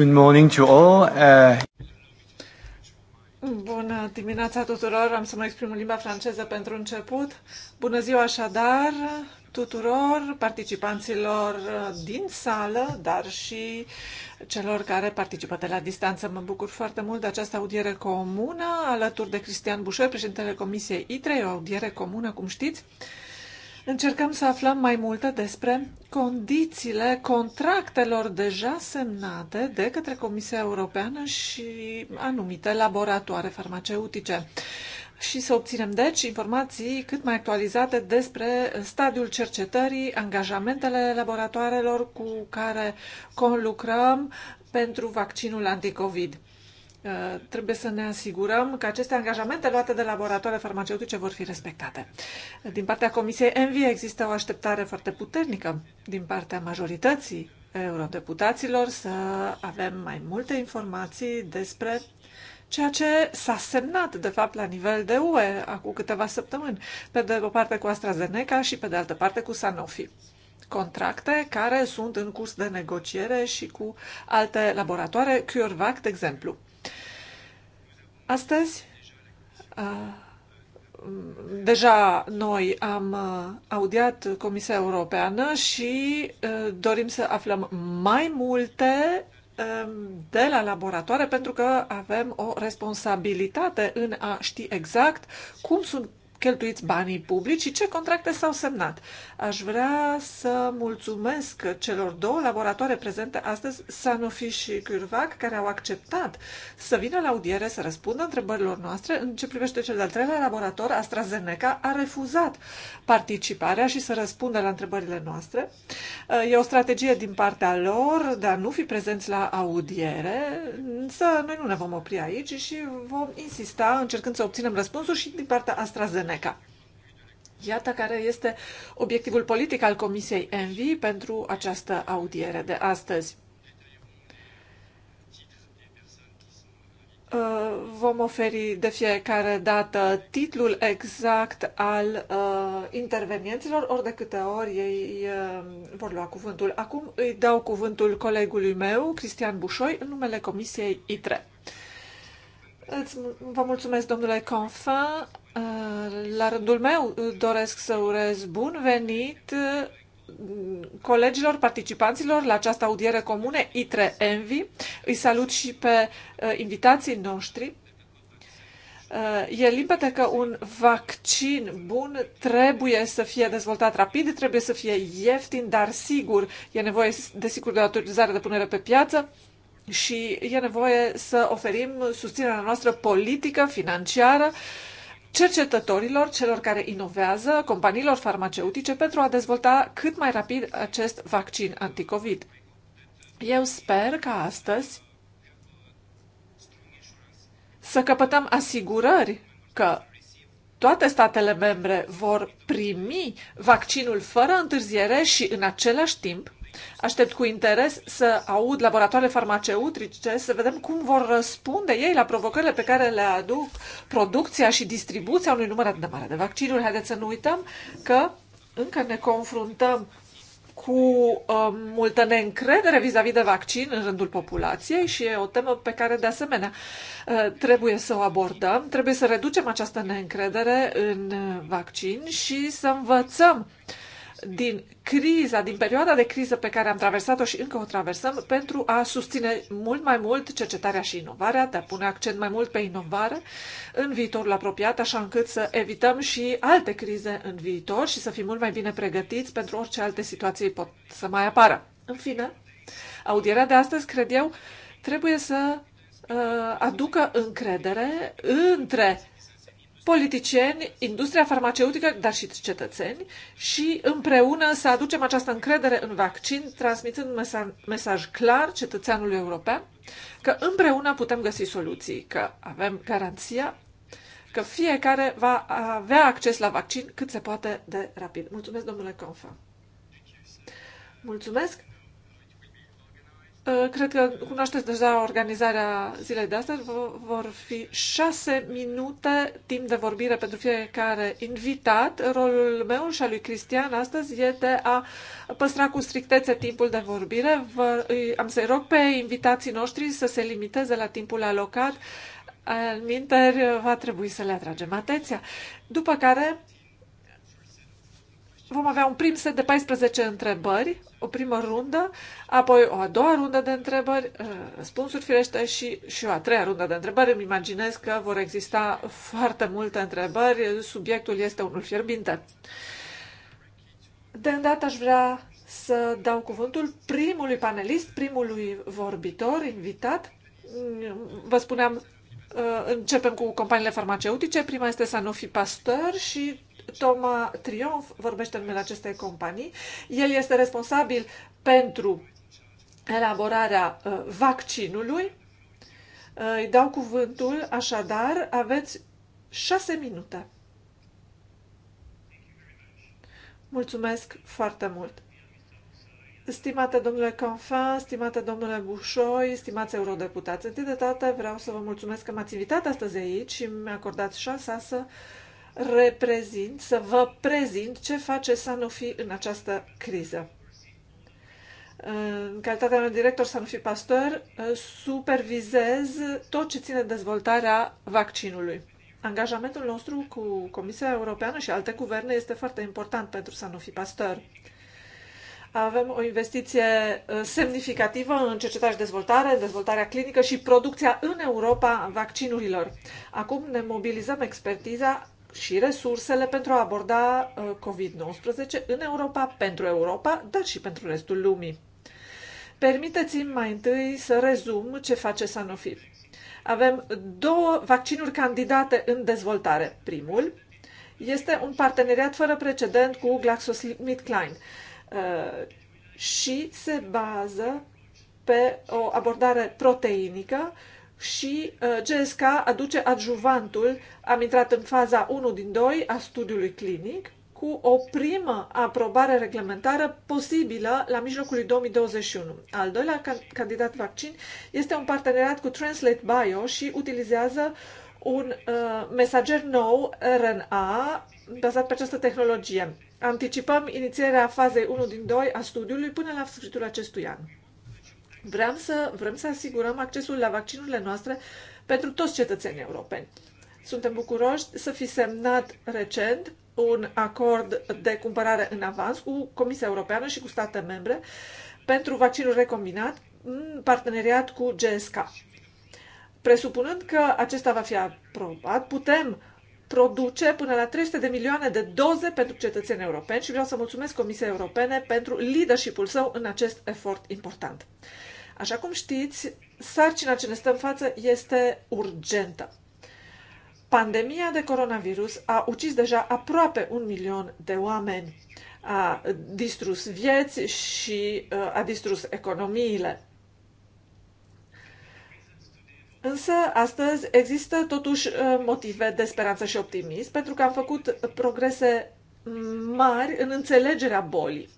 Good morning to all. Uh... Bună dimineața tuturor, am să mă exprim în limba franceză pentru început. Bună ziua așadar tuturor participanților uh, din sală, dar și celor care participă de la distanță. Mă bucur foarte mult de această audiere comună alături de Cristian Bușoi, președintele Comisiei ITRE, o audiere comună, cum știți, uh, încercăm să aflăm mai multe despre condițiile contractelor deja semnate de către Comisia Europeană și anumite laboratoare farmaceutice și să obținem, deci, informații cât mai actualizate despre stadiul cercetării, angajamentele laboratoarelor cu care conlucrăm pentru vaccinul anticovid. Uh, trebuie să ne asigurăm că aceste angajamente luate de laboratoare farmaceutice vor fi respectate. Din partea Comisiei Envi există o așteptare foarte puternică din partea majorității eurodeputaților să avem mai multe informații despre ceea ce s-a semnat, de fapt, la nivel de UE acum câteva săptămâni, pe de o parte cu AstraZeneca și pe de altă parte cu Sanofi contracte care sunt în curs de negociere și cu alte laboratoare, CureVac, de exemplu. Astăzi, deja noi am audiat Comisia Europeană și dorim să aflăm mai multe de la laboratoare pentru că avem o responsabilitate în a ști exact cum sunt cheltuiți banii publici și ce contracte s-au semnat. Aș vrea să mulțumesc celor două laboratoare prezente astăzi, Sanofi și Curvac, care au acceptat să vină la audiere să răspundă întrebărilor noastre. În ce privește cel de-al treilea laborator, AstraZeneca a refuzat participarea și să răspundă la întrebările noastre. E o strategie din partea lor de a nu fi prezenți la audiere, însă noi nu ne vom opri aici și vom insista încercând să obținem răspunsuri și din partea AstraZeneca. Iată care este obiectivul politic al Comisiei ENVI pentru această audiere de astăzi. Uh, vom oferi de fiecare dată titlul exact al uh, intervenienților, ori de câte ori ei uh, vor lua cuvântul. Acum îi dau cuvântul colegului meu, Cristian Bușoi, în numele Comisiei ITRE. Îți, vă mulțumesc, domnule Confin. Uh, la rândul meu doresc să urez bun venit uh, colegilor, participanților la această audiere comune ITRE Envi. Îi salut și pe uh, invitații noștri. E limpede că un vaccin bun trebuie să fie dezvoltat rapid, trebuie să fie ieftin, dar sigur. E nevoie, desigur, de autorizare de punere pe piață și e nevoie să oferim susținerea noastră politică, financiară, cercetătorilor, celor care inovează, companiilor farmaceutice pentru a dezvolta cât mai rapid acest vaccin anticovid. Eu sper că astăzi să căpătăm asigurări că toate statele membre vor primi vaccinul fără întârziere și în același timp Aștept cu interes să aud laboratoarele farmaceutice, să vedem cum vor răspunde ei la provocările pe care le aduc producția și distribuția unui număr atât de mare de vaccinuri. Haideți să nu uităm că încă ne confruntăm cu uh, multă neîncredere vis-a-vis -vis de vaccin în rândul populației și e o temă pe care, de asemenea, uh, trebuie să o abordăm, trebuie să reducem această neîncredere în uh, vaccin și să învățăm uh, din criza, din perioada de criză pe care am traversat-o și încă o traversăm, pentru a susține mult mai mult cercetarea și inovarea, de a pune accent mai mult pe inovare în viitorul apropiat, așa încât să evităm și alte crize în viitor și să fim mult mai bine pregătiți pentru orice alte situații pot să mai apară. În fine, audierea de astăzi, cred eu, trebuie să uh, aducă încredere între politicieni, industria farmaceutică, dar și cetățeni și împreună să aducem această încredere în vaccin, transmitând mesa- mesaj clar cetățeanului european că împreună putem găsi soluții, că avem garanția că fiecare va avea acces la vaccin cât se poate de rapid. Mulțumesc, domnule Confa. Mulțumesc. Uh, cred că cunoașteți deja organizarea zilei de astăzi. Vor fi șase minute timp de vorbire pentru fiecare invitat. Rolul meu și al lui Cristian astăzi e de a păstra cu strictețe timpul de vorbire. Vă, am să-i rog pe invitații noștri să se limiteze la timpul alocat. Al minteri va trebui să le atragem atenția. După care vom avea un prim set de 14 întrebări, o primă rundă, apoi o a doua rundă de întrebări, uh, răspunsuri firește și, și o a treia rundă de întrebări. Îmi imaginez că vor exista foarte multe întrebări, subiectul este unul fierbinte. De îndată aș vrea să dau cuvântul primului panelist, primului vorbitor invitat. Mm, vă spuneam Uh, începem cu companiile farmaceutice. Prima este Sanofi Pasteur și Toma Triumf vorbește în numele acestei companii. El este responsabil pentru elaborarea uh, vaccinului. Uh, îi dau cuvântul, așadar, aveți șase minute. Mulțumesc foarte mult! Stimate domnule Canfin, stimate domnule Bușoi, stimați eurodeputați, întâi de toate vreau să vă mulțumesc că m-ați invitat astăzi aici și mi a acordat șansa să reprezint, să vă prezint ce face Sanofi în această criză. În calitatea mea de director Sanofi Pasteur, supervizez tot ce ține dezvoltarea vaccinului. Angajamentul nostru cu Comisia Europeană și alte guverne este foarte important pentru Sanofi Pasteur avem o investiție uh, semnificativă în cercetare și dezvoltare, dezvoltarea clinică și producția în Europa vaccinurilor. Acum ne mobilizăm expertiza și resursele pentru a aborda uh, COVID-19 în Europa, pentru Europa, dar și pentru restul lumii. Permiteți-mi mai întâi să rezum ce face Sanofi. Avem două vaccinuri candidate în dezvoltare. Primul este un parteneriat fără precedent cu GlaxoSmithKline Uh, și se bază pe o abordare proteinică și uh, GSK aduce adjuvantul, am intrat în faza 1 din 2 a studiului clinic, cu o primă aprobare reglementară posibilă la mijlocul 2021. Al doilea candidat vaccin este un parteneriat cu Translate Bio și utilizează un uh, mesager nou RNA bazat pe această tehnologie. Anticipăm inițierea fazei 1 din 2 a studiului până la sfârșitul acestui an. Vrem să, vrem să asigurăm accesul la vaccinurile noastre pentru toți cetățenii europeni. Suntem bucuroși să fi semnat recent un acord de cumpărare în avans cu Comisia Europeană și cu state membre pentru vaccinul recombinat în parteneriat cu GSK. Presupunând că acesta va fi aprobat, putem produce până la 300 de milioane de doze pentru cetățeni europeni și vreau să mulțumesc Comisiei Europene pentru leadership-ul său în acest efort important. Așa cum știți, sarcina ce ne stă în față este urgentă. Pandemia de coronavirus a ucis deja aproape un milion de oameni, a distrus vieți și uh, a distrus economiile. Însă, astăzi există totuși uh, motive de speranță și optimism, pentru că am făcut progrese mari în înțelegerea bolii.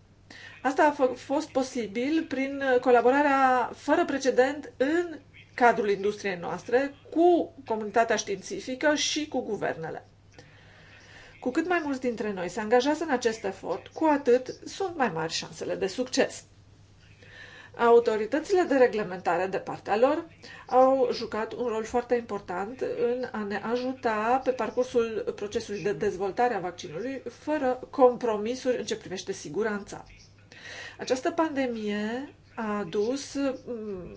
Asta a fost posibil prin colaborarea fără precedent în cadrul industriei noastre cu comunitatea științifică și cu guvernele. Cu cât mai mulți dintre noi se angajează în acest efort, cu atât sunt mai mari șansele de succes. Autoritățile de reglementare, de partea lor, au jucat un rol foarte important în a ne ajuta pe parcursul procesului de dezvoltare a vaccinului, fără compromisuri în ce privește siguranța. Această pandemie a adus mm,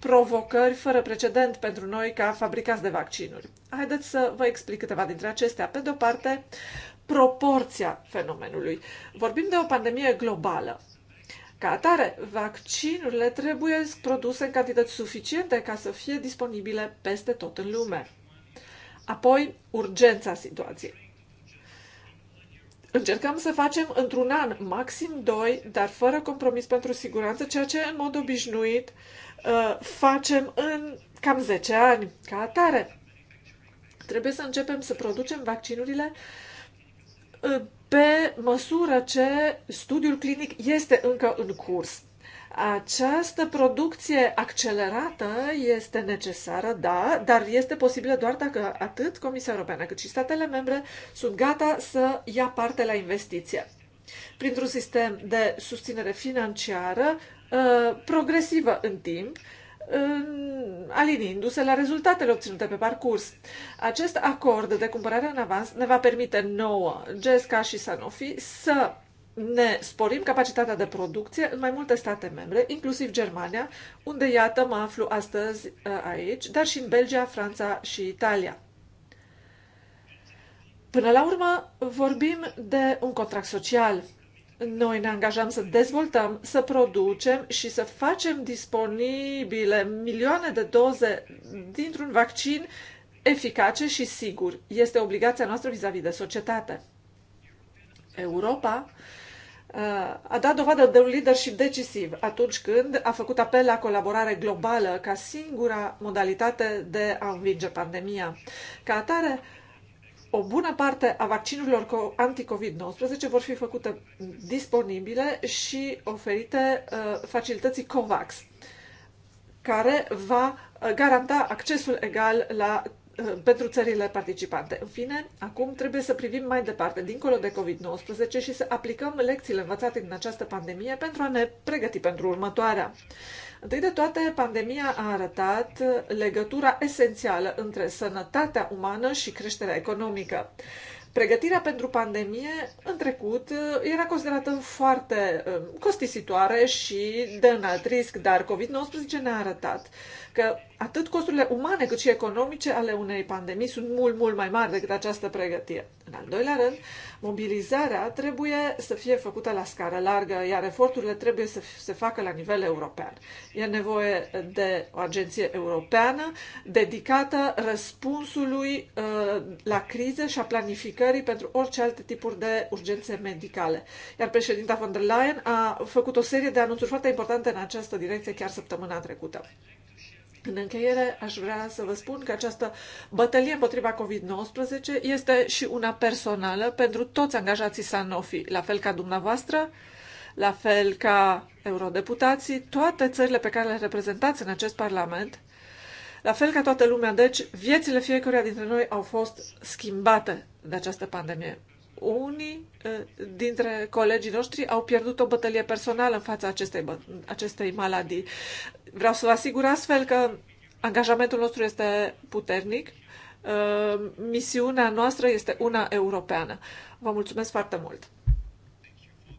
provocări fără precedent pentru noi ca fabricați de vaccinuri. Haideți să vă explic câteva dintre acestea. Pe de-o parte, proporția fenomenului. Vorbim de o pandemie globală ca atare, vaccinurile trebuie produse în cantități suficiente ca să fie disponibile peste tot în lume. Apoi, urgența situației. Încercăm să facem într-un an, maxim doi, dar fără compromis pentru siguranță, ceea ce în mod obișnuit uh, facem în cam 10 ani. Ca atare, trebuie să începem să producem vaccinurile uh, pe măsură ce studiul clinic este încă în curs. Această producție accelerată este necesară, da, dar este posibilă doar dacă atât Comisia Europeană cât și statele membre sunt gata să ia parte la investiție. Printr-un sistem de susținere financiară uh, progresivă în timp, alinindu se la rezultatele obținute pe parcurs. Acest acord de cumpărare în avans ne va permite nouă, GSK și Sanofi, să ne sporim capacitatea de producție în mai multe state membre, inclusiv Germania, unde, iată, mă aflu astăzi uh, aici, dar și în Belgia, Franța și Italia. Până la urmă, vorbim de un contract social – noi ne angajăm să dezvoltăm, să producem și să facem disponibile milioane de doze dintr-un vaccin eficace și sigur. Este obligația noastră vis-a-vis -vis de societate. Europa uh, a dat dovadă de un leadership decisiv atunci când a făcut apel la colaborare globală ca singura modalitate de a învinge pandemia. Ca atare, o bună parte a vaccinurilor anti-COVID-19 vor fi făcute disponibile și oferite uh, facilității COVAX, care va uh, garanta accesul egal la Eh, pentru țările participante. În fine, acum trebuie să privim mai departe, dincolo de COVID-19 și să aplicăm lecțiile învățate din această pandemie pentru a ne pregăti pentru următoarea. Întâi de toate, pandemia a arătat legătura esențială între sănătatea umană și creșterea economică. Pregătirea pentru pandemie în trecut eh, era considerată foarte eh, costisitoare și de înalt risc, dar COVID-19 ne-a arătat că atât costurile umane cât și economice ale unei pandemii sunt mult, mult mai mari decât această pregătire. În al doilea rând, mobilizarea trebuie să fie făcută la scară largă, iar eforturile trebuie să se facă la nivel european. E nevoie de o agenție europeană dedicată răspunsului uh, la crize și a planificării pentru orice alte tipuri de urgențe medicale. Iar președinta von der Leyen a făcut o serie de anunțuri foarte importante în această direcție chiar săptămâna trecută. În încheiere, aș vrea să vă spun că această bătălie împotriva COVID-19 este și una personală pentru toți angajații Sanofi, la fel ca dumneavoastră, la fel ca eurodeputații, toate țările pe care le reprezentați în acest Parlament, la fel ca toată lumea, deci viețile fiecăruia dintre noi au fost schimbate de această pandemie unii eh, dintre colegii noștri au pierdut o bătălie personală în fața acestei, acestei maladii. Vreau să vă asigur astfel că angajamentul nostru este puternic, eh, misiunea noastră este una europeană. Vă mulțumesc foarte mult!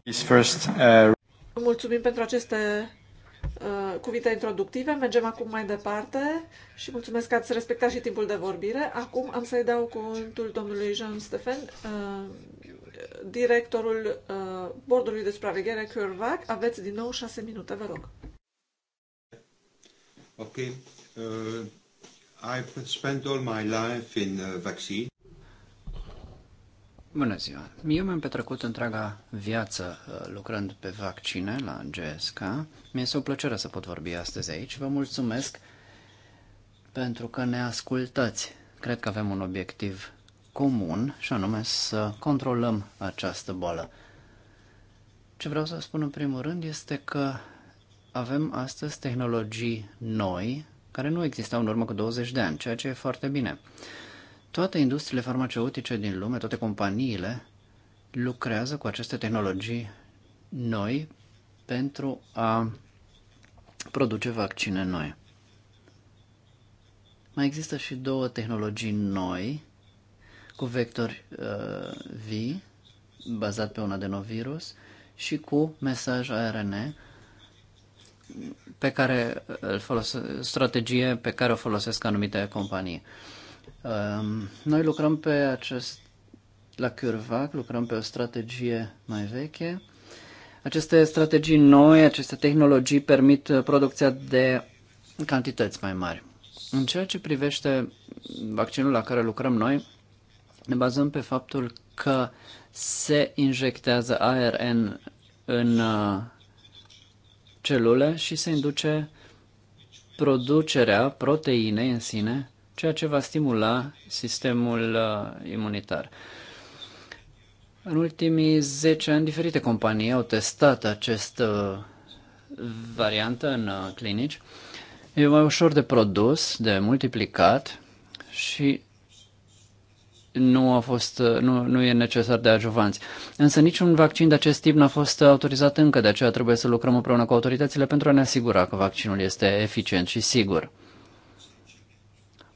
Eh, mulțumim pentru aceste Uh, cuvinte introductive. Mergem acum mai departe și mulțumesc că ați respectat și timpul de vorbire. Acum am să-i dau cuvântul domnului Jean Stefan, uh, directorul uh, Bordului de Supraveghere CURVAC. Aveți din nou șase minute, vă rog. Ok. Uh, I've spent all my life in uh, vaccine. Bună ziua! Eu mi-am petrecut întreaga viață uh, lucrând pe vaccine la GSK. Mi este o plăcere să pot vorbi astăzi aici. Vă mulțumesc pentru că ne ascultați. Cred că avem un obiectiv comun și anume să controlăm această boală. Ce vreau să spun în primul rând este că avem astăzi tehnologii noi care nu existau în urmă cu 20 de ani, ceea ce e foarte bine. Toate industriile farmaceutice din lume, toate companiile, lucrează cu aceste tehnologii noi pentru a produce vaccine noi. Mai există și două tehnologii noi cu vectori uh, V bazat pe un adenovirus, și cu mesaj ARN, pe care îl folosesc, strategie pe care o folosesc anumite companii. Uh, Um, noi lucrăm pe acest, la CURVAC, lucrăm pe o strategie mai veche. Aceste strategii noi, aceste tehnologii permit uh, producția de cantități mai mari. În ceea ce privește vaccinul la care lucrăm noi, ne bazăm pe faptul că se injectează ARN în uh, celule și se induce producerea proteinei în sine ceea ce va stimula sistemul uh, imunitar. În ultimii 10 ani, diferite companii au testat această uh, variantă în uh, clinici. E mai ușor de produs, de multiplicat și nu, a fost, nu, nu e necesar de ajuvanți. Însă niciun vaccin de acest tip n-a fost autorizat încă, de aceea trebuie să lucrăm împreună cu autoritățile pentru a ne asigura că vaccinul este eficient și sigur.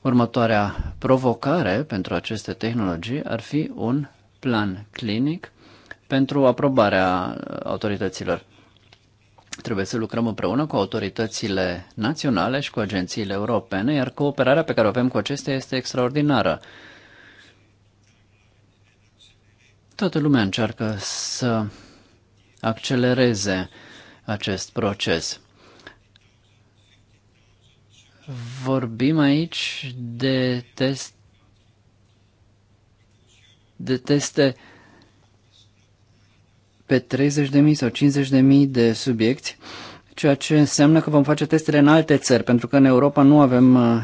Următoarea provocare pentru aceste tehnologii ar fi un plan clinic pentru aprobarea autorităților. Trebuie să lucrăm împreună cu autoritățile naționale și cu agențiile europene, iar cooperarea pe care o avem cu acestea este extraordinară. Toată lumea încearcă să accelereze acest proces. Vorbim aici de test de teste pe 30.000 sau 50.000 de subiecti, ceea ce înseamnă că vom face testele în alte țări, pentru că în Europa nu avem uh,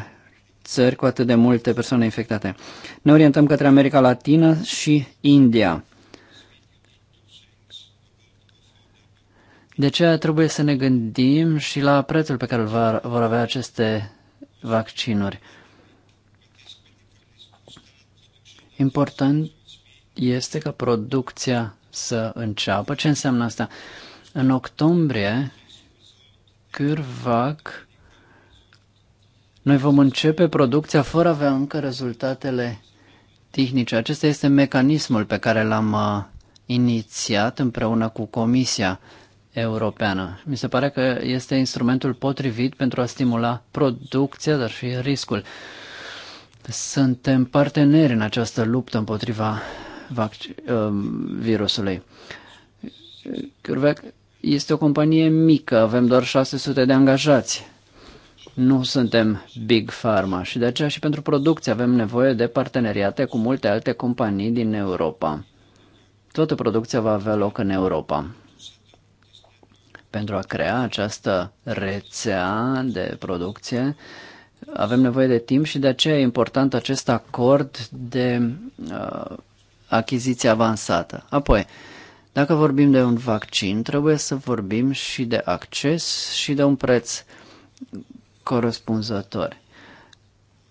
țări cu atât de multe persoane infectate. Ne orientăm către America Latină și India. De aceea trebuie să ne gândim și la prețul pe care îl vor avea aceste vaccinuri. Important este ca producția să înceapă. Ce înseamnă asta? În octombrie, curvac, noi vom începe producția fără a avea încă rezultatele tehnice. Acesta este mecanismul pe care l-am uh, inițiat împreună cu Comisia europeană. Mi se pare că este instrumentul potrivit pentru a stimula producția, dar și riscul. Suntem parteneri în această luptă împotriva um, virusului. Curvec este o companie mică, avem doar 600 de angajați. Nu suntem Big Pharma și de aceea și pentru producție avem nevoie de parteneriate cu multe alte companii din Europa. Toată producția va avea loc în Europa pentru a crea această rețea de producție, avem nevoie de timp și de aceea e important acest acord de uh, achiziție avansată. Apoi, dacă vorbim de un vaccin, trebuie să vorbim și de acces și de un preț corespunzător.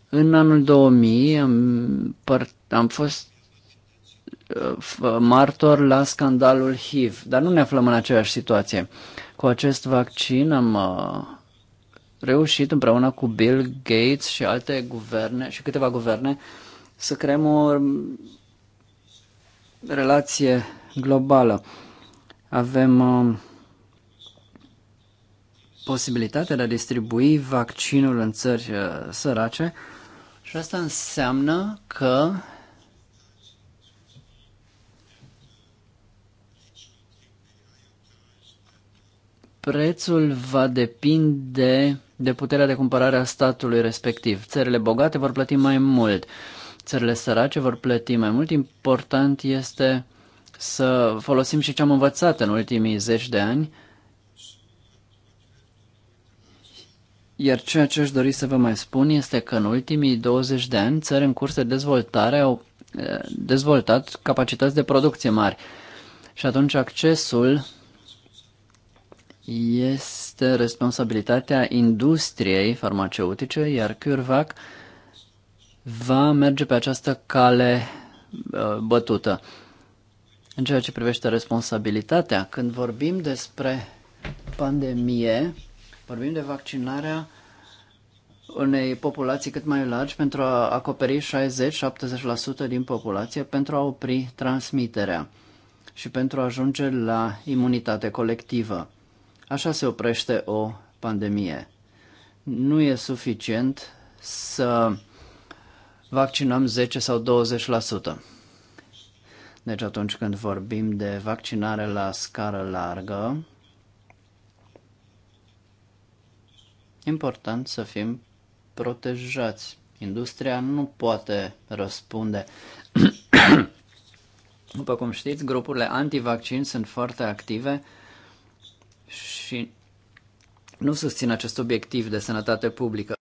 În anul 2000 am, am fost uh, martor la scandalul HIV, dar nu ne aflăm în aceeași situație. Uh, cu acest vaccin am uh, reușit împreună cu Bill Gates și alte guverne și câteva guverne să creăm o um, relație globală. Avem um, posibilitatea de a distribui vaccinul în țări uh, sărace și asta înseamnă că Prețul va depinde de puterea de cumpărare a statului respectiv. Țările bogate vor plăti mai mult, țările sărace vor plăti mai mult. Important este să folosim și ce am învățat în ultimii zeci de ani, Iar ceea ce aș dori să vă mai spun este că în ultimii 20 de ani țări în curs de dezvoltare au eh, dezvoltat capacități de producție mari și atunci accesul este responsabilitatea industriei farmaceutice, iar CureVac va merge pe această cale uh, bătută. În ceea ce privește responsabilitatea, când vorbim despre pandemie, vorbim de vaccinarea unei populații cât mai largi pentru a acoperi 60-70% din populație pentru a opri transmiterea și pentru a ajunge la imunitate colectivă. Așa se oprește o pandemie. Nu e suficient să vaccinăm 10 sau 20%. Deci atunci când vorbim de vaccinare la scară largă, important să fim protejați. Industria nu poate răspunde. După cum știți, grupurile antivaccin sunt foarte active și nu susțin acest obiectiv de sănătate publică.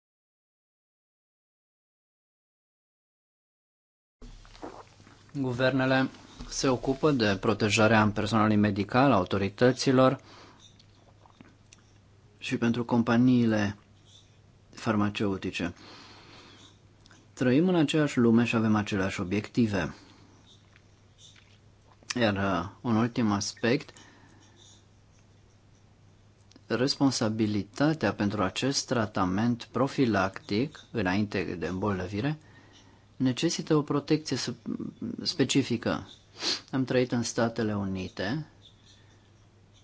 Guvernele se ocupă de protejarea personalului medical, autorităților și pentru companiile farmaceutice. Trăim în aceeași lume și avem aceleași obiective. Iar uh, un ultim aspect responsabilitatea pentru acest tratament profilactic înainte de îmbolnăvire necesită o protecție specifică. Am trăit în Statele Unite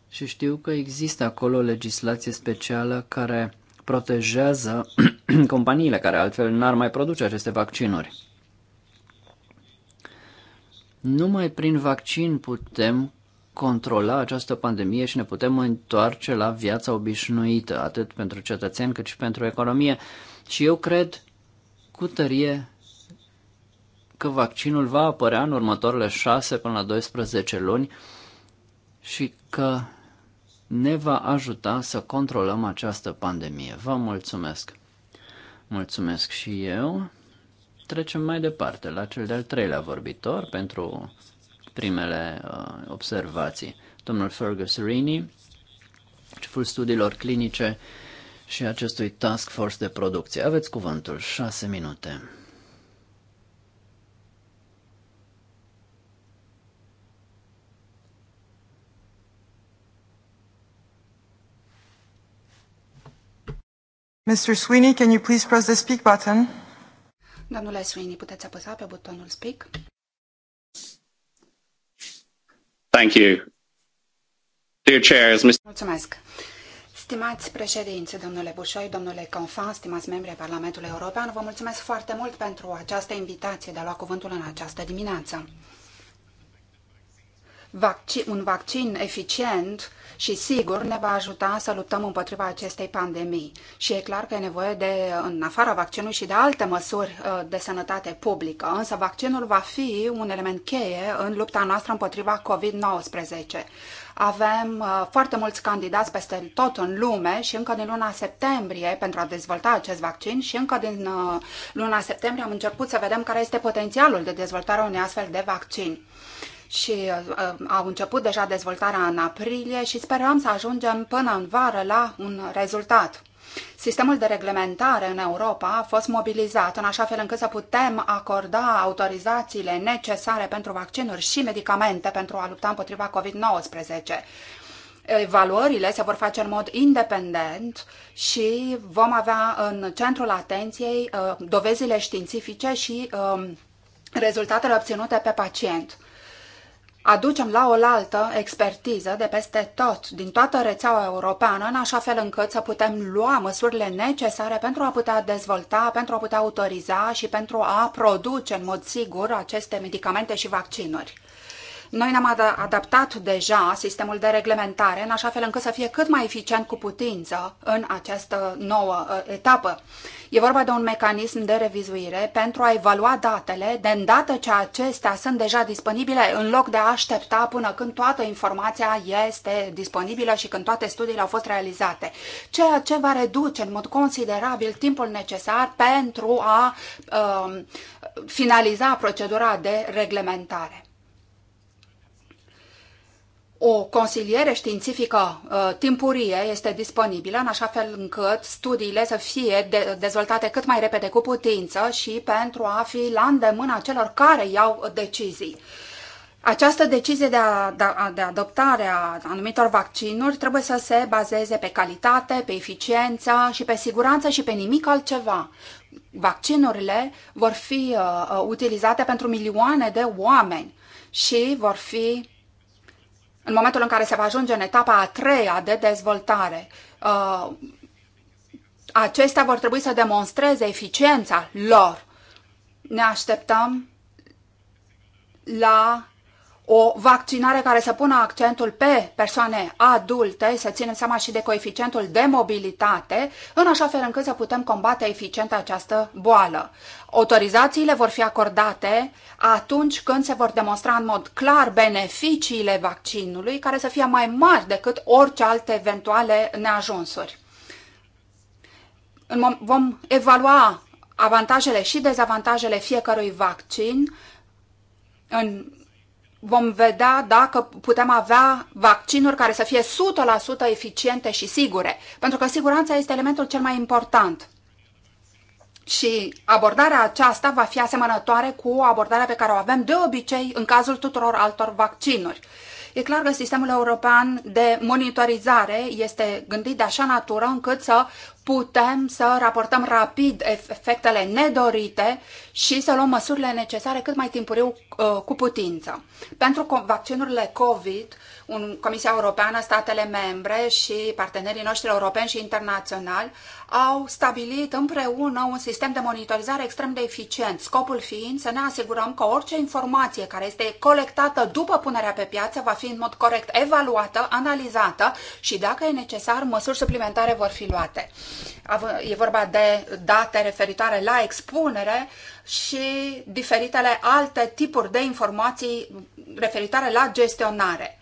și știu că există acolo o legislație specială care protejează companiile care altfel n-ar mai produce aceste vaccinuri. Numai prin vaccin putem controla această pandemie și ne putem întoarce la viața obișnuită, atât pentru cetățeni cât și pentru economie. Și eu cred cu tărie că vaccinul va apărea în următoarele 6 până la 12 luni și că ne va ajuta să controlăm această pandemie. Vă mulțumesc! Mulțumesc și eu! Trecem mai departe la cel de-al treilea vorbitor pentru primele uh, observații. Domnul Fergus Rini, șeful studiilor clinice și acestui task force de producție. Aveți cuvântul, șase minute. Mr. Sweeney, can you please press the speak button? Domnule Sweeney, puteți apăsa pe butonul speak? Thank you. Dear chairs, Mr. Mulțumesc. Stimați președinți, domnule Bușoi, domnule Confan, stimați membri ai Parlamentului European, vă mulțumesc foarte mult pentru această invitație de a lua cuvântul în această dimineață. Vaccin, un vaccin eficient și sigur ne va ajuta să luptăm împotriva acestei pandemii. Și e clar că e nevoie de, în afara vaccinului și de alte măsuri uh, de sănătate publică, însă vaccinul va fi un element cheie în lupta noastră împotriva COVID-19. Avem uh, foarte mulți candidați peste tot în lume și încă din luna septembrie pentru a dezvolta acest vaccin și încă din uh, luna septembrie am început să vedem care este potențialul de dezvoltare a unui astfel de vaccin și uh, au început deja dezvoltarea în aprilie și sperăm să ajungem până în vară la un rezultat. Sistemul de reglementare în Europa a fost mobilizat în așa fel încât să putem acorda autorizațiile necesare pentru vaccinuri și medicamente pentru a lupta împotriva COVID-19. Evaluările se vor face în mod independent și vom avea în centrul atenției uh, dovezile științifice și um, rezultatele obținute pe pacient aducem la oaltă expertiză de peste tot, din toată rețeaua europeană, în așa fel încât să putem lua măsurile necesare pentru a putea dezvolta, pentru a putea autoriza și pentru a produce în mod sigur aceste medicamente și vaccinuri. Noi ne-am adaptat deja sistemul de reglementare în așa fel încât să fie cât mai eficient cu putință în această nouă uh, etapă. E vorba de un mecanism de revizuire pentru a evalua datele de îndată ce acestea sunt deja disponibile, în loc de a aștepta până când toată informația este disponibilă și când toate studiile au fost realizate. Ceea ce va reduce în mod considerabil timpul necesar pentru a uh, finaliza procedura de reglementare o consiliere științifică uh, timpurie este disponibilă, în așa fel încât studiile să fie de- dezvoltate cât mai repede cu putință și pentru a fi la îndemâna celor care iau decizii. Această decizie de, a, de adoptare a anumitor vaccinuri trebuie să se bazeze pe calitate, pe eficiență și pe siguranță și pe nimic altceva. Vaccinurile vor fi uh, uh utilizate pentru milioane de oameni și vor fi în momentul în care se va ajunge în etapa a treia de dezvoltare, uh, acestea vor trebui să demonstreze eficiența lor. Ne așteptăm la o vaccinare care să pună accentul pe persoane adulte, să ținem seama și de coeficientul de mobilitate, în așa fel încât să putem combate eficient această boală. Autorizațiile vor fi acordate atunci când se vor demonstra în mod clar beneficiile vaccinului, care să fie mai mari decât orice alte eventuale neajunsuri. Vom evalua avantajele și dezavantajele fiecărui vaccin. În, vom vedea dacă putem avea vaccinuri care să fie 100% eficiente și sigure, pentru că siguranța este elementul cel mai important. Și abordarea aceasta va fi asemănătoare cu abordarea pe care o avem de obicei în cazul tuturor altor vaccinuri. E clar că sistemul european de monitorizare este gândit de așa natură încât să putem să raportăm rapid efectele nedorite și să luăm măsurile necesare cât mai timpuriu uh, cu putință. Pentru vaccinurile COVID, un, Comisia Europeană, statele membre și partenerii noștri europeni și internaționali au stabilit împreună un sistem de monitorizare extrem de eficient, scopul fiind să ne asigurăm că orice informație care este colectată după punerea pe piață va fi în mod corect evaluată, analizată și dacă e necesar, măsuri suplimentare vor fi luate. E vorba de date referitoare la expunere și diferitele alte tipuri de informații referitoare la gestionare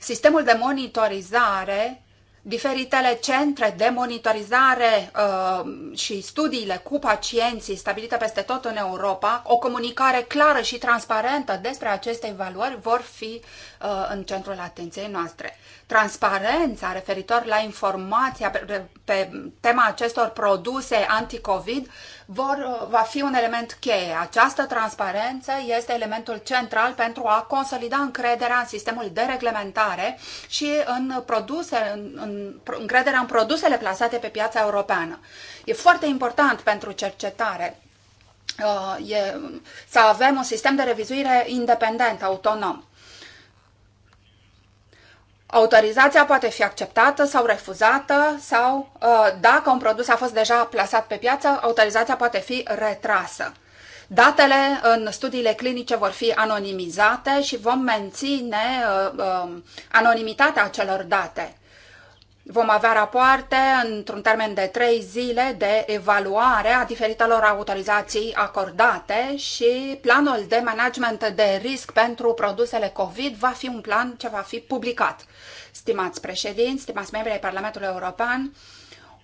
sistemul de monitorizare, diferitele centre de monitorizare uh, și studiile cu pacienții stabilite peste tot în Europa, o comunicare clară și transparentă despre aceste evaluări vor fi uh, în centrul atenției noastre transparența referitor la informația pe, pe tema acestor produse anti-COVID vor, va fi un element cheie. Această transparență este elementul central pentru a consolida încrederea în sistemul de reglementare și în produse, în, în, încrederea în produsele plasate pe piața europeană. E foarte important pentru cercetare uh, e, să avem un sistem de revizuire independent, autonom autorizația poate fi acceptată sau refuzată sau uh, dacă un produs a fost deja plasat pe piață, autorizația poate fi retrasă. Datele în studiile clinice vor fi anonimizate și vom menține uh, um, anonimitatea acelor date. Vom avea rapoarte într-un termen de trei zile de evaluare a diferitelor autorizații acordate și planul de management de risc pentru produsele COVID va fi un plan ce va fi publicat stimați președinți, stimați membri ai Parlamentului European,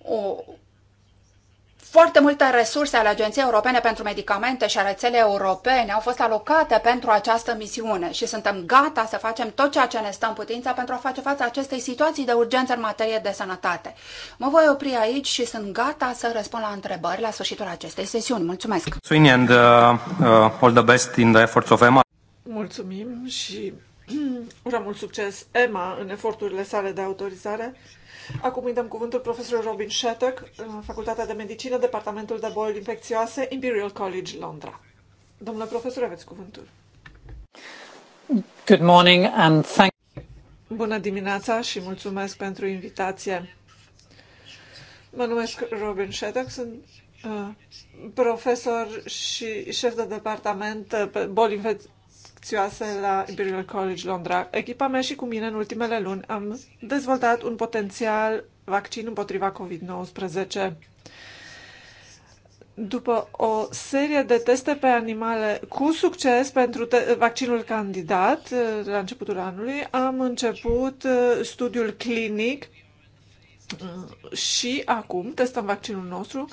o, foarte multe resurse ale Agenției Europene pentru Medicamente și a europene au fost alocate pentru această misiune și suntem gata să facem tot ceea ce ne stă în putință pentru a face față acestei situații de urgență în materie de sănătate. Mă voi opri aici și sunt gata să răspund la întrebări la sfârșitul acestei sesiuni. Mulțumesc! Mulțumim și Urăm mult succes Emma, în eforturile sale de autorizare. Acum îi dăm cuvântul profesorul Robin Shattuck, Facultatea de Medicină, Departamentul de Boli Infecțioase, Imperial College, Londra. Domnule profesor, aveți cuvântul. Good morning and thank Bună dimineața și mulțumesc pentru invitație. Mă numesc Robin Shattuck, sunt uh, profesor și șef de departament boli ambițioase la Imperial College Londra. Echipa mea și cu mine în ultimele luni am dezvoltat un potențial vaccin împotriva COVID-19. După o serie de teste pe animale cu succes pentru vaccinul candidat uh, la începutul anului, am început uh, studiul clinic uh, și acum testăm vaccinul nostru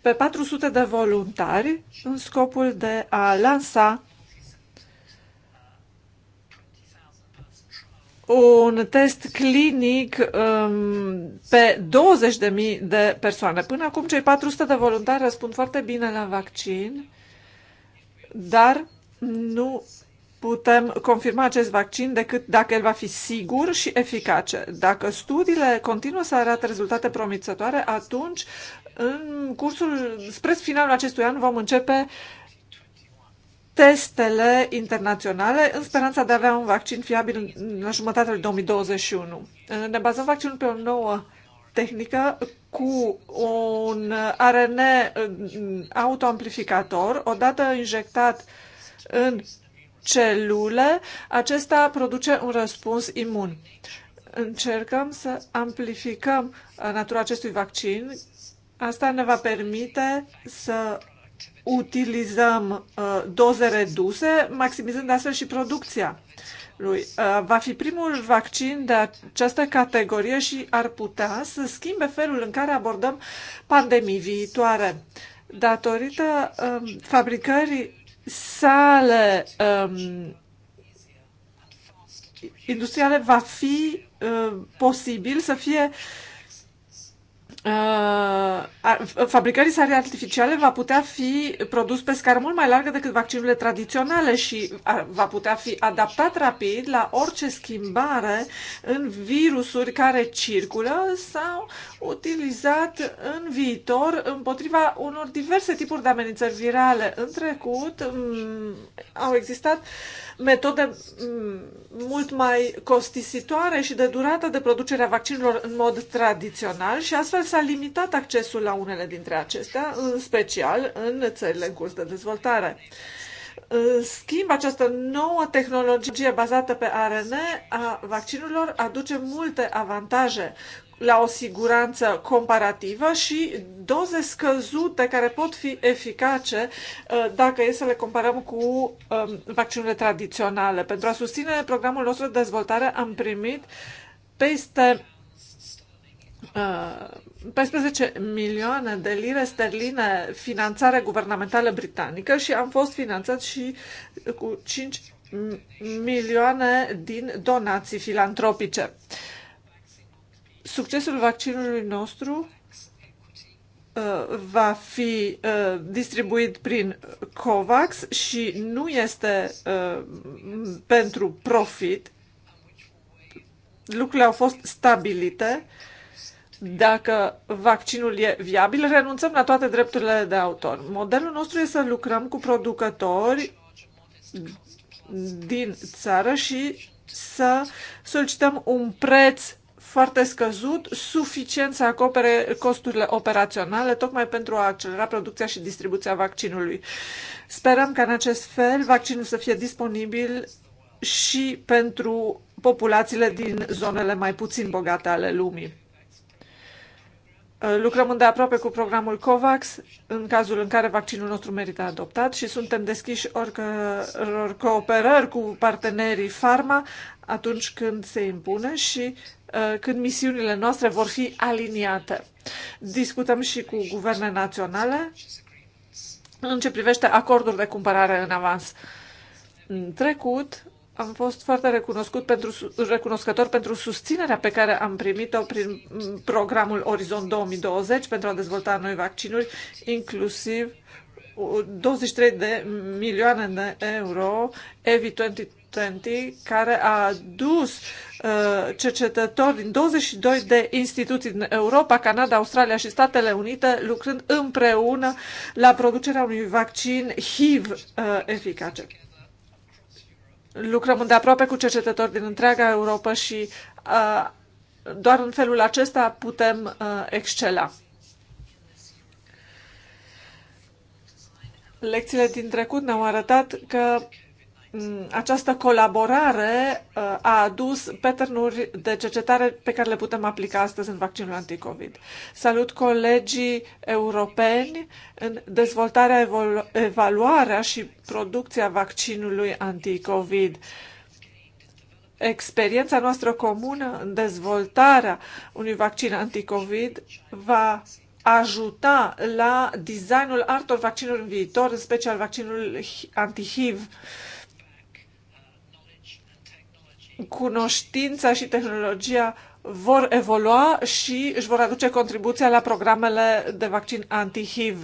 pe 400 de voluntari în scopul de a lansa un test clinic um, pe 20.000 de persoane. Până acum, cei 400 de voluntari răspund foarte bine la vaccin, dar nu putem confirma acest vaccin decât dacă el va fi sigur și eficace. Dacă studiile continuă să arate rezultate promițătoare, atunci, în cursul, spre finalul acestui an, vom începe uh, testele internaționale în speranța de a avea un vaccin fiabil la jumătatea lui 2021. Ne bazăm vaccinul pe o nouă tehnică cu un ARN uh, autoamplificator, odată injectat în celule, acesta produce un răspuns imun. Încercăm să amplificăm uh, natura acestui vaccin. Asta ne va permite să utilizăm uh, doze reduse, maximizând astfel și producția lui. Uh, va fi primul vaccin de această categorie și ar putea să schimbe felul în care abordăm pandemii viitoare. Datorită um, fabricării sale um, industriale va fi uh, posibil să fie uh, Uh, fabricării sare artificiale va putea fi produs pe scară mult mai largă decât vaccinurile tradiționale și va putea fi adaptat rapid la orice schimbare în virusuri care circulă sau utilizat în viitor împotriva unor diverse tipuri de amenințări virale. În trecut au existat metode mult mai costisitoare și de durată de producere a vaccinurilor în mod tradițional și astfel s s-a limitat accesul la unele dintre acestea, în special în țările în curs de dezvoltare. În schimb, această nouă tehnologie bazată pe ARN a vaccinurilor aduce multe avantaje la o siguranță comparativă și doze scăzute care pot fi eficace uh, dacă e să le comparăm cu um, vaccinurile tradiționale. Pentru a susține programul nostru de dezvoltare am primit peste uh, 14 milioane de lire sterline finanțare guvernamentală britanică și am fost finanțat și cu 5 milioane din donații filantropice. Succesul vaccinului nostru uh, va fi uh, distribuit prin COVAX și nu este uh, pentru profit. Lucrurile au fost stabilite dacă vaccinul e viabil, renunțăm la toate drepturile de autor. Modelul nostru este să lucrăm cu producători din țară și să solicităm un preț foarte scăzut, suficient să acopere costurile operaționale, tocmai pentru a accelera producția și distribuția vaccinului. Sperăm că în acest fel vaccinul să fie disponibil și pentru populațiile din zonele mai puțin bogate ale lumii. Uh, lucrăm îndeaproape cu programul COVAX în cazul în care vaccinul nostru merită adoptat și suntem deschiși oricăror cooperări cu partenerii farma atunci când se impune și uh, când misiunile noastre vor fi aliniate. Discutăm și cu guverne naționale în ce privește acorduri de cumpărare în avans. În trecut, am fost foarte recunoscut pentru, recunoscător pentru susținerea pe care am primit-o prin programul Orizont 2020 pentru a dezvolta noi vaccinuri, inclusiv 23 de milioane de euro EVI 2020, care a dus uh, cercetători din 22 de instituții din Europa, Canada, Australia și Statele Unite, lucrând împreună la producerea unui vaccin HIV uh, eficace. Lucrăm îndeaproape cu cercetători din întreaga Europa și uh, doar în felul acesta putem uh, excela. Lecțiile din trecut ne-au arătat că Mm, această colaborare uh, a adus peternuri de cercetare pe care le putem aplica astăzi în vaccinul anticovid. Salut colegii europeni în dezvoltarea, evaluarea și producția vaccinului anticovid. Experiența noastră comună în dezvoltarea unui vaccin anticovid va ajuta la designul altor vaccinuri în viitor, în special vaccinul anti-HIV cunoștința și tehnologia vor evolua și își vor aduce contribuția la programele de vaccin anti-HIV.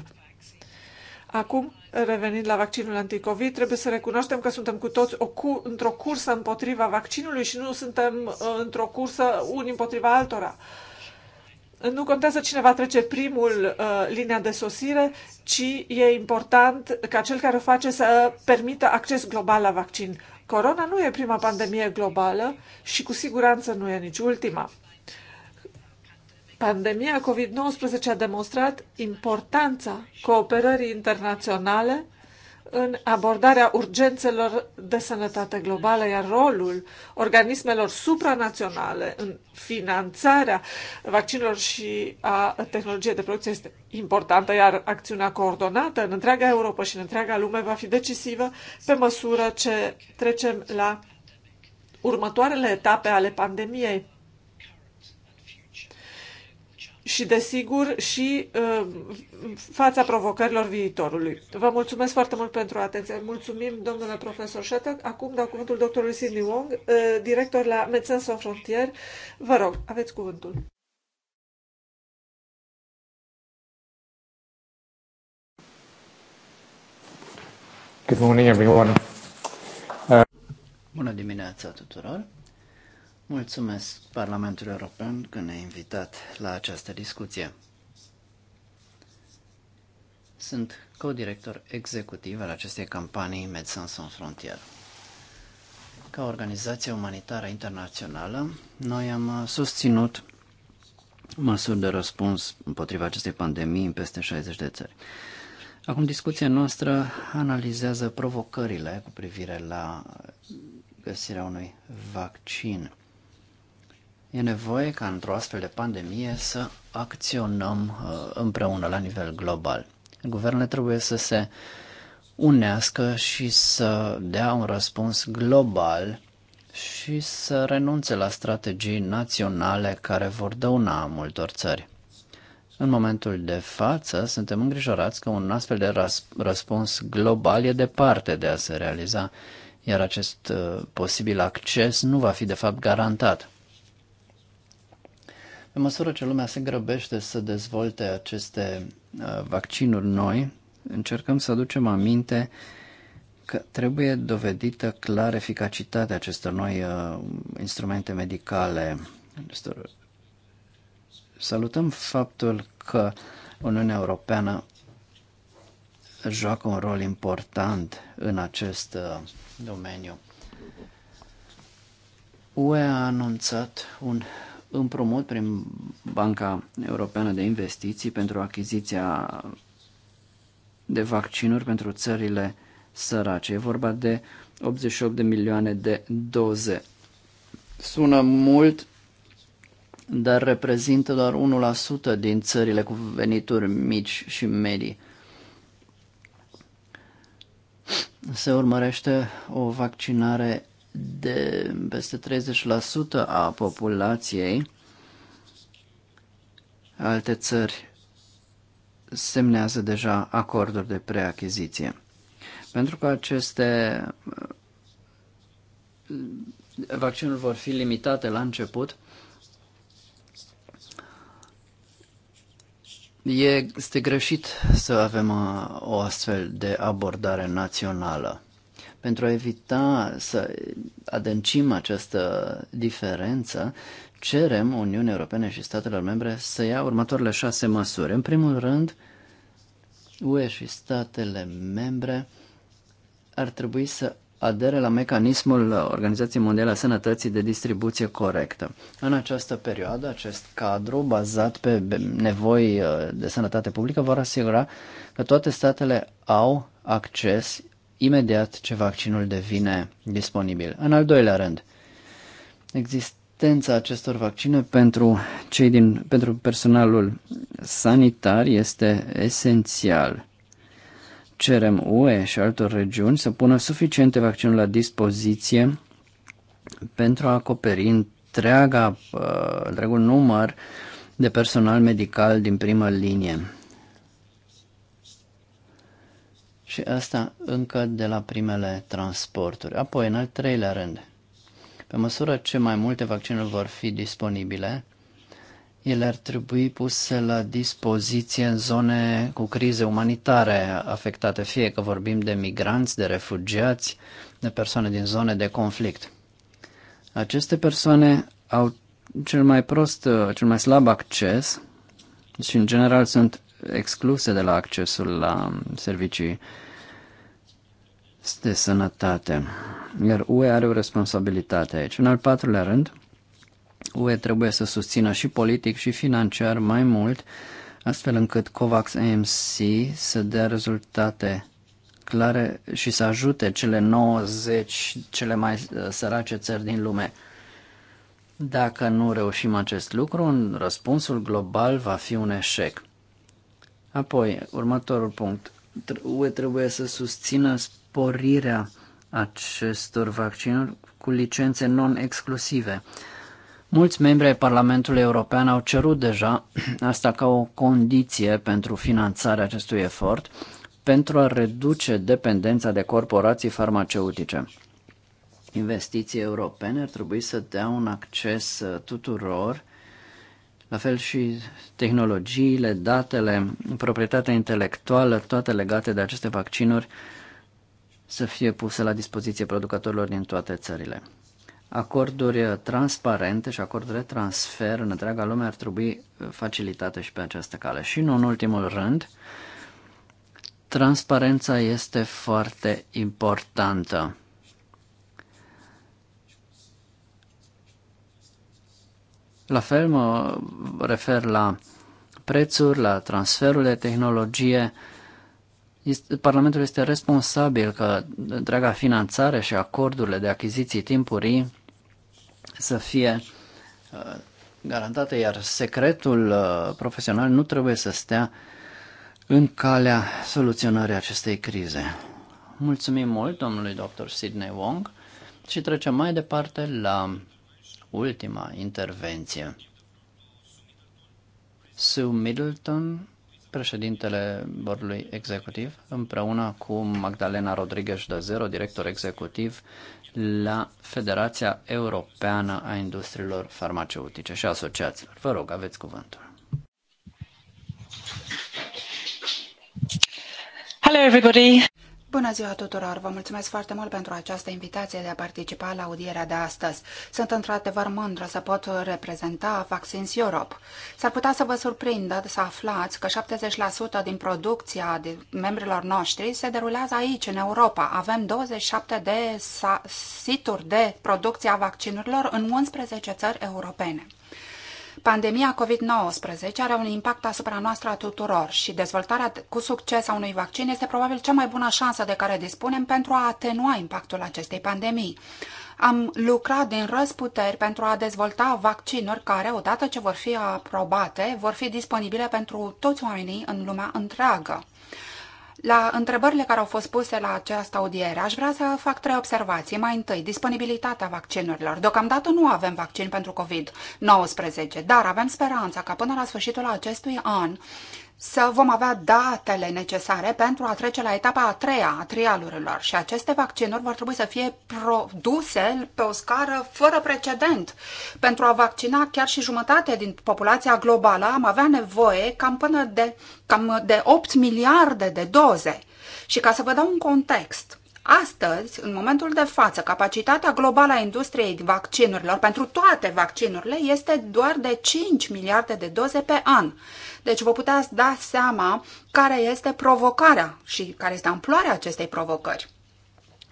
Acum, revenind la vaccinul anticovid, trebuie să recunoaștem că suntem cu toți o cu, într-o cursă împotriva vaccinului și nu suntem uh, într-o cursă unii împotriva altora. Nu contează cine va trece primul uh, linia de sosire, ci e important ca cel care o face să permită acces global la vaccin. Corona nu e prima pandemie globală și cu siguranță nu e nici ultima. Pandemia COVID-19 a demonstrat importanța cooperării internaționale în abordarea urgențelor de sănătate globală, iar rolul organismelor supranaționale în finanțarea vaccinilor și a tehnologiei de producție este importantă, iar acțiunea coordonată în întreaga Europa și în întreaga lume va fi decisivă pe măsură ce trecem la următoarele etape ale pandemiei și, desigur, și uh, fața provocărilor viitorului. Vă mulțumesc foarte mult pentru atenție. Mulțumim, domnule profesor Shattuck. Acum dau cuvântul doctorului Sidney Wong, uh, director la Médecins Sans Frontières. Vă rog, aveți cuvântul. Good morning, everyone. Uh... Bună dimineața tuturor! Mulțumesc Parlamentul European că ne-a invitat la această discuție. Sunt co-director executiv al acestei campanii Médecins Sans Frontières. Ca organizație umanitară internațională, noi am uh, susținut măsuri de răspuns împotriva acestei pandemii în peste 60 de țări. Acum discuția noastră analizează provocările cu privire la găsirea unui vaccin. E nevoie ca într-o astfel de pandemie să acționăm uh, împreună la nivel global. Guvernele trebuie să se unească și să dea un răspuns global și să renunțe la strategii naționale care vor dăuna multor țări. În momentul de față, suntem îngrijorați că un astfel de răspuns global e departe de a se realiza, iar acest uh, posibil acces nu va fi de fapt garantat. Pe măsură ce lumea se grăbește să dezvolte aceste uh, vaccinuri noi, încercăm să aducem aminte că trebuie dovedită clar eficacitatea acestor noi uh, instrumente medicale. Salutăm faptul că Uniunea Europeană joacă un rol important în acest uh, domeniu. UE a anunțat un împrumut prin Banca Europeană de Investiții pentru achiziția de vaccinuri pentru țările sărace. E vorba de 88 de milioane de doze. Sună mult, dar reprezintă doar 1% din țările cu venituri mici și medii. Se urmărește o vaccinare de peste 30% a populației. Alte țări semnează deja acorduri de preachiziție. Pentru că aceste uh, vaccinuri vor fi limitate la început, este greșit să avem uh, o astfel de abordare națională. Pentru a evita să adâncim această diferență, cerem Uniunii Europene și statelor membre să ia următoarele șase măsuri. În primul rând, UE și statele membre ar trebui să adere la mecanismul Organizației Mondiale a Sănătății de distribuție corectă. În această perioadă, acest cadru bazat pe nevoi uh, de sănătate publică vor asigura că toate statele au acces imediat ce vaccinul devine disponibil. În al doilea rând, existența acestor vaccine pentru, cei din, pentru personalul sanitar este esențial. Cerem UE și altor regiuni să pună suficiente vaccinuri la dispoziție pentru a acoperi întreaga, uh, întregul număr de personal medical din primă linie. și asta încă de la primele transporturi. Apoi, în al treilea rând, pe măsură ce mai multe vaccinuri vor fi disponibile, ele ar trebui puse la dispoziție în zone cu crize umanitare afectate, fie că vorbim de migranți, de refugiați, de persoane din zone de conflict. Aceste persoane au cel mai prost, cel mai slab acces și în general sunt excluse de la accesul la servicii de sănătate. Iar UE are o responsabilitate aici. În al patrulea rând, UE trebuie să susțină și politic și financiar mai mult, astfel încât COVAX AMC să dea rezultate clare și să ajute cele 90 cele mai uh, sărace țări din lume. Dacă nu reușim acest lucru, răspunsul global va fi un eșec. Apoi, următorul punct. UE trebuie să susțină sporirea acestor vaccinuri cu licențe non-exclusive. Mulți membri ai Parlamentului European au cerut deja asta ca o condiție pentru finanțarea acestui efort, pentru a reduce dependența de corporații farmaceutice. Investiții europene ar trebui să dea un acces uh, tuturor la fel și tehnologiile, datele, proprietatea intelectuală, toate legate de aceste vaccinuri, să fie puse la dispoziție producătorilor din toate țările. Acorduri uh, transparente și acorduri de transfer în întreaga lume ar trebui uh, facilitate și pe această cale. Și nu în ultimul rând, transparența este foarte importantă. La fel mă refer la prețuri, la transferul de tehnologie. Este, Parlamentul este responsabil că întreaga finanțare și acordurile de achiziții timpurii să fie uh, garantate, iar secretul uh, profesional nu trebuie să stea în calea soluționării acestei crize. Mulțumim mult domnului dr. Sidney Wong și trecem mai departe la ultima intervenție. Sue Middleton, președintele bordului executiv, împreună cu Magdalena Rodriguez de Zero, director executiv la Federația Europeană a Industriilor Farmaceutice și Asociațiilor. Vă rog, aveți cuvântul. Hello everybody. Bună ziua tuturor! Vă mulțumesc foarte mult pentru această invitație de a participa la audierea de astăzi. Sunt într-adevăr mândră să pot reprezenta Vaccins Europe. S-ar putea să vă surprindă să aflați că 70% din producția de membrilor noștri se derulează aici, în Europa. Avem 27 de situri de producție a vaccinurilor în 11 țări europene. Pandemia COVID-19 are un impact asupra noastră a tuturor și dezvoltarea cu succes a unui vaccin este probabil cea mai bună șansă de care dispunem pentru a atenua impactul acestei pandemii. Am lucrat din răzputeri pentru a dezvolta vaccinuri care, odată ce vor fi aprobate, vor fi disponibile pentru toți oamenii în lumea întreagă. La întrebările care au fost puse la această audiere, aș vrea să fac trei observații. Mai întâi, disponibilitatea vaccinurilor. Deocamdată nu avem vaccin pentru COVID-19, dar avem speranța că până la sfârșitul acestui an să vom avea datele necesare pentru a trece la etapa a treia a trialurilor și aceste vaccinuri vor trebui să fie produse pe o scară fără precedent. Pentru a vaccina chiar și jumătate din populația globală am avea nevoie cam până de, cam de 8 miliarde de doze. Și ca să vă dau un context, Astăzi, în momentul de față, capacitatea globală a industriei vaccinurilor pentru toate vaccinurile este doar de 5 miliarde de doze pe an. Deci vă puteți da seama care este provocarea și care este amploarea acestei provocări.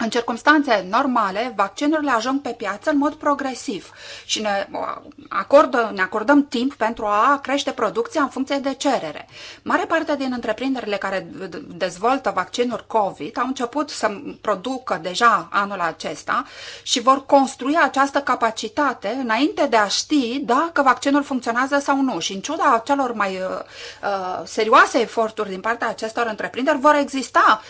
În circunstanțe normale, vaccinurile ajung pe piață în mod progresiv și ne, acord, ne acordăm timp pentru a crește producția în funcție de cerere. Mare parte din întreprinderile care dezvoltă vaccinuri COVID au început să producă deja anul acesta și vor construi această capacitate înainte de a ști dacă vaccinul funcționează sau nu. Și în ciuda celor mai uh, uh serioase eforturi din partea acestor întreprinderi, vor exista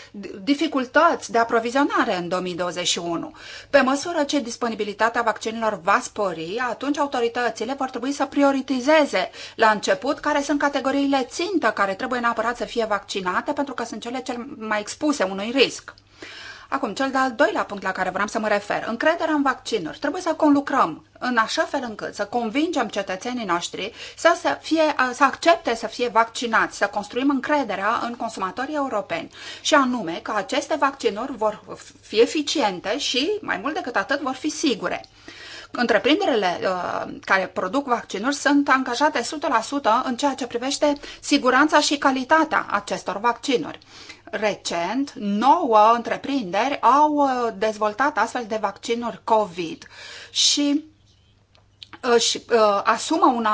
dificultăți de aprovizionare în 2021. Pe măsură ce disponibilitatea vaccinilor va spori, atunci autoritățile vor trebui să prioritizeze la început care sunt categoriile țintă care trebuie neapărat să fie vaccinate pentru că sunt cele cel mai expuse unui risc. Acum, cel de-al doilea punct la care vreau să mă refer, încrederea în vaccinuri. Trebuie să conlucrăm în așa fel încât să convingem cetățenii noștri să, să, fie, să accepte să fie vaccinați, să construim încrederea în consumatorii europeni. Și anume că aceste vaccinuri vor fi eficiente și, mai mult decât atât, vor fi sigure. Întreprinderile uh, care produc vaccinuri sunt angajate 100% în ceea ce privește siguranța și calitatea acestor vaccinuri recent, nouă întreprinderi au uh, dezvoltat astfel de vaccinuri COVID și își uh, uh, asumă un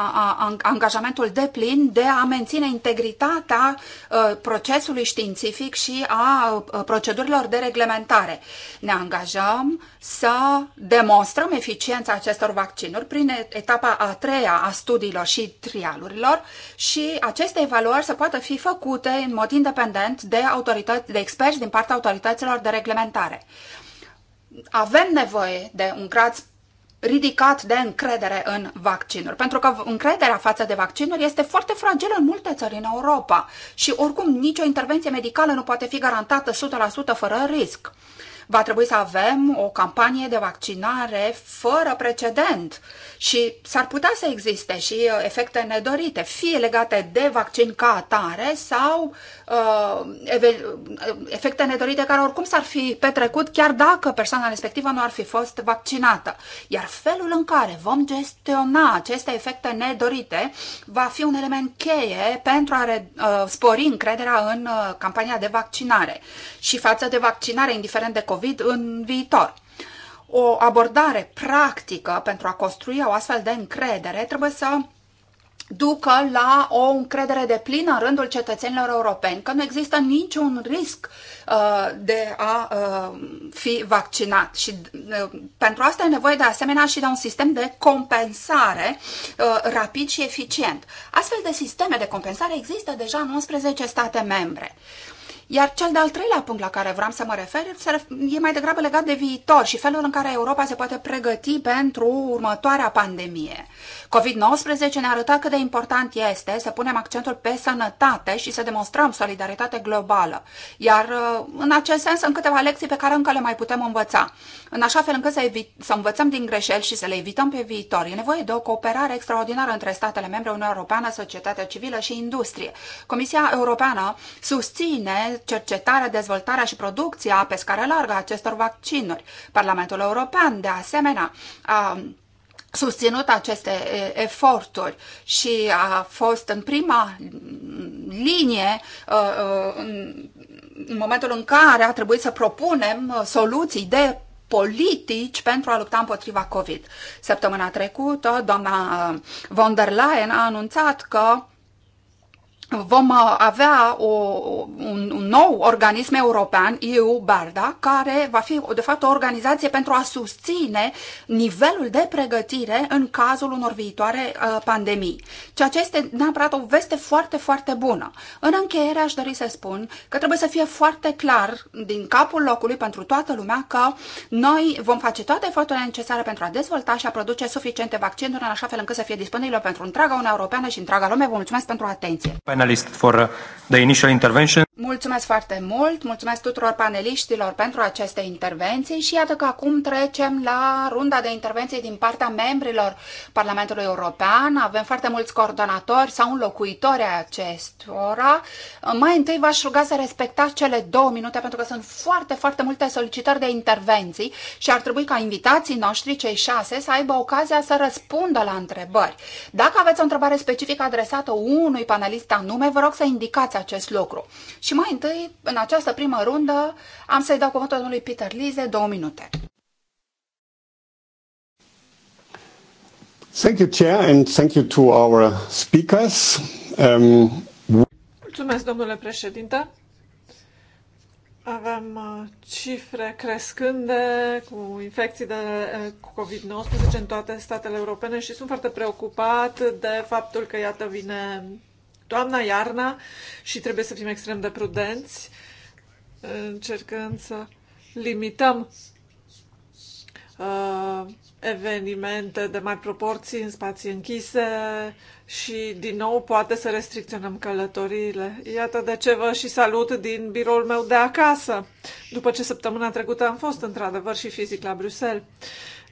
angajamentul de plin de a menține integritatea uh, procesului științific și a procedurilor de reglementare. Ne angajăm să demonstrăm eficiența acestor vaccinuri prin etapa a treia a studiilor și trialurilor și aceste evaluări să poată fi făcute în mod independent de autorități, de experți din partea autorităților de reglementare avem nevoie de un grad ridicat de încredere în vaccinuri, pentru că încrederea față de vaccinuri este foarte fragilă în multe țări în Europa și oricum nicio intervenție medicală nu poate fi garantată 100% fără risc va trebui să avem o campanie de vaccinare fără precedent și s-ar putea să existe și uh, efecte nedorite, fie legate de vaccin ca atare sau uh, uh, efecte nedorite care oricum s-ar fi petrecut chiar dacă persoana respectivă nu ar fi fost vaccinată. Iar felul în care vom gestiona aceste efecte nedorite va fi un element cheie pentru a re, uh, spori încrederea în uh, campania de vaccinare. Și față de vaccinare, indiferent de COVID în viitor. O abordare practică pentru a construi o astfel de încredere trebuie să ducă la o încredere de plină în rândul cetățenilor europeni că nu există niciun risc uh, de a uh, fi vaccinat. Și uh, pentru asta e nevoie de asemenea și de un sistem de compensare uh, rapid și eficient. Astfel de sisteme de compensare există deja în 11 state membre. Uh, iar cel de-al treilea punct la care vreau să mă refer e mai degrabă legat de viitor și felul în care Europa se poate pregăti pentru următoarea pandemie. COVID-19 ne-a arătat cât de important este să punem accentul pe sănătate și să demonstrăm solidaritate globală. Iar uh, în acest sens sunt câteva lecții pe care încă le mai putem învăța, în așa fel încât să, evi- să învățăm din greșeli și să le evităm pe viitor. E nevoie de o cooperare extraordinară între statele membre, Uniunea Europeană, societatea civilă și industrie. Comisia Europeană susține cercetarea, dezvoltarea și producția pe scară largă a acestor vaccinuri. Parlamentul European, de asemenea, a susținut aceste eforturi și a fost în prima linie uh, uh, în momentul în care a trebuit să propunem uh, soluții de politici pentru a lupta împotriva COVID. Săptămâna trecută, doamna von der Leyen a anunțat că vom uh, avea o, un, un nou organism european, EU Barda, care va fi de fapt o organizație pentru a susține nivelul de pregătire în cazul unor viitoare uh, pandemii. Ceea ce este neapărat o veste foarte, foarte bună. În încheiere aș dori să spun că trebuie să fie foarte clar din capul locului pentru toată lumea că noi vom face toate eforturile necesare pentru a dezvolta și a produce suficiente vaccinuri în așa fel încât să fie disponibile pentru întreaga Uniunea Europeană și întreaga lume. Vă mulțumesc pentru atenție! panelists for the initial intervention. Mulțumesc foarte mult, mulțumesc tuturor paneliștilor pentru aceste intervenții și iată că acum trecem la runda de intervenții din partea membrilor Parlamentului European. Avem foarte mulți coordonatori sau înlocuitori a acestora. Mai întâi v-aș ruga să respectați cele două minute pentru că sunt foarte, foarte multe solicitări de intervenții și ar trebui ca invitații noștri, cei șase, să aibă ocazia să răspundă la întrebări. Dacă aveți o întrebare specifică adresată unui panelist anume, vă rog să indicați acest lucru. Și mai întâi, în această primă rundă, am să-i dau cuvântul domnului Peter Lize, două minute. Thank you, Chair, and thank you to our speakers. Um... Mulțumesc, domnule președinte. Avem uh, cifre crescânde cu infecții de uh, COVID-19 în toate statele europene și sunt foarte preocupat de faptul că, iată, vine toamna, iarna și trebuie să fim extrem de prudenți, încercând să limităm uh, evenimente de mai proporții în spații închise și, din nou, poate să restricționăm călătoriile. Iată de ce vă și salut din biroul meu de acasă, după ce săptămâna trecută am fost, într-adevăr, și fizic la Bruxelles.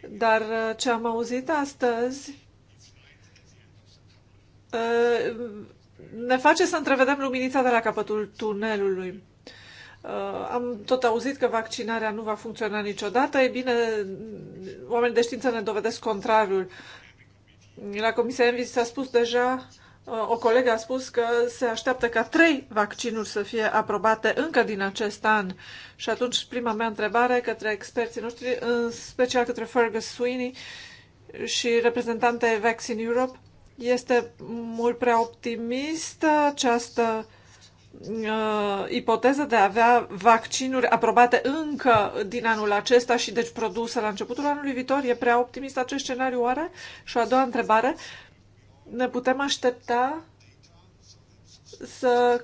Dar uh, ce am auzit astăzi uh, ne face să întrevedem luminița de la capătul tunelului. Uh, am tot auzit că vaccinarea nu va funcționa niciodată. E bine, oamenii de știință ne dovedesc contrariul. La Comisia Envis s-a spus deja, uh, o colegă a spus că se așteaptă ca trei vaccinuri să fie aprobate încă din acest an. Și atunci prima mea întrebare către experții noștri, în special către Fergus Sweeney și reprezentante Vaccine Europe, este mult prea optimistă această uh, ipoteză de a avea vaccinuri aprobate încă din anul acesta și deci produse la începutul anului viitor? E prea optimist acest scenariu oare? Și a doua întrebare, ne putem aștepta să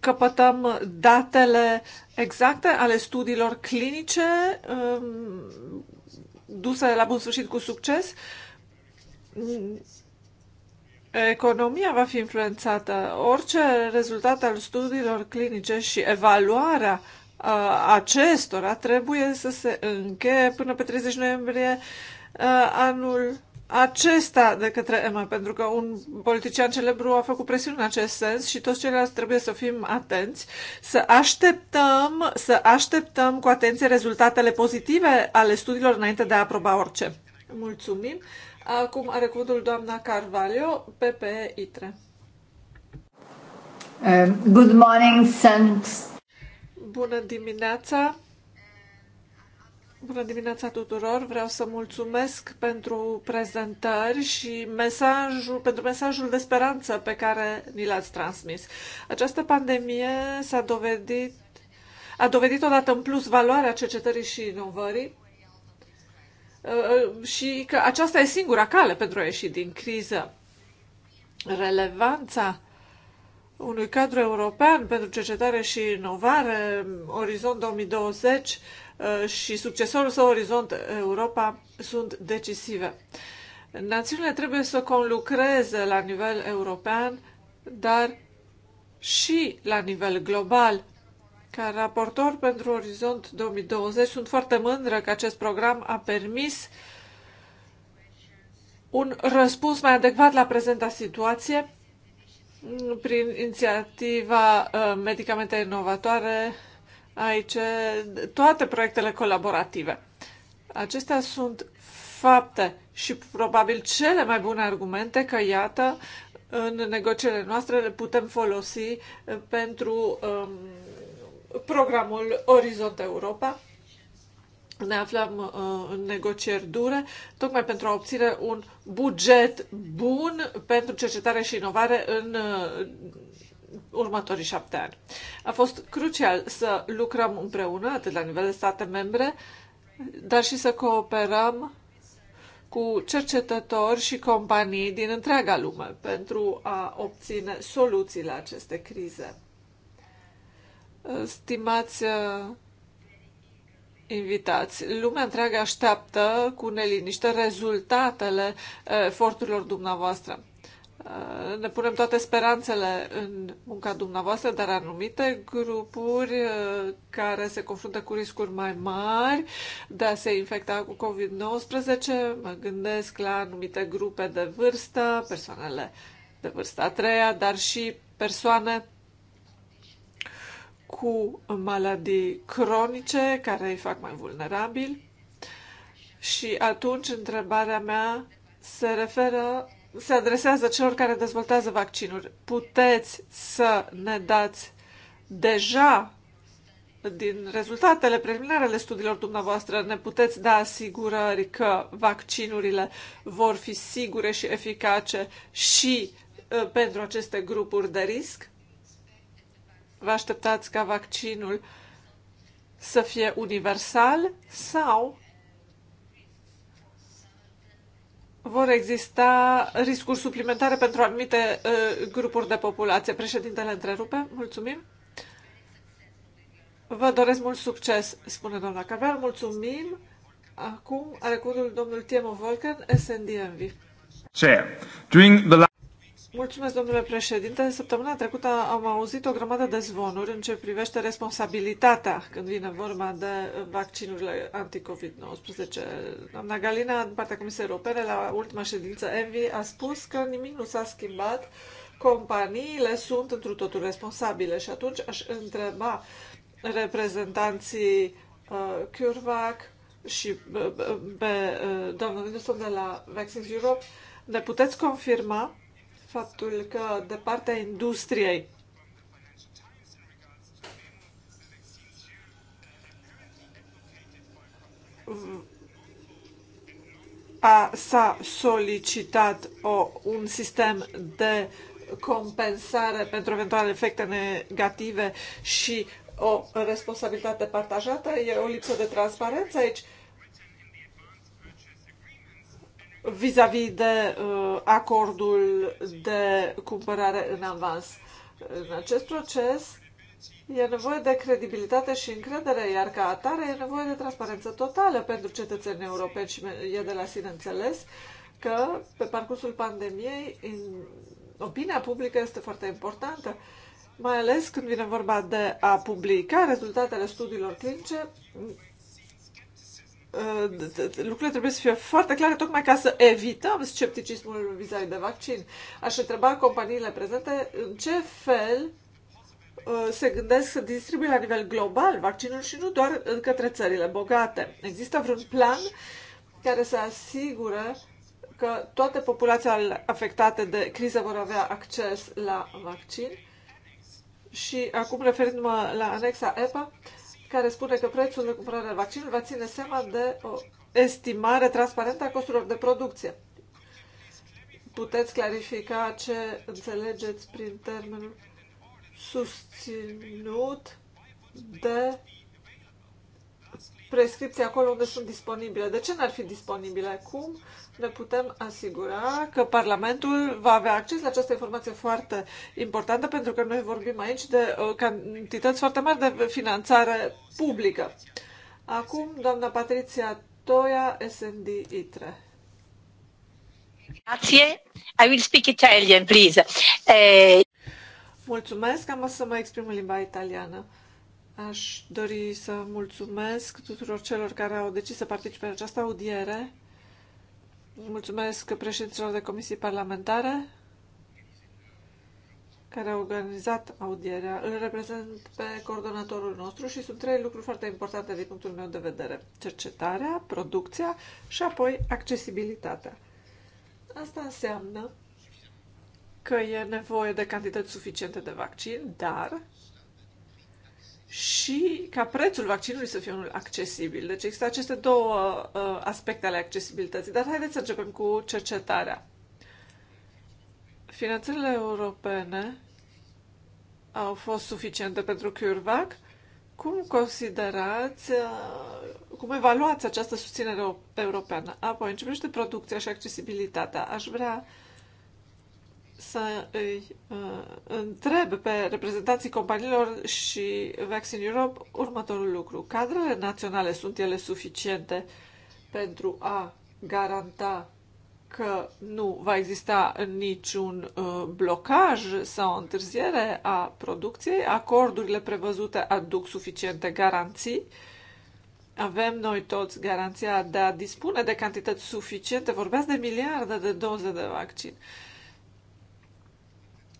căpătăm datele exacte ale studiilor clinice um, duse la bun sfârșit cu succes? economia va fi influențată. Orice rezultat al studiilor clinice și evaluarea uh, acestora trebuie să se încheie până pe 30 noiembrie uh, anul acesta de către EMA, pentru că un politician celebru a făcut presiune în acest sens și toți ceilalți trebuie să fim atenți, să așteptăm, să așteptăm cu atenție rezultatele pozitive ale studiilor înainte de a aproba orice. Mulțumim! Acum are cuvântul doamna Carvalho, PPE ITRE. Uh, good morning, thanks. Bună dimineața! Bună dimineața tuturor! Vreau să mulțumesc pentru prezentări și mesajul, pentru mesajul de speranță pe care ni l-ați transmis. Această pandemie s-a dovedit, a dovedit odată în plus valoarea cercetării și inovării și că aceasta e singura cale pentru a ieși din criză. Relevanța unui cadru european pentru cercetare și inovare, Orizont 2020 uh, și succesorul său Orizont Europa sunt decisive. Națiunile trebuie să conlucreze la nivel european, dar și la nivel global ca raportor pentru Orizont 2020 sunt foarte mândră că acest program a permis un răspuns mai adecvat la prezenta situație prin inițiativa uh, Medicamente Inovatoare, aici toate proiectele colaborative. Acestea sunt fapte și probabil cele mai bune argumente că, iată, în negocierile noastre le putem folosi uh, pentru um, programul Orizont Europa. Ne aflăm uh, în negocieri dure, tocmai pentru a obține un buget bun pentru cercetare și inovare în uh, următorii șapte ani. A fost crucial să lucrăm împreună, atât la nivel de state membre, dar și să cooperăm cu cercetători și companii din întreaga lume pentru a obține soluții la aceste crize. Stimați uh, invitați, lumea întreagă așteaptă cu neliniște rezultatele uh, eforturilor dumneavoastră. Uh, ne punem toate speranțele în munca dumneavoastră, dar anumite grupuri care se confruntă cu riscuri mai mari de a se infecta cu COVID-19, mă gândesc la anumite grupe de vârstă, persoanele de vârsta a treia, dar și persoane cu maladii cronice care îi fac mai vulnerabil Și atunci întrebarea mea se referă, se adresează celor care dezvoltează vaccinuri. Puteți să ne dați deja din rezultatele preliminare ale studiilor dumneavoastră, ne puteți da asigurări că vaccinurile vor fi sigure și eficace și uh, pentru aceste grupuri de risc? vă așteptați ca vaccinul să fie universal sau vor exista riscuri suplimentare pentru anumite uh, grupuri de populație. Președintele întrerupe. Mulțumim. Vă doresc mult succes, spune doamna Carver. Mulțumim. Acum are cuvântul domnul Tiemo Volken, SNDMV. Chair, during the Mulțumesc, domnule președinte. Săptămâna trecută am auzit o grămadă de zvonuri în ce privește responsabilitatea când vine vorba de vaccinurile anti-COVID-19. Doamna Galina, din partea Comisiei Europene, la ultima ședință ENVI, a spus că nimic nu s-a schimbat, companiile sunt întru totul responsabile și atunci aș întreba reprezentanții uh, CureVac și uh, pe uh, doamna Nilsson de la Vaccines Europe, ne puteți confirma faptul că de partea industriei a, s-a solicitat o, un sistem de compensare pentru eventuale efecte negative și o responsabilitate partajată. E o lipsă de transparență aici. vis-a-vis -vis de uh, acordul de cumpărare în avans. În acest proces e nevoie de credibilitate și încredere, iar ca atare e nevoie de transparență totală pentru cetățenii europeni și e de la sine înțeles că pe parcursul pandemiei opinia publică este foarte importantă, mai ales când vine vorba de a publica rezultatele studiilor clinice Uh, lucrurile trebuie să fie foarte clare, tocmai ca să evităm scepticismul vis-a-vis de vaccin. Aș întreba companiile prezente în ce fel uh, se gândesc să distribuie la nivel global vaccinul și nu doar către țările bogate. Există vreun plan care să asigure că toate populațiile afectate de criză vor avea acces la vaccin? Și acum, referindu-mă la anexa EPA, care spune că prețul de cumpărare al vaccinului va ține seama de o estimare transparentă a costurilor de producție. Puteți clarifica ce înțelegeți prin termenul susținut de prescripții acolo unde sunt disponibile. De ce n-ar fi disponibile? Cum ne putem asigura că Parlamentul va avea acces la această informație foarte importantă, pentru că noi vorbim aici de uh, cantități foarte mari de finanțare publică. Acum, doamna Patricia Toia, SND ITRE. Grazie. I will speak Italian, please. Eh... Mulțumesc, am să mă exprim în limba italiană. Aș dori să mulțumesc tuturor celor care au decis să participe la această audiere Mulțumesc președinților de comisii parlamentare care a organizat audierea. Îl reprezent pe coordonatorul nostru și sunt trei lucruri foarte importante din punctul meu de vedere. Cercetarea, producția și apoi accesibilitatea. Asta înseamnă că e nevoie de cantități suficiente de vaccin, dar și ca prețul vaccinului să fie unul accesibil. Deci există aceste două uh, aspecte ale accesibilității. Dar haideți să începem cu cercetarea. Finanțările europene au fost suficiente pentru CureVac. Cum considerați, uh, cum evaluați această susținere europeană? Apoi, în ce privește producția și accesibilitatea, aș vrea uh, să îi uh, întreb pe reprezentanții companiilor și Vaccine Europe următorul lucru. Cadrele naționale sunt ele suficiente pentru a garanta că nu va exista niciun uh, blocaj sau întârziere a producției? Acordurile prevăzute aduc suficiente garanții? Avem noi toți garanția de a dispune de cantități suficiente, vorbeați de miliarde de doze de vaccin. Uh,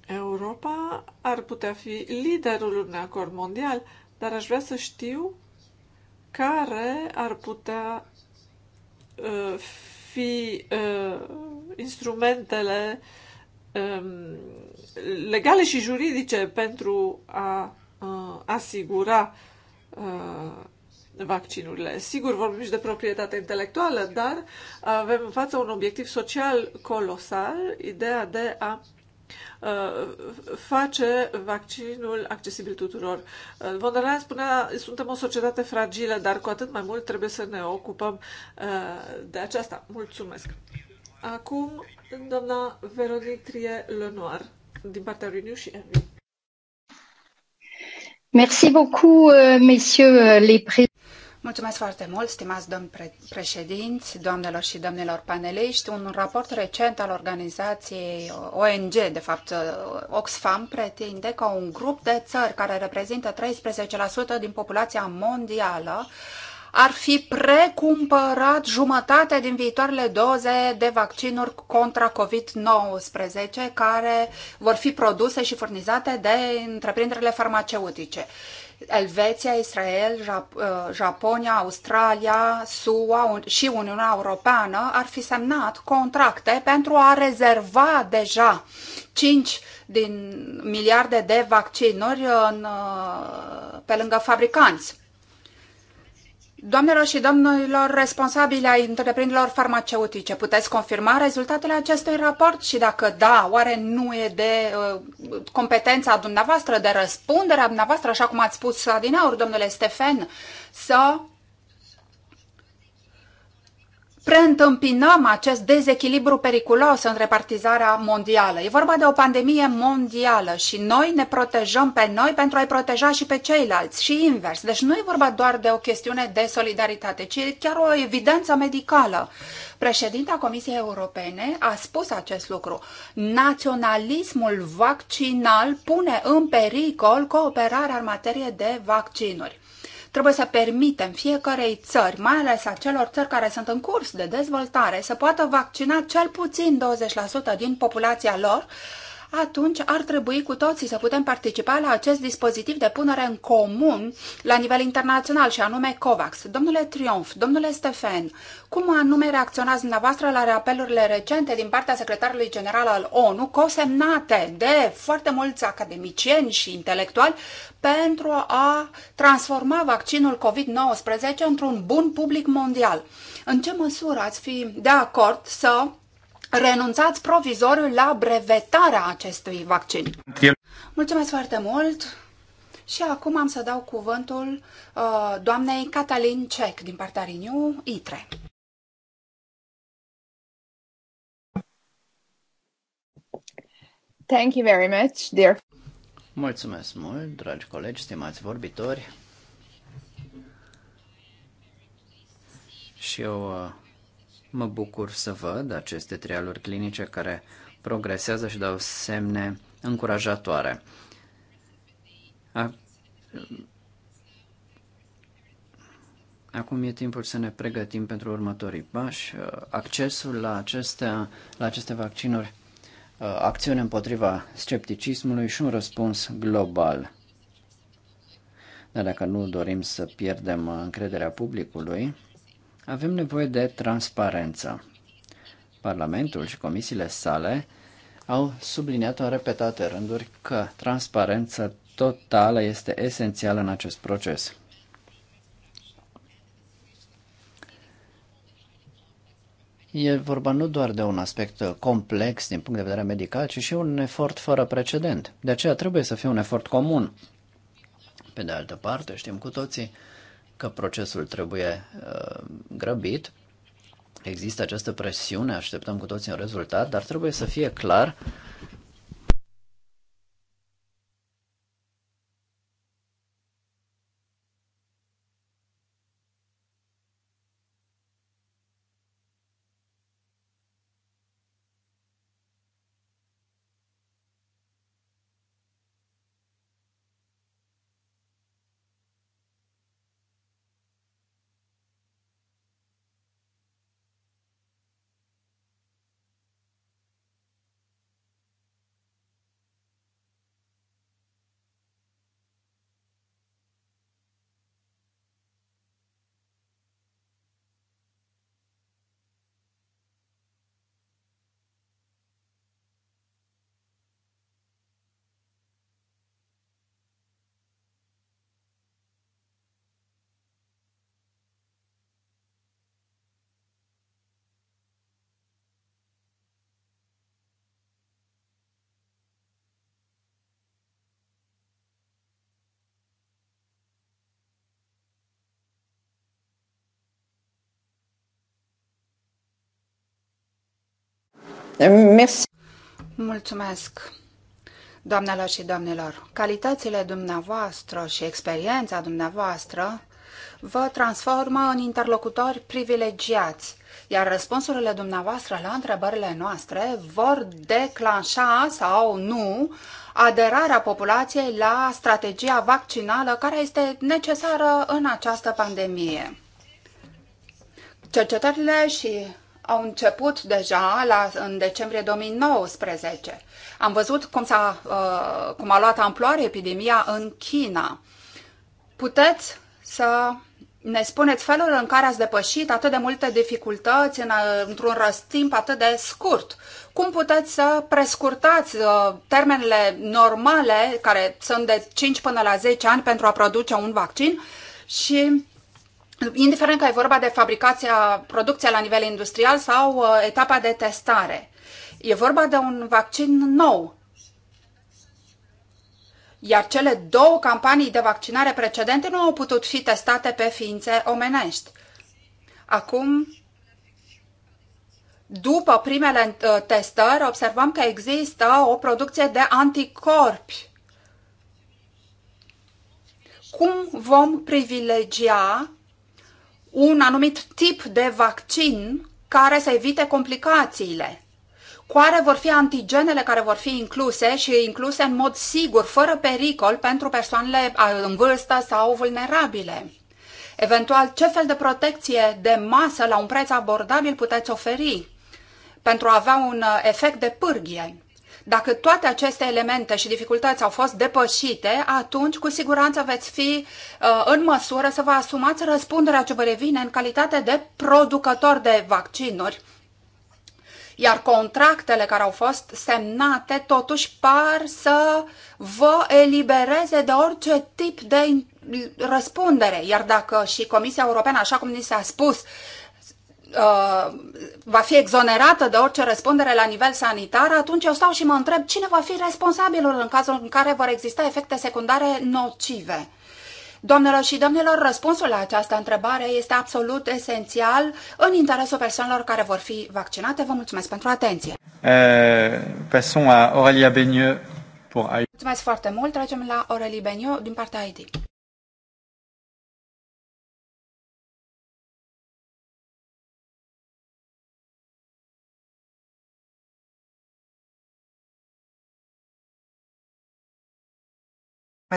Europa ar putea fi liderul unui acord mondial, dar aș vrea să știu care ar putea uh, fi uh, instrumentele um, legale și juridice pentru a uh, asigura uh, vaccinurile. Sigur, vorbim și de proprietate intelectuală, dar avem în față un obiectiv social colosal, ideea de a Uh, face vaccinul accesibil tuturor. Uh, von der Leyen spunea, suntem o societate fragilă, dar cu atât mai mult trebuie să ne ocupăm uh, de aceasta. Mulțumesc! Acum, doamna Veronitrie Lenoir, din partea Renew și Envy. Merci beaucoup, euh, messieurs euh, les présidents. Mulțumesc foarte mult, stimați domn președinți, doamnelor și domnilor paneliști. Un raport recent al organizației ONG, de fapt Oxfam, pretinde că un grup de țări care reprezintă 13% din populația mondială ar fi precumpărat jumătate din viitoarele doze de vaccinuri contra COVID-19 care vor fi produse și furnizate de întreprinderile farmaceutice. Elveția, Israel, uh, Japonia, Australia, SUA și Uniunea Europeană ar fi semnat contracte pentru a rezerva deja 5 din miliarde de vaccinuri în, uh, pe lângă fabricanți. Doamnelor și domnilor responsabili ai întreprinderilor farmaceutice, puteți confirma rezultatele acestui raport și dacă da, oare nu e de uh, competența dumneavoastră, de răspunderea dumneavoastră, așa cum ați spus adinaur, domnule Stefan, să preîntâmpinăm acest dezechilibru periculos în repartizarea mondială. E vorba de o pandemie mondială și noi ne protejăm pe noi pentru a-i proteja și pe ceilalți și invers. Deci nu e vorba doar de o chestiune de solidaritate, ci e chiar o evidență medicală. Președinta Comisiei Europene a spus acest lucru. Naționalismul vaccinal pune în pericol cooperarea în materie de vaccinuri. Trebuie să permitem fiecarei țări, mai ales celor țări care sunt în curs de dezvoltare, să poată vaccina cel puțin 20% din populația lor atunci ar trebui cu toții să putem participa la acest dispozitiv de punere în comun la nivel internațional și anume COVAX. Domnule Triumf, domnule Stefan, cum anume reacționați dumneavoastră la reapelurile recente din partea secretarului general al ONU, cosemnate de foarte mulți academicieni și intelectuali pentru a transforma vaccinul COVID-19 într-un bun public mondial? În ce măsură ați fi de acord să renunțați provizoriu la brevetarea acestui vaccin. Mulțumesc foarte mult! Și acum am să dau cuvântul uh, doamnei Catalin Cech din partea Renew ITRE. Thank you very much, dear. Mulțumesc mult, dragi colegi, stimați vorbitori. Și eu uh, Mă bucur să văd aceste trialuri clinice care progresează și dau semne încurajatoare. Acum e timpul să ne pregătim pentru următorii pași. Accesul la aceste, la aceste vaccinuri, acțiune împotriva scepticismului și un răspuns global. Dar dacă nu dorim să pierdem încrederea publicului, avem nevoie de transparență. Parlamentul și comisiile sale au subliniat în repetate rânduri că transparența totală este esențială în acest proces. E vorba nu doar de un aspect complex din punct de vedere medical, ci și un efort fără precedent. De aceea trebuie să fie un efort comun. Pe de altă parte, știm cu toții că procesul trebuie uh, grăbit. Există această presiune, așteptăm cu toții un rezultat, dar trebuie să fie clar Merci. Mulțumesc. Doamnelor și domnilor, calitățile dumneavoastră și experiența dumneavoastră vă transformă în interlocutori privilegiați, iar răspunsurile dumneavoastră la întrebările noastre vor declanșa sau nu aderarea populației la strategia vaccinală care este necesară în această pandemie. Cercetările și au început deja la, în decembrie 2019. Am văzut cum, s-a, uh, cum a luat amploare epidemia în China. Puteți să ne spuneți felul în care ați depășit atât de multe dificultăți în, uh, într-un răstimp atât de scurt. Cum puteți să prescurtați uh, termenele normale, care sunt de 5 până la 10 ani pentru a produce un vaccin, și indiferent că e vorba de fabricația, producția la nivel industrial sau uh, etapa de testare. E vorba de un vaccin nou. Iar cele două campanii de vaccinare precedente nu au putut fi testate pe ființe omenești. Acum, după primele uh, testări, observăm că există o producție de anticorpi. Cum vom privilegia un anumit tip de vaccin care să evite complicațiile. Care vor fi antigenele care vor fi incluse și incluse în mod sigur, fără pericol, pentru persoanele în vârstă sau vulnerabile? Eventual, ce fel de protecție de masă la un preț abordabil puteți oferi pentru a avea un uh, efect de pârghie? Dacă toate aceste elemente și dificultăți au fost depășite, atunci cu siguranță veți fi uh, în măsură să vă asumați răspunderea ce vă revine în calitate de producător de vaccinuri iar contractele care au fost semnate totuși par să vă elibereze de orice tip de răspundere. Iar dacă și Comisia Europeană, așa cum ni s-a spus, Uh, va fi exonerată de orice răspundere la nivel sanitar, atunci eu stau și mă întreb cine va fi responsabilul în cazul în care vor exista efecte secundare nocive. Doamnelor și domnilor, răspunsul la această întrebare este absolut esențial în interesul persoanelor care vor fi vaccinate. Vă mulțumesc pentru atenție. Uh, eh, Aurelia Mulțumesc foarte mult. Trecem la Aurelie Beniu din partea ID.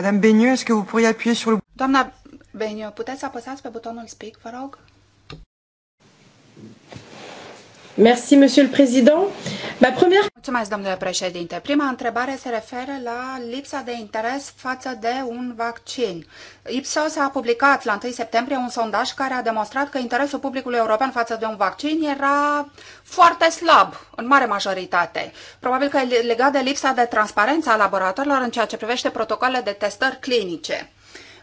Madame Beigneux, est-ce que vous pourriez appuyer sur le... bouton Doamna Beigneux, puteți să apăsați pe butonul speak, vă rog? Merci, Monsieur le Président. Mulțumesc, domnule președinte. Prima întrebare se referă la lipsa de interes față de un vaccin. Ipsos a publicat la 1 septembrie un sondaj care a demonstrat că interesul publicului european față de un vaccin era foarte slab, în mare majoritate. Probabil că e legat de lipsa de transparență a laboratorilor în ceea ce privește protocoalele de testări clinice.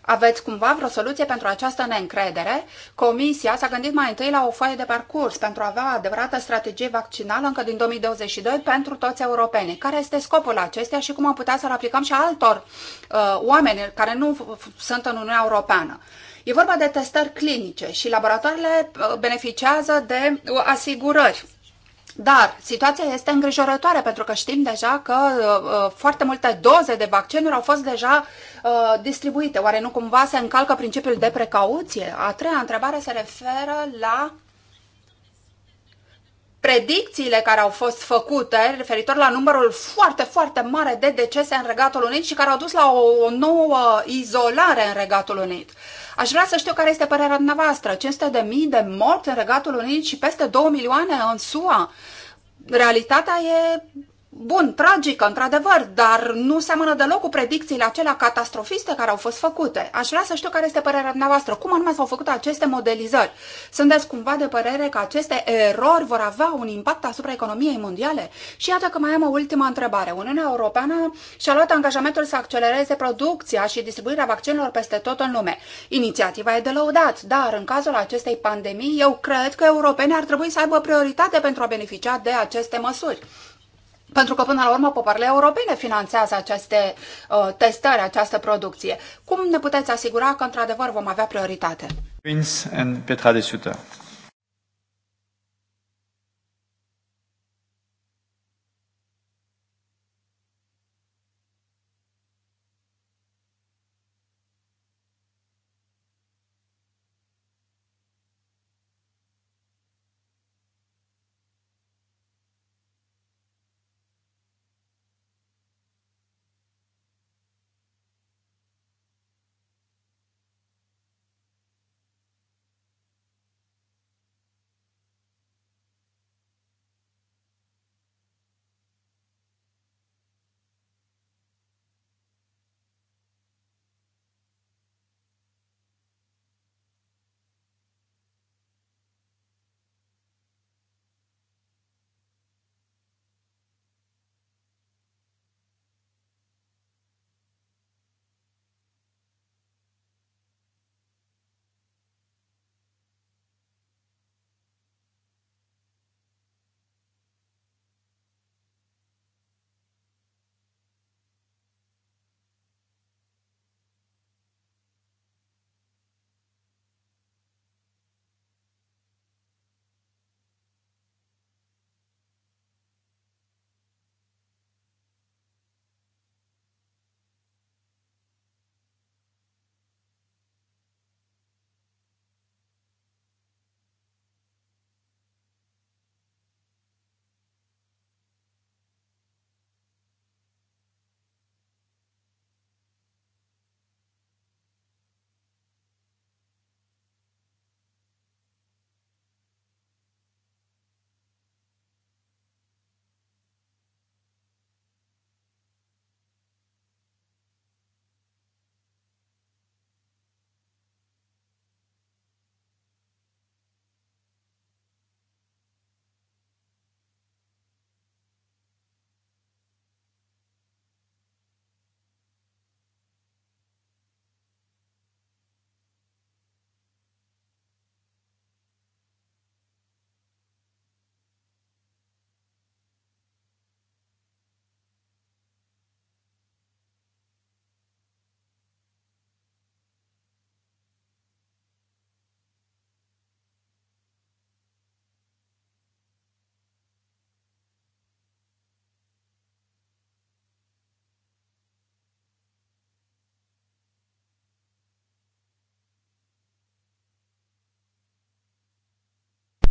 Aveți cumva vreo soluție pentru această neîncredere? Comisia s-a gândit mai întâi la o foaie de parcurs pentru a avea o adevărată strategie vaccinală încă din 2022 pentru toți europenii. Care este scopul acesteia și cum am putea să-l aplicăm și altor uh, oameni care nu sunt în Uniunea Europeană? E vorba de testări clinice și laboratoarele uh, beneficiază de uh, asigurări dar situația este îngrijorătoare pentru că știm deja că uh, uh, foarte multe doze de vaccinuri au fost deja uh, distribuite. Oare nu cumva se încalcă principiul de precauție? A treia întrebare se referă la predicțiile care au fost făcute referitor la numărul foarte, foarte mare de decese în Regatul Unit și care au dus la o, o nouă izolare în Regatul Unit. Aș vrea să știu care este părerea dumneavoastră. 500 de mii de morți în Regatul Unit și peste 2 milioane în SUA. Realitatea e bun, tragică, într-adevăr, dar nu seamănă deloc cu predicțiile acelea catastrofiste care au fost făcute. Aș vrea să știu care este părerea dumneavoastră. Cum anume s-au făcut aceste modelizări? Sunteți cumva de părere că aceste erori vor avea un impact asupra economiei mondiale? Și iată că mai am o ultimă întrebare. Uniunea Europeană și-a luat angajamentul să accelereze producția și distribuirea vaccinilor peste tot în lume. Inițiativa e de lăudat, dar în cazul acestei pandemii, eu cred că europenii ar trebui să aibă prioritate pentru a beneficia de aceste măsuri. Pentru că, până la urmă, popoarele europene finanțează aceste uh, testări, această producție. Cum ne puteți asigura că, într-adevăr, vom avea prioritate? and Petra de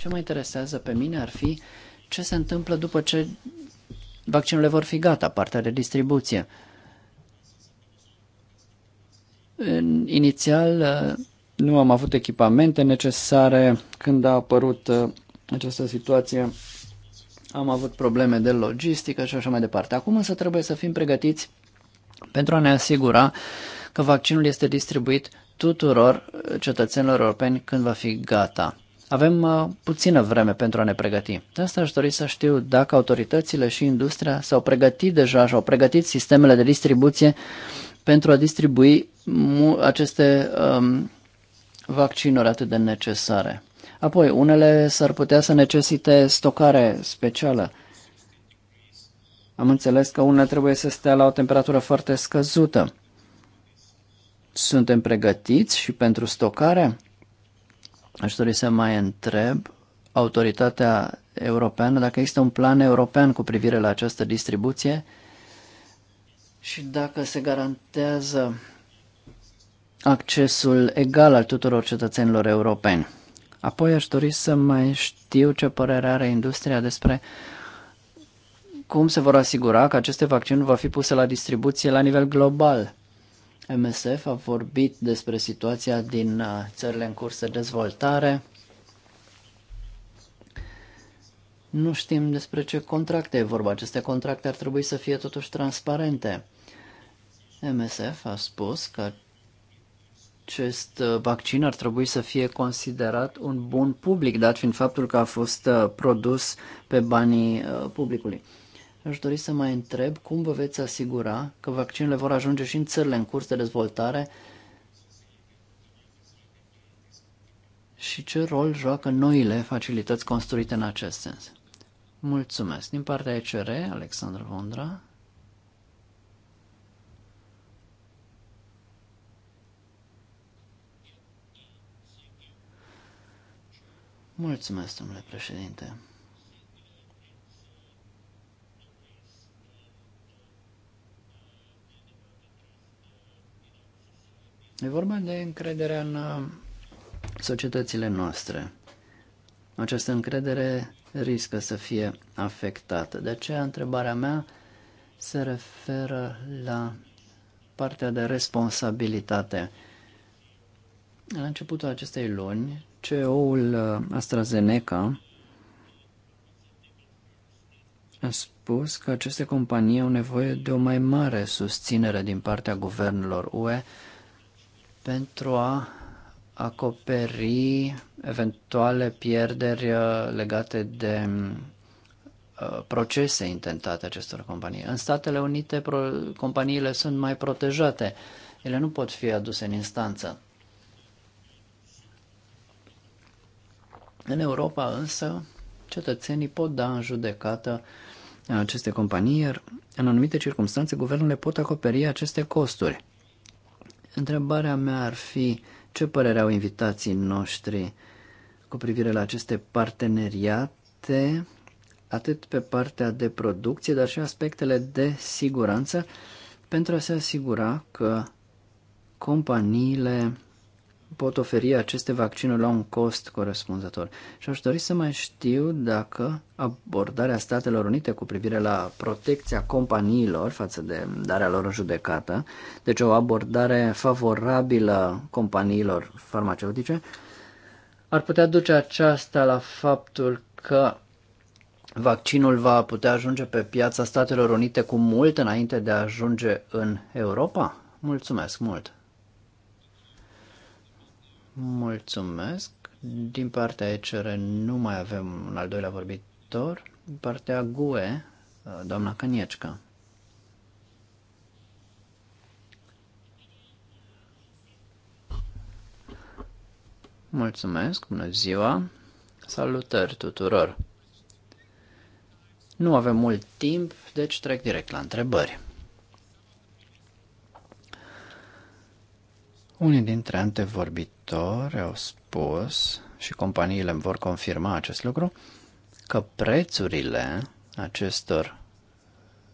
Ce mă interesează pe mine ar fi ce se întâmplă după ce vaccinurile vor fi gata, partea de distribuție. În, inițial nu am avut echipamente necesare. Când a apărut uh, această situație, am avut probleme de logistică și așa mai departe. Acum însă trebuie să fim pregătiți pentru a ne asigura că vaccinul este distribuit tuturor uh, cetățenilor europeni când va fi gata. Avem uh, puțină vreme pentru a ne pregăti. De asta aș dori să știu dacă autoritățile și industria s-au pregătit deja și-au pregătit sistemele de distribuție pentru a distribui aceste um, vaccinuri atât de necesare. Apoi, unele s-ar putea să necesite stocare specială. Am înțeles că unele trebuie să stea la o temperatură foarte scăzută. Suntem pregătiți și pentru stocare? Aș dori să mai întreb autoritatea europeană dacă există un plan european cu privire la această distribuție și dacă se garantează accesul egal al tuturor cetățenilor europeni. Apoi aș dori să mai știu ce părere are industria despre cum se vor asigura că aceste vaccinuri vor fi puse la distribuție la nivel global. MSF a vorbit despre situația din uh, țările în curs de dezvoltare. Nu știm despre ce contracte e vorba. Aceste contracte ar trebui să fie totuși transparente. MSF a spus că acest uh, vaccin ar trebui să fie considerat un bun public, dat fiind faptul că a fost uh, produs pe banii publicului. Aș dori să mai întreb cum vă veți asigura că vaccinurile vor ajunge și în țările în curs de dezvoltare și ce rol joacă noile facilități construite în acest sens. Mulțumesc. Din partea ECR, Alexandru Vondra. Mulțumesc, domnule președinte. E vorba de încrederea în uh, societățile noastre. Această încredere riscă să fie afectată. De aceea, întrebarea mea se referă la partea de responsabilitate. La începutul acestei luni, CEO-ul uh, AstraZeneca a spus că aceste companii au nevoie de o mai mare susținere din partea guvernelor UE pentru a acoperi eventuale pierderi uh, legate de uh, procese intentate acestor companii. În Statele Unite companiile sunt mai protejate. Ele nu pot fi aduse în instanță. În Europa însă, cetățenii pot da în judecată aceste companii, iar în anumite circunstanțe guvernele pot acoperi aceste costuri. Întrebarea mea ar fi ce părere au invitații noștri cu privire la aceste parteneriate, atât pe partea de producție, dar și aspectele de siguranță, pentru a se asigura că companiile pot oferi aceste vaccinuri la un cost corespunzător. Și aș dori să mai știu dacă abordarea Statelor Unite cu privire la protecția companiilor față de darea lor în judecată, deci o abordare favorabilă companiilor farmaceutice, ar putea duce aceasta la faptul că vaccinul va putea ajunge pe piața Statelor Unite cu mult înainte de a ajunge în Europa? Mulțumesc mult! Mulțumesc. Din partea ECR nu mai avem un al doilea vorbitor. Din partea GUE, doamna Căniecica. Mulțumesc, bună ziua, salutări tuturor. Nu avem mult timp, deci trec direct la întrebări. Unii dintre antevorbitori au spus, și companiile îmi vor confirma acest lucru, că prețurile acestor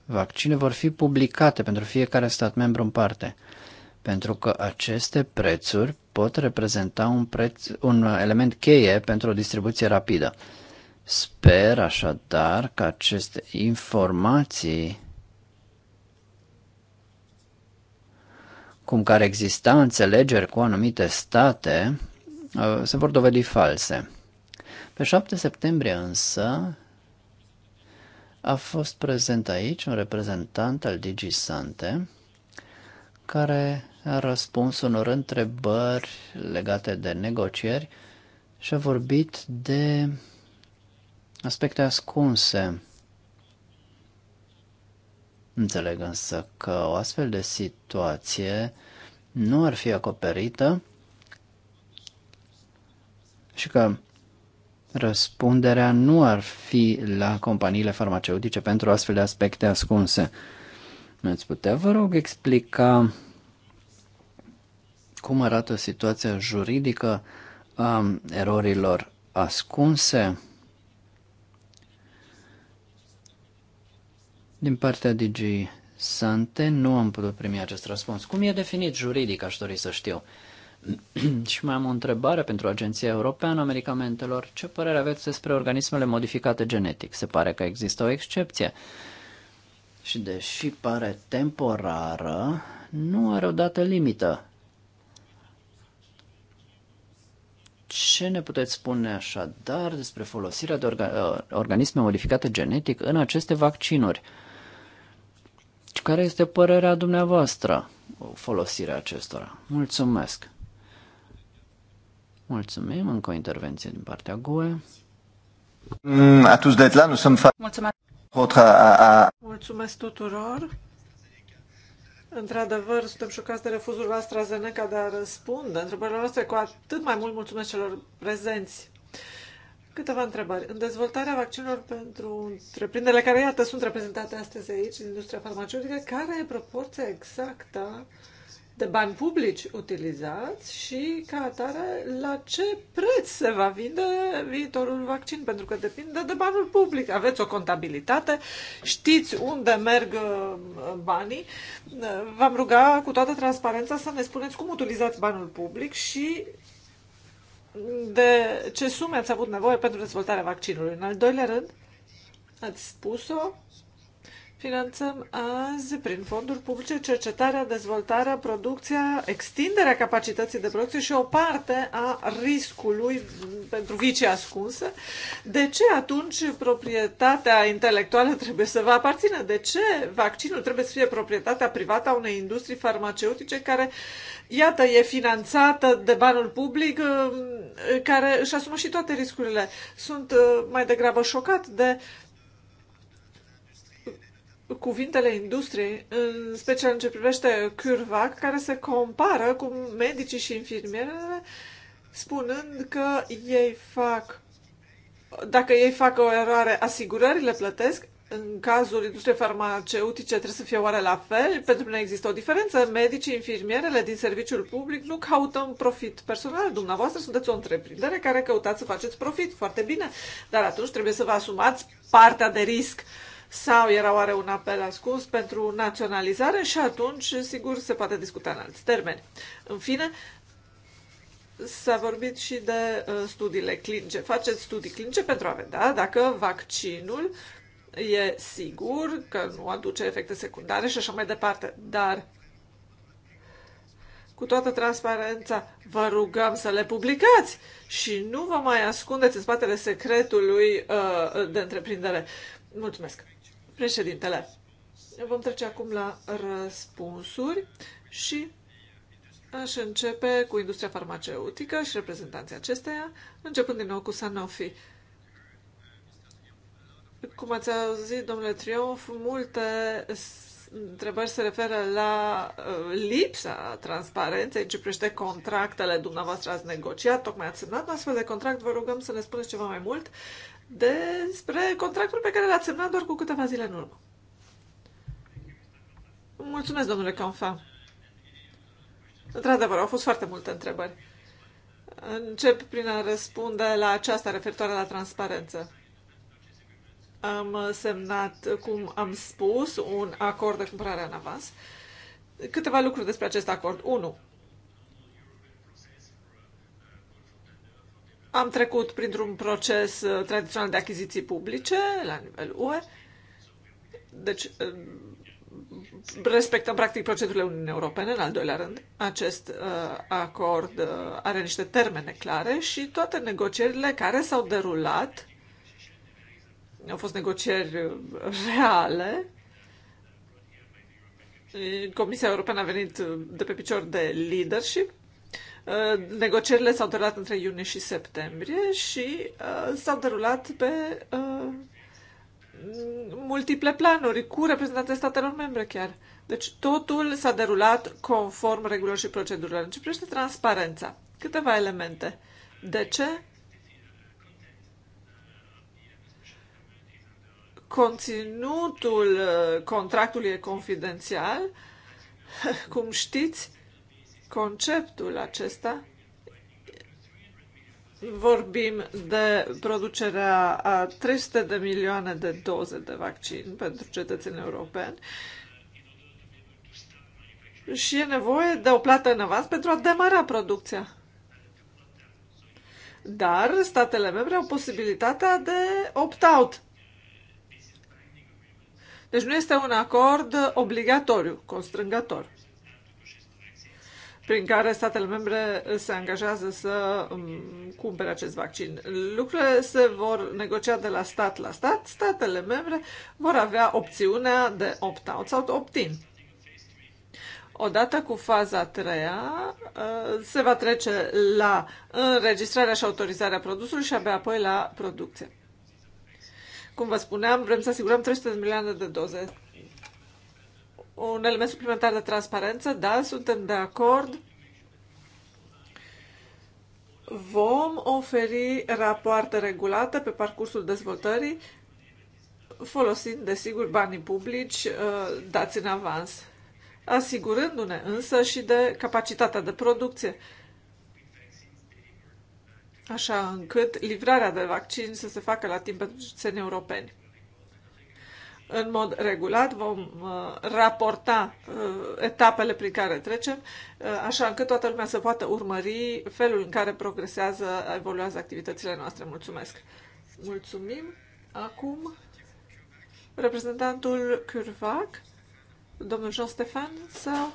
vaccine vor fi publicate pentru fiecare stat membru în parte, pentru că aceste prețuri pot reprezenta un, preț, un element cheie pentru o distribuție rapidă. Sper așadar că aceste informații cum care exista înțelegeri cu anumite state, uh, se vor dovedi false. Pe 7 septembrie însă a fost prezent aici un reprezentant al DigiSante care a răspuns unor întrebări legate de negocieri și a vorbit de aspecte ascunse Înțeleg însă că o astfel de situație nu ar fi acoperită și că răspunderea nu ar fi la companiile farmaceutice pentru astfel de aspecte ascunse. Îți putea, vă rog, explica cum arată situația juridică a erorilor ascunse? Din partea DG Sante nu am putut primi acest răspuns. Cum e definit juridic, aș dori să știu. și mai am o întrebare pentru Agenția Europeană a Medicamentelor. Ce părere aveți despre organismele modificate genetic? Se pare că există o excepție. Și deși pare temporară, nu are o dată limită. Ce ne puteți spune așadar despre folosirea de orga- uh, organisme modificate genetic în aceste vaccinuri? Uh, deci, care este părerea dumneavoastră folosirea acestora? Mulțumesc! Mulțumim, încă o intervenție din partea GUE. Mm, Atunci de la Mulțumesc. Mulțumesc tuturor. Într-adevăr, suntem șocați de refuzul la AstraZeneca de a răspunde întrebările noastre, cu atât mai mult mulțumesc celor prezenți. Câteva întrebări. În dezvoltarea vaccinurilor pentru întreprinderile care, iată, sunt reprezentate astăzi aici, în industria farmaceutică, care e proporția exactă de bani publici utilizați și, ca atare, la ce preț se va vinde viitorul vaccin, pentru că depinde de banul public. Aveți o contabilitate, știți unde merg uh, banii. V-am ruga cu toată transparența să ne spuneți cum utilizați banul public și de ce sume ați avut nevoie pentru dezvoltarea vaccinului. În al doilea rând, ați spus-o Finanțăm azi, prin fonduri publice, cercetarea, dezvoltarea, producția, extinderea capacității de producție și o parte a riscului pentru vicii ascunse. De ce atunci proprietatea intelectuală trebuie să vă aparțină? De ce vaccinul trebuie să fie proprietatea privată a unei industrii farmaceutice care, iată, e finanțată de banul public, care își asumă și toate riscurile? Sunt uh, mai degrabă șocat de uh, cuvintele industriei, în special în ce privește CureVac, care se compară cu medicii și infirmierele, spunând că ei fac, dacă ei fac o eroare, asigurările plătesc, în cazul industriei farmaceutice trebuie să fie oare la fel? Pentru că nu există o diferență. Medicii, infirmierele din serviciul public nu caută un profit personal. Dumneavoastră sunteți o întreprindere care căutați să faceți profit. Foarte bine. Dar atunci trebuie să vă asumați partea de risc. Uh, sau era oare un apel ascuns pentru naționalizare și atunci, sigur, se poate discuta în alți termeni. În fine, s-a vorbit și de uh, studiile clinice. Faceți studii clinice pentru a vedea dacă vaccinul e sigur, că nu aduce efecte secundare și așa mai departe. Dar cu toată transparența, vă rugăm să le publicați și nu vă mai ascundeți în spatele secretului uh, de întreprindere. Mulțumesc! Președintele, vom trece acum la răspunsuri și aș începe cu industria farmaceutică și reprezentanții acesteia, începând din nou cu Sanofi. Cum ați auzit, domnule Triumf, multe întrebări se referă la uh, lipsa transparenței în ce privește contractele dumneavoastră ați negociat, tocmai ați semnat astfel de contract, vă rugăm să ne spuneți ceva mai mult despre contractul pe care l-ați semnat doar cu câteva zile în urmă. Mulțumesc, domnule Canfa. Într-adevăr, au fost foarte multe întrebări. Încep prin a răspunde la aceasta referitoare la transparență. Am semnat, cum am spus, un acord de cumpărare în avans. Câteva lucruri despre acest acord. 1. Am trecut printr-un proces uh, tradițional de achiziții publice la nivel UE, deci uh, respectăm practic procedurile Uniunii Europene, în al doilea rând. Acest uh, acord uh, are niște termene clare și toate negocierile care s-au derulat au fost negocieri uh, reale. Comisia Europeană a venit de pe picior de leadership Uh, negocierile s-au derulat între iunie și septembrie și uh, s-au derulat pe uh, multiple planuri cu reprezentanții statelor membre chiar. Deci totul s-a derulat conform regulilor și procedurilor. În ce privește transparența, câteva elemente. De ce? Conținutul uh, contractului e confidențial. Cum știți, conceptul acesta vorbim de producerea a 300 de milioane de doze de vaccin pentru cetățenii europeni și e nevoie de o plată în avans pentru a demara producția. Dar statele membre au posibilitatea de opt-out. Deci nu este un acord obligatoriu, constrângător prin care statele membre se angajează să um, cumpere acest vaccin. Lucrurile se vor negocia de la stat la stat. Statele membre vor avea opțiunea de opt-out sau opt-in. Odată cu faza 3 uh, se va trece la înregistrarea și autorizarea produsului și abia apoi la producție. Cum vă spuneam, vrem să asigurăm 300 de milioane de doze un element suplimentar de transparență, da, suntem de acord. Vom oferi rapoarte regulate pe parcursul dezvoltării, folosind, desigur, banii publici uh, dați în avans, asigurându-ne însă și de capacitatea de producție, așa încât livrarea de vaccin să se facă la timp pentru cetățenii europeni în mod regulat, vom uh, raporta uh, etapele prin care trecem, uh, așa încât toată lumea să poată urmări felul în care progresează, evoluează activitățile noastre. Mulțumesc! Mulțumim! Acum, reprezentantul Curvac, domnul Jean Stefan sau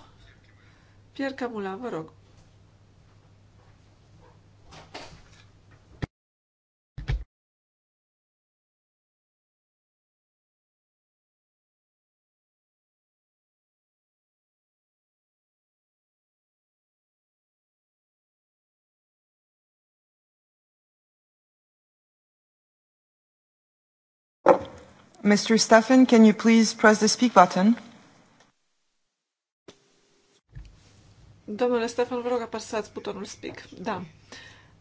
Pierre Camula, vă rog. Mr. Stefan, can you please press the speak button? Domnule Stefan, vă rog apăsați butonul speak. Da.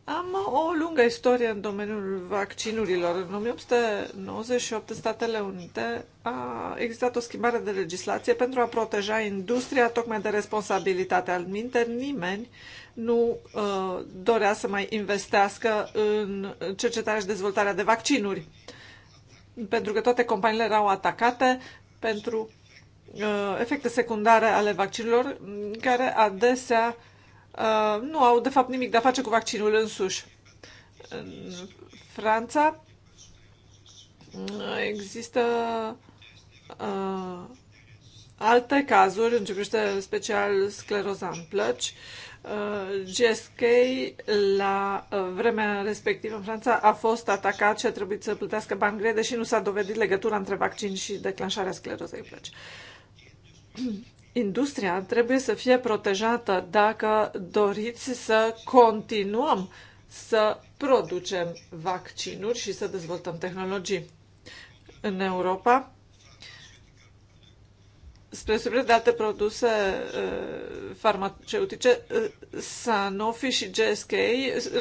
Am o lungă istorie în domeniul vaccinurilor. În 1898, Statele Unite a existat o schimbare de legislație pentru a proteja industria tocmai de responsabilitate. Al minte, nimeni nu uh, dorea să mai investească în cercetarea și dezvoltarea de vaccinuri. Uh, pentru că toate companiile erau atacate pentru uh, efecte secundare ale vaccinurilor, care adesea uh, nu au de fapt nimic de a face cu vaccinul însuși. În Franța uh, există uh, alte cazuri, în ce special scleroza în plăci, Uh, GSK la uh, vremea respectivă în Franța a fost atacat și a trebuit să plătească bani grei, deși nu s-a dovedit legătura între vaccin și declanșarea sclerozei plăci. Industria trebuie să fie protejată dacă doriți să continuăm să producem vaccinuri și să dezvoltăm tehnologii. În Europa, spre deosebire de alte produse uh, farmaceutice, uh, Sanofi și GSK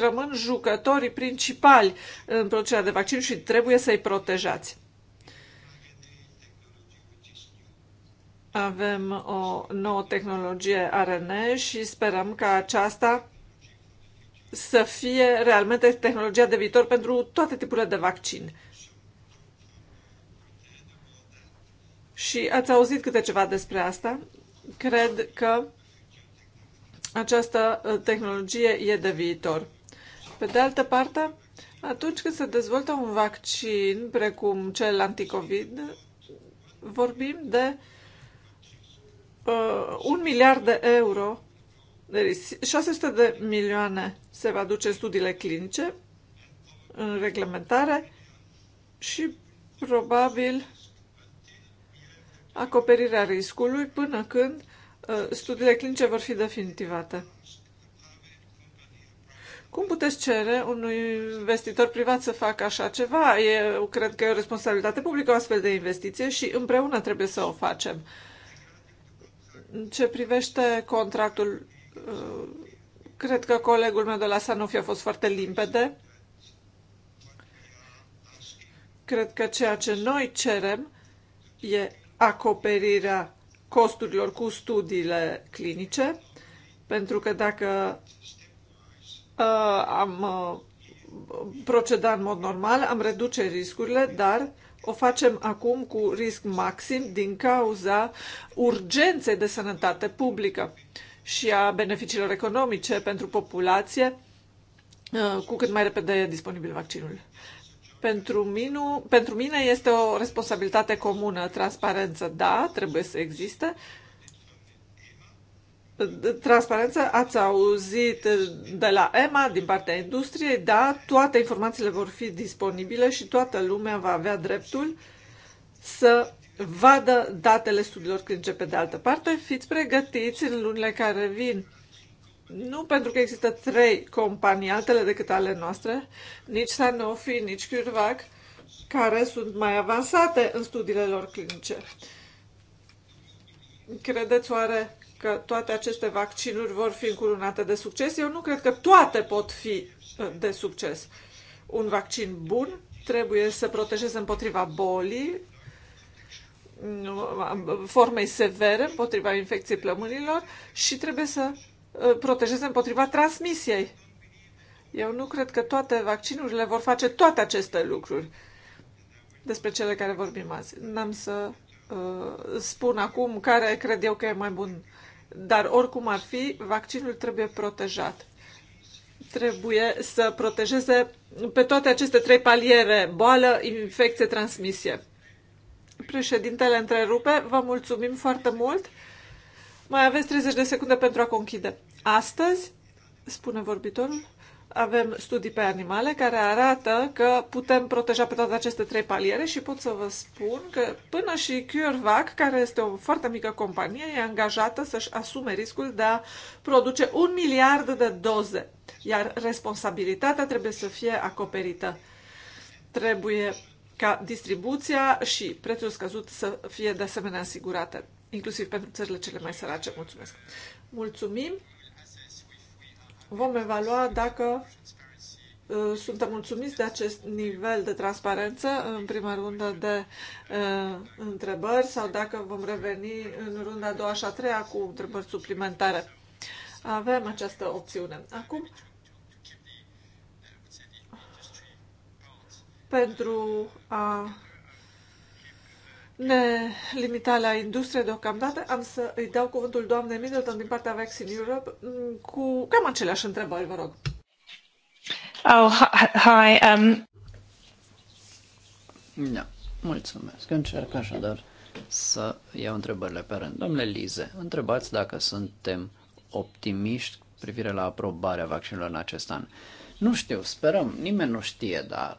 rămân jucătorii principali în producerea de vaccin și trebuie să-i protejați. Avem o nouă tehnologie ARN și sperăm ca aceasta să fie realmente tehnologia de viitor pentru toate tipurile de vaccin. Și ați auzit câte ceva despre asta. Cred că această uh, tehnologie e de viitor. Pe de altă parte, atunci când se dezvoltă un vaccin, precum cel anticovid, vorbim de uh, un miliard de euro, de deci, 600 de milioane se va duce studiile clinice în reglementare și probabil acoperirea riscului până când uh, studiile clinice vor fi definitivate. Cum puteți cere unui investitor privat să facă așa ceva? Eu cred că e o responsabilitate publică o astfel de investiție și împreună trebuie să o facem. Ce privește contractul, uh, cred că colegul meu de la Sanofi a fost foarte limpede. Cred că ceea ce noi cerem e acoperirea costurilor cu studiile clinice, pentru că dacă uh, am uh, proceda în mod normal, am reduce riscurile, dar o facem acum cu risc maxim din cauza urgenței de sănătate publică și a beneficiilor economice pentru populație uh, cu cât mai repede e disponibil vaccinul. Pentru, minu, pentru mine este o responsabilitate comună. Transparență, da, trebuie să existe. Transparență, ați auzit de la EMA, din partea industriei, da, toate informațiile vor fi disponibile și toată lumea va avea dreptul să vadă datele studiilor când Pe de altă parte, fiți pregătiți în lunile care vin nu pentru că există trei companii, altele decât ale noastre, nici Sanofi, nici CureVac, care sunt mai avansate în studiile lor clinice. Credeți oare că toate aceste vaccinuri vor fi încurunate de succes? Eu nu cred că toate pot fi uh, de succes. Un vaccin bun trebuie să protejeze împotriva bolii, uh, formei severe, împotriva infecției plămânilor și trebuie să Uh, protejeze împotriva transmisiei. Eu nu cred că toate vaccinurile vor face toate aceste lucruri despre cele care vorbim azi. N-am să uh, spun acum care cred eu că e mai bun, dar oricum ar fi, vaccinul trebuie protejat. Trebuie să protejeze pe toate aceste trei paliere, boală, infecție, transmisie. Președintele întrerupe, vă mulțumim foarte mult. Mai aveți 30 de secunde pentru a conchide. Astăzi, spune vorbitorul, avem studii pe animale care arată că putem proteja pe toate aceste trei paliere și pot să vă spun că până și CureVac, care este o foarte mică companie, e angajată să-și asume riscul de a produce un miliard de doze, iar responsabilitatea trebuie să fie acoperită. Trebuie ca distribuția și prețul scăzut să fie de asemenea asigurate, inclusiv pentru țările cele mai sărace. Mulțumesc! Mulțumim! Vom evalua dacă uh, suntem mulțumiți de acest nivel de transparență în prima rundă de uh, întrebări sau dacă vom reveni în runda a doua și a treia cu întrebări suplimentare. Avem această opțiune. Acum, pentru a ne limita la industrie deocamdată. Am să îi dau cuvântul doamnei Middleton din partea Vaccine Europe mm, cu cam aceleași întrebări, vă rog. Oh, hi. Um... Da, mulțumesc. Încerc așadar să iau întrebările pe rând. Domnule Lize, întrebați dacă suntem optimiști privire la aprobarea vaccinului în acest an. Nu știu, sperăm, nimeni nu știe, dar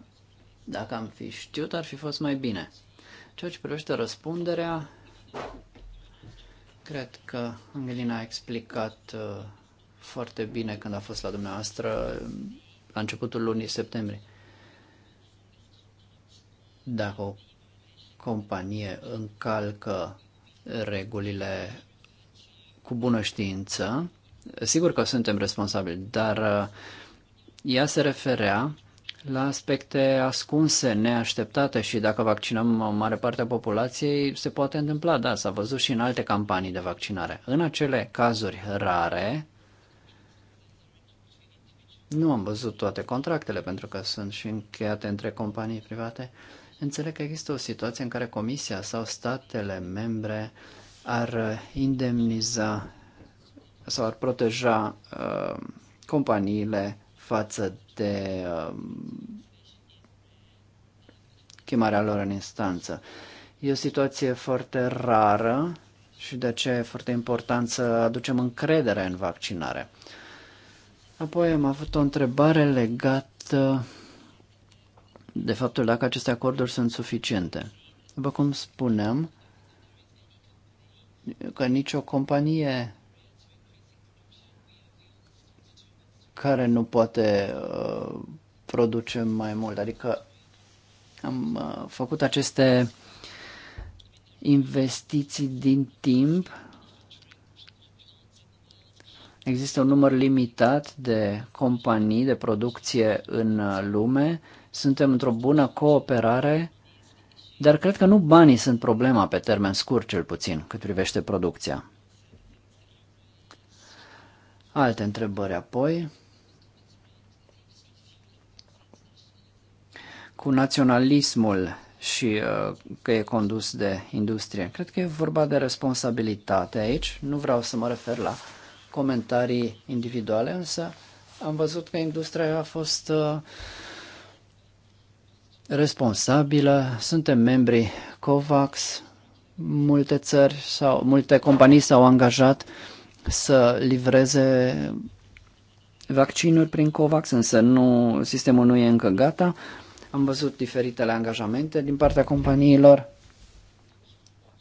dacă am fi știut, ar fi fost mai bine ceea ce privește răspunderea, cred că Angelina a explicat uh, foarte bine când a fost la dumneavoastră uh, la începutul lunii septembrie. Dacă o companie încalcă regulile cu bună știință, sigur că suntem responsabili, dar uh, ea se referea la aspecte ascunse, neașteptate și dacă vaccinăm o mare parte a populației, se poate întâmpla, da, s-a văzut și în alte campanii de vaccinare. În acele cazuri rare, nu am văzut toate contractele pentru că sunt și încheiate între companii private. Înțeleg că există o situație în care Comisia sau statele membre ar indemniza sau ar proteja uh, companiile față este um, chemarea lor în instanță. E o situație foarte rară și de aceea e foarte important să aducem încredere în vaccinare. Apoi am avut o întrebare legată de faptul dacă aceste acorduri sunt suficiente. După cum spuneam, că nicio companie care nu poate uh, produce mai mult. Adică am uh, făcut aceste investiții din timp. Există un număr limitat de companii de producție în uh, lume. Suntem într-o bună cooperare, dar cred că nu banii sunt problema pe termen scurt, cel puțin, cât privește producția. Alte întrebări apoi. cu naționalismul și uh, că e condus de industrie. Cred că e vorba de responsabilitate aici. Nu vreau să mă refer la comentarii individuale, însă am văzut că industria a fost uh, responsabilă. Suntem membri COVAX. Multe țări sau multe companii s-au angajat să livreze vaccinuri prin COVAX, însă nu, sistemul nu e încă gata. Am văzut diferitele angajamente din partea companiilor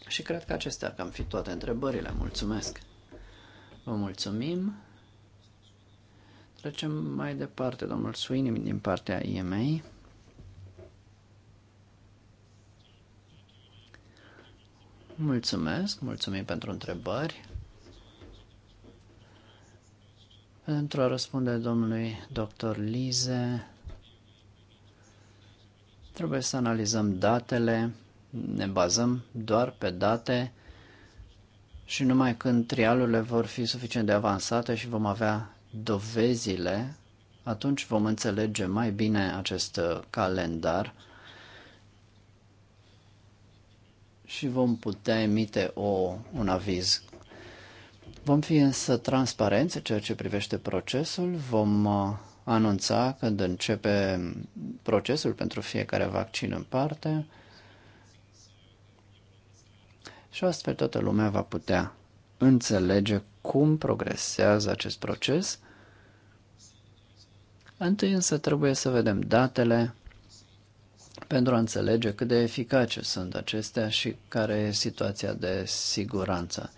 și cred că acestea ar cam fi toate întrebările. Mulțumesc! Vă mulțumim! Trecem mai departe, domnul Sweeney, din partea IMA. Mulțumesc, mulțumim pentru întrebări. Pentru a răspunde domnului dr. Lize, Trebuie să analizăm datele, ne bazăm doar pe date și numai când trialurile vor fi suficient de avansate și vom avea dovezile, atunci vom înțelege mai bine acest uh, calendar și vom putea emite o, un aviz. Vom fi însă transparenți în ceea ce privește procesul, vom uh, anunța când începe procesul pentru fiecare vaccin în parte și astfel toată lumea va putea înțelege cum progresează acest proces. Întâi însă trebuie să vedem datele pentru a înțelege cât de eficace sunt acestea și care e situația de siguranță.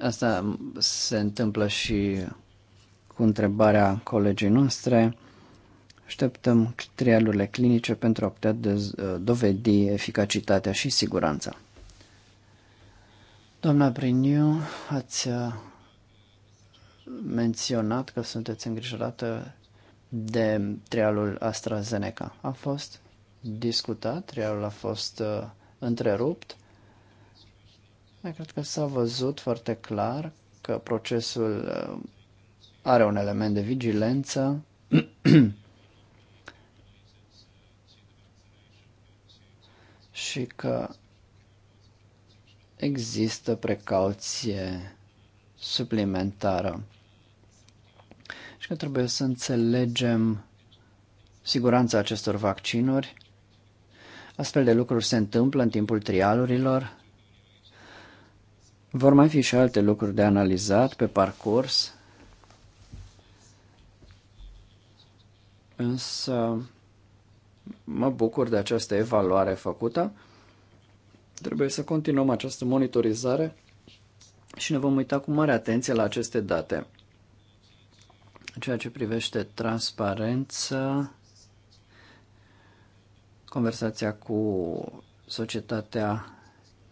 Asta se întâmplă și cu întrebarea colegii noastre. Așteptăm trialurile clinice pentru a putea dovedi eficacitatea și siguranța. Doamna Briniu, ați uh, menționat că sunteți îngrijorată de trialul AstraZeneca. A fost discutat, trialul a fost uh, întrerupt. Eu cred că s-a văzut foarte clar că procesul uh, are un element de vigilență. și că există precauție suplimentară și că trebuie să înțelegem siguranța acestor vaccinuri. Astfel de lucruri se întâmplă în timpul trialurilor. Vor mai fi și alte lucruri de analizat pe parcurs. Însă mă bucur de această evaluare făcută. Trebuie să continuăm această monitorizare și ne vom uita cu mare atenție la aceste date. Ceea ce privește transparență, conversația cu societatea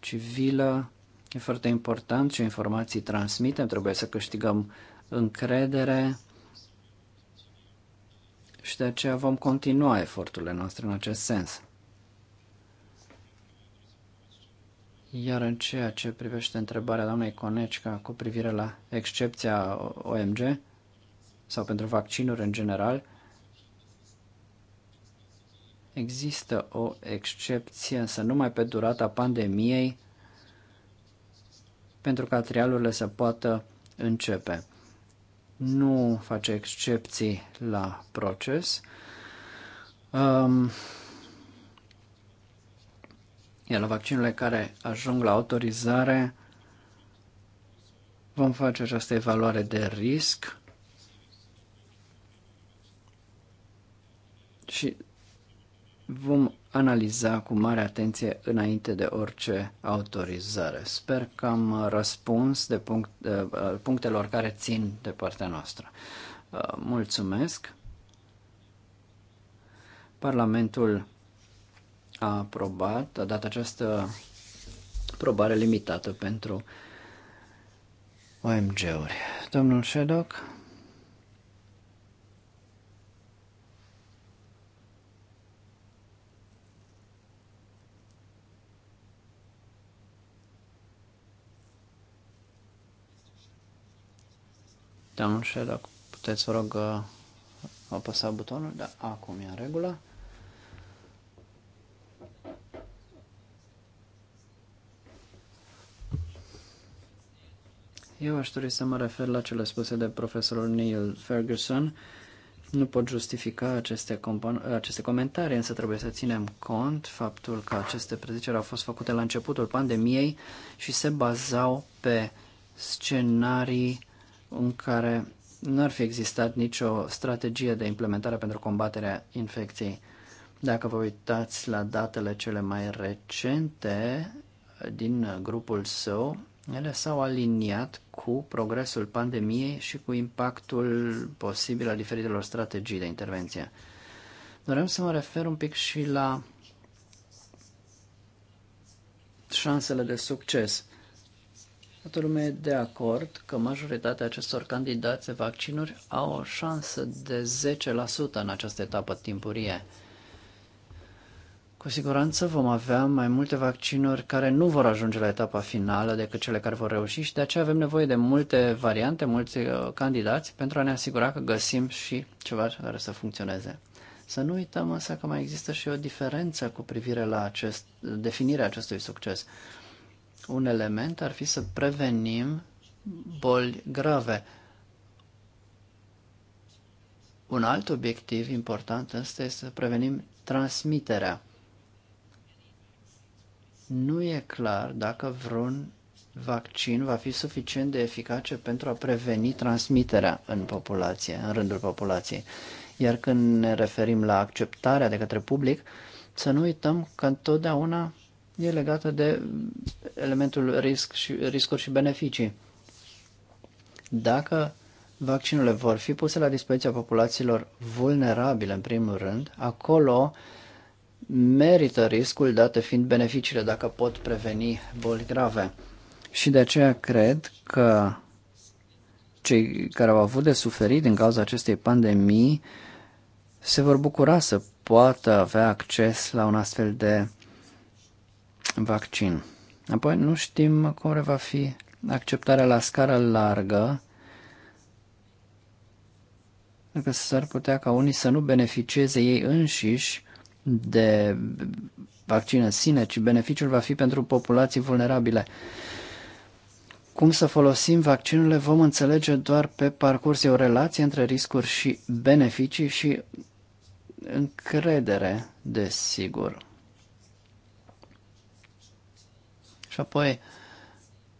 civilă, e foarte important ce informații transmitem, trebuie să câștigăm încredere, și de aceea vom continua eforturile noastre în acest sens. Iar în ceea ce privește întrebarea doamnei Conecica cu privire la excepția OMG sau pentru vaccinuri în general, există o excepție, însă numai pe durata pandemiei, pentru ca trialurile să poată începe nu face excepții la proces. Um, iar la vaccinurile care ajung la autorizare, vom face această evaluare de risc și vom analiza cu mare atenție înainte de orice autorizare. Sper că am răspuns de punct, punctelor care țin de partea noastră. Uh, mulțumesc! Parlamentul a aprobat, a dat această aprobare limitată pentru OMG-uri. Domnul Shedock? nu știu dacă puteți, vă rog, uh, apăsa butonul, da, acum e în regulă. Eu aș dori să mă refer la cele spuse de profesorul Neil Ferguson. Nu pot justifica aceste, aceste comentarii, însă trebuie să ținem cont faptul că aceste preziceri au fost făcute la începutul pandemiei și se bazau pe scenarii în care n-ar fi existat nicio strategie de implementare pentru combaterea infecției. Dacă vă uitați la datele cele mai recente uh, din uh, grupul său, ele s-au aliniat cu progresul pandemiei și cu impactul posibil al diferitelor strategii de intervenție. Doream să mă refer un pic și la șansele de succes. Toată lumea e de acord că majoritatea acestor candidați vaccinuri au o șansă de 10% în această etapă timpurie. Cu siguranță vom avea mai multe vaccinuri care nu vor ajunge la etapa finală decât cele care vor reuși și de aceea avem nevoie de multe variante, mulți uh, candidați pentru a ne asigura că găsim și ceva care să funcționeze. Să nu uităm însă că mai există și o diferență cu privire la acest, definirea acestui succes un element ar fi să prevenim boli grave. Un alt obiectiv important ăsta este să prevenim transmiterea. Nu e clar dacă vreun vaccin va fi suficient de eficace pentru a preveni transmiterea în populație, în rândul populației. Iar când ne referim la acceptarea de către public, să nu uităm că întotdeauna e legată de elementul risc și, riscuri și beneficii. Dacă vaccinurile vor fi puse la dispoziția populațiilor vulnerabile, în primul rând, acolo merită riscul, date fiind beneficiile dacă pot preveni boli grave. Și de aceea cred că cei care au avut de suferit din cauza acestei pandemii se vor bucura să poată avea acces la un astfel de vaccin. Apoi nu știm cum va fi acceptarea la scară largă, dacă s-ar putea ca unii să nu beneficieze ei înșiși de vaccin în sine, ci beneficiul va fi pentru populații vulnerabile. Cum să folosim vaccinurile vom înțelege doar pe parcurs. E o relație între riscuri și beneficii și încredere, desigur. Și apoi,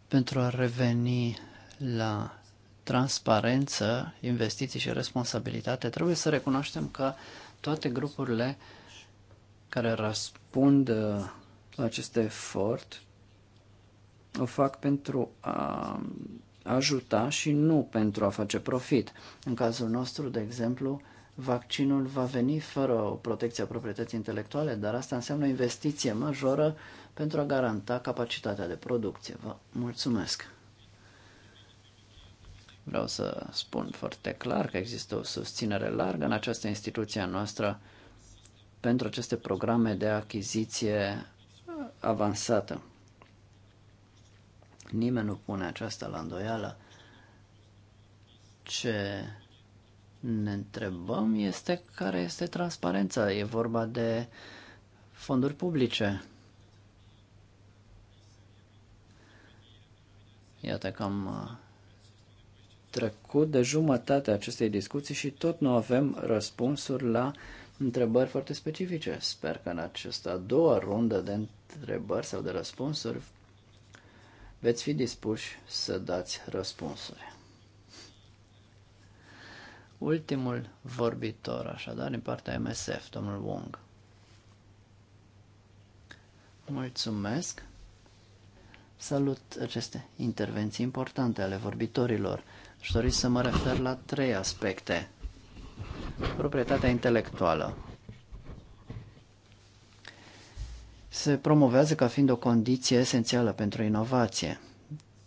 pentru a reveni la transparență, investiții și responsabilitate, trebuie să recunoaștem că toate grupurile care răspund la uh, acest efort o fac pentru a ajuta și nu pentru a face profit. În cazul nostru, de exemplu, vaccinul va veni fără o protecție a proprietății intelectuale, dar asta înseamnă o investiție majoră pentru a garanta capacitatea de producție. Vă mulțumesc! Vreau să spun foarte clar că există o susținere largă în această instituție a noastră pentru aceste programe de achiziție avansată. Nimeni nu pune aceasta la îndoială. Ce ne întrebăm este care este transparența. E vorba de fonduri publice. Iată că am uh, trecut de jumătatea acestei discuții și tot nu avem răspunsuri la întrebări foarte specifice. Sper că în această a doua rundă de întrebări sau de răspunsuri veți fi dispuși să dați răspunsuri. Ultimul vorbitor, așadar, din partea MSF, domnul Wong. Mulțumesc! Salut aceste intervenții importante ale vorbitorilor. Aș dori să mă refer la trei aspecte. Proprietatea intelectuală. Se promovează ca fiind o condiție esențială pentru inovație,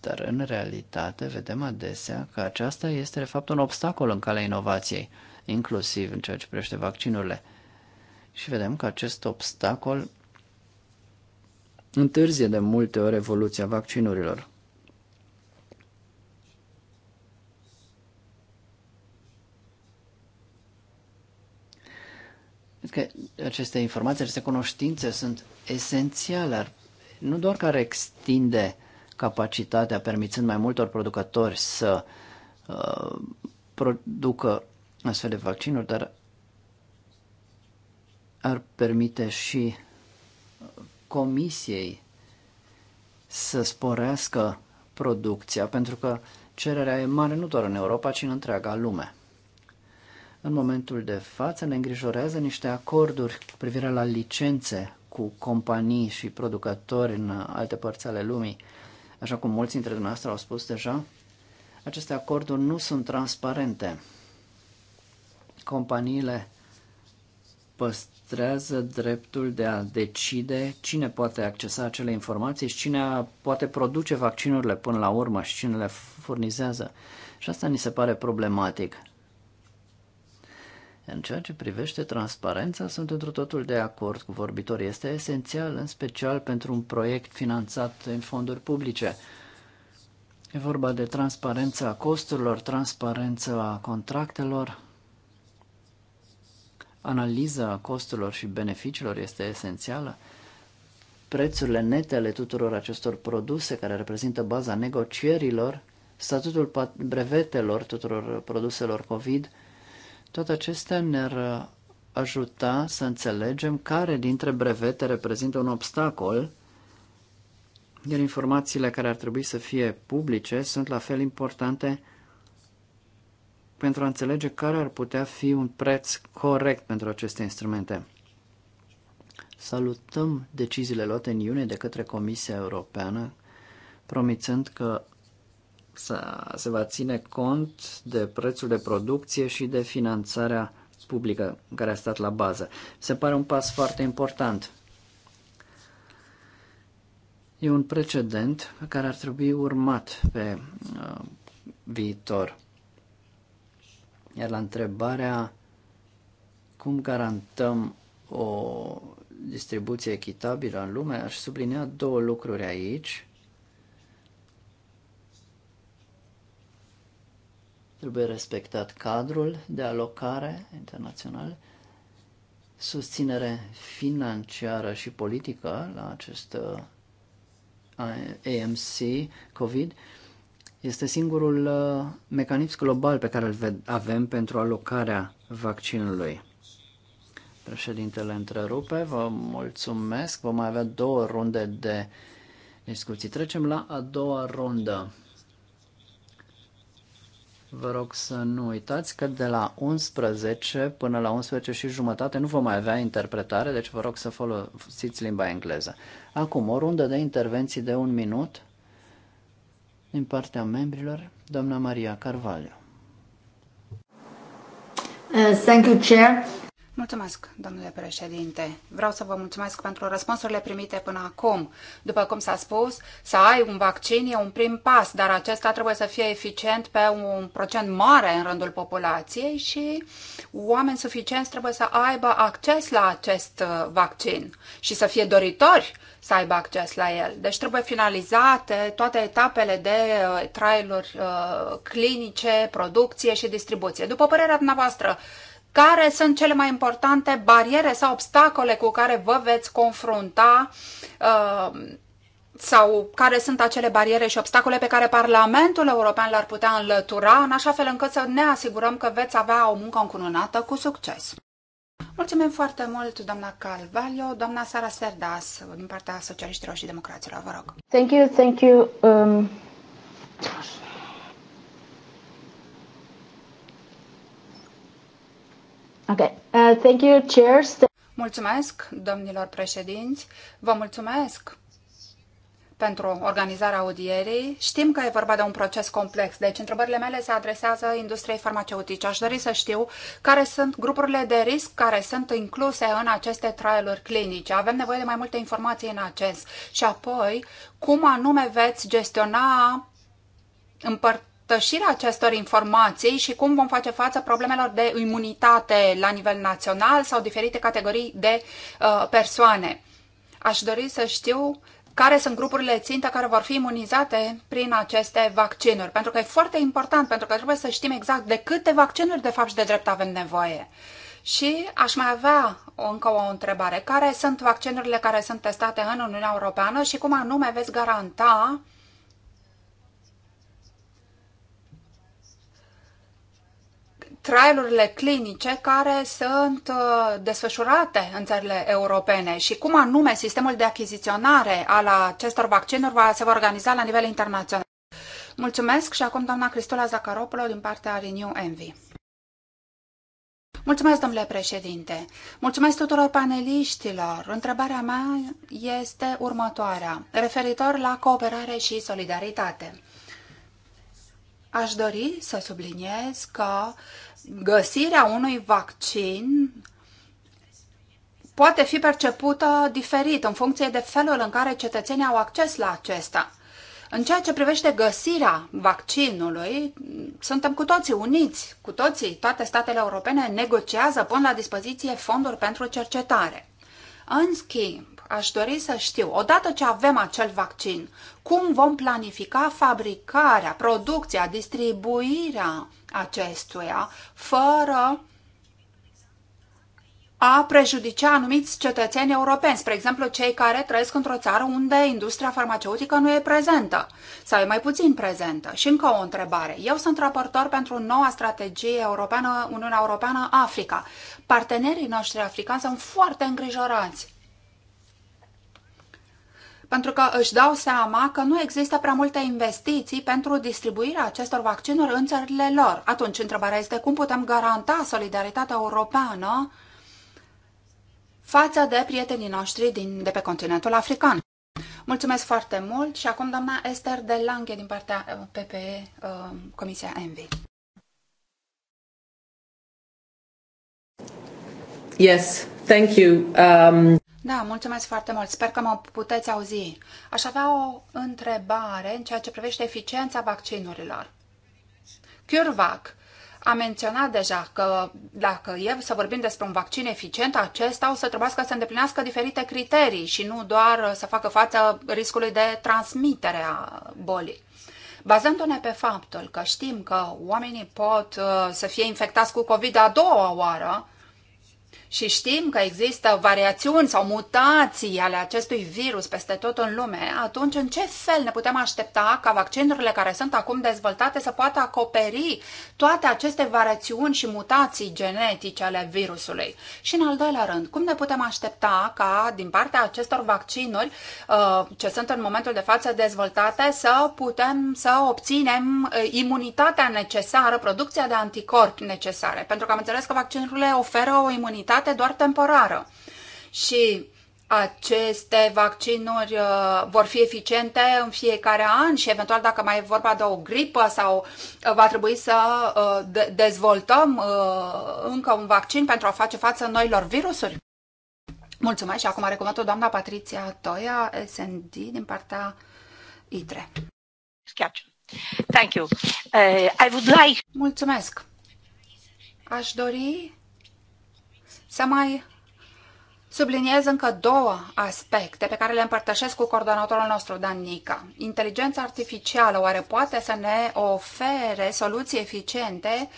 dar în realitate vedem adesea că aceasta este de fapt un obstacol în calea inovației, inclusiv în ceea ce privește vaccinurile. Și vedem că acest obstacol întârzie de multe ori evoluția vaccinurilor. că aceste informații, aceste cunoștințe sunt esențiale, nu doar că ar extinde capacitatea, permițând mai multor producători să uh, producă astfel de vaccinuri, dar ar permite și Comisiei să sporească producția, pentru că cererea e mare nu doar în Europa, ci în întreaga lume. În momentul de față ne îngrijorează niște acorduri cu privire la licențe cu companii și producători în alte părți ale lumii. Așa cum mulți dintre dumneavoastră au spus deja, aceste acorduri nu sunt transparente. Companiile păstrează dreptul de a decide cine poate accesa acele informații și cine poate produce vaccinurile până la urmă și cine le furnizează. Și asta ni se pare problematic. În ceea ce privește transparența, sunt într totul de acord cu vorbitorii. Este esențial, în special pentru un proiect finanțat în fonduri publice. E vorba de transparența costurilor, transparența contractelor, Analiza costurilor și beneficiilor este esențială. Prețurile nete ale tuturor acestor produse, care reprezintă baza negocierilor, statutul brevetelor tuturor produselor COVID, toate acestea ne-ar ajuta să înțelegem care dintre brevete reprezintă un obstacol, iar informațiile care ar trebui să fie publice sunt la fel importante pentru a înțelege care ar putea fi un preț corect pentru aceste instrumente. Salutăm deciziile luate în iunie de către Comisia Europeană, promițând că se va ține cont de prețul de producție și de finanțarea publică care a stat la bază. Se pare un pas foarte important. E un precedent care ar trebui urmat pe uh, viitor. Iar la întrebarea cum garantăm o distribuție echitabilă în lume, aș sublinea două lucruri aici. Trebuie respectat cadrul de alocare internațional, susținere financiară și politică la acest uh, AMC COVID este singurul uh, mecanism global pe care îl avem pentru alocarea vaccinului. Președintele întrerupe, vă mulțumesc. Vom mai avea două runde de discuții. Trecem la a doua rundă. Vă rog să nu uitați că de la 11 până la 11 și jumătate nu vom mai avea interpretare, deci vă rog să folosiți limba engleză. Acum, o rundă de intervenții de un minut din partea membrilor, doamna Maria Carvalho. Uh, thank you, Chair. Mulțumesc, domnule președinte. Vreau să vă mulțumesc pentru răspunsurile primite până acum. După cum s-a spus, să ai un vaccin e un prim pas, dar acesta trebuie să fie eficient pe un procent mare în rândul populației și oameni suficienți trebuie să aibă acces la acest uh, vaccin și să fie doritori să aibă acces la el. Deci trebuie finalizate toate etapele de uh, trial uh, clinice, producție și distribuție. După părerea dumneavoastră, care sunt cele mai importante bariere sau obstacole cu care vă veți confrunta uh, sau care sunt acele bariere și obstacole pe care Parlamentul European le-ar putea înlătura, în așa fel încât să ne asigurăm că veți avea o muncă încununată cu succes. Mulțumim foarte mult, doamna Calvalio. Doamna Sara Serdas, din partea Socialiștilor și Democraților, vă rog. Thank you, thank you. Um... Okay. Uh, thank you, Chairs. Mulțumesc, domnilor președinți. Vă mulțumesc pentru organizarea audierii. Știm că e vorba de un proces complex, deci întrebările mele se adresează industriei farmaceutice. Aș dori să știu care sunt grupurile de risc care sunt incluse în aceste trialuri clinice. Avem nevoie de mai multe informații în acest. Și apoi, cum anume veți gestiona împărt împărtășirea acestor informații și cum vom face față problemelor de imunitate la nivel național sau diferite categorii de uh, persoane. Aș dori să știu care sunt grupurile țintă care vor fi imunizate prin aceste vaccinuri. Pentru că e foarte important, pentru că trebuie să știm exact de câte vaccinuri de fapt și de drept avem nevoie. Și aș mai avea încă o întrebare. Care sunt vaccinurile care sunt testate în Uniunea Europeană și cum anume veți garanta uh, trailurile clinice care sunt uh, desfășurate în țările europene și cum anume sistemul de achiziționare al acestor vaccinuri va, se va organiza la nivel internațional. Mulțumesc și acum doamna Cristola Zacaropolo din partea Renew Envy. Mulțumesc, domnule președinte. Mulțumesc tuturor paneliștilor. Întrebarea mea este următoarea, referitor la cooperare și solidaritate. Aș dori să subliniez că găsirea unui vaccin poate fi percepută diferit în funcție de felul în care cetățenii au acces la acesta. În ceea ce privește găsirea vaccinului, suntem cu toții uniți, cu toții, toate statele europene negociază, pun la dispoziție fonduri pentru cercetare. În schimb, aș dori să știu, odată ce avem acel vaccin, cum vom planifica fabricarea, producția, distribuirea acestuia, fără a prejudicia anumiți cetățeni europeni, spre exemplu cei care trăiesc într-o țară unde industria farmaceutică nu e prezentă sau e mai puțin prezentă. Și încă o întrebare. Eu sunt raportor pentru noua strategie europeană, Uniunea Europeană Africa. Partenerii noștri africani sunt foarte îngrijorați pentru că își dau seama că nu există prea multe investiții pentru distribuirea acestor vaccinuri în țările lor. Atunci, întrebarea este cum putem garanta solidaritatea europeană față de prietenii noștri din, de pe continentul african. Mulțumesc foarte mult și acum doamna Esther de Lange din partea uh, PPE, uh, Comisia Envi. Yes, thank you. Um... Da, mulțumesc foarte mult. Sper că mă puteți auzi. Aș avea o întrebare în ceea ce privește eficiența vaccinurilor. CureVac a menționat deja că dacă e să vorbim despre un vaccin eficient, acesta o să trebuiască să îndeplinească diferite criterii și nu doar să facă față riscului de transmitere a bolii. Bazându-ne pe faptul că știm că oamenii pot uh, să fie infectați cu COVID a doua oară, și știm că există variațiuni sau mutații ale acestui virus peste tot în lume, atunci în ce fel ne putem aștepta ca vaccinurile care sunt acum dezvoltate să poată acoperi toate aceste variațiuni și mutații genetice ale virusului? Și în al doilea rând, cum ne putem aștepta ca din partea acestor vaccinuri uh, ce sunt în momentul de față dezvoltate să putem să obținem uh, imunitatea necesară, producția de anticorpi necesare? Pentru că am înțeles că vaccinurile oferă o imunitate autoritate doar temporară. Și aceste vaccinuri uh, vor fi eficiente în fiecare an și eventual dacă mai e vorba de o gripă sau uh, va trebui să uh, dezvoltăm încă un vaccin pentru a face față noilor virusuri? Mulțumesc și acum are cuvântul doamna Patriția Toia, SND, din partea ITRE. Thank you. Uh, I would like... Mulțumesc. Aș dori să mai Subliniez încă două aspecte pe care le împărtășesc cu coordonatorul nostru, Dan Nica. Inteligența artificială oare poate să ne ofere soluții eficiente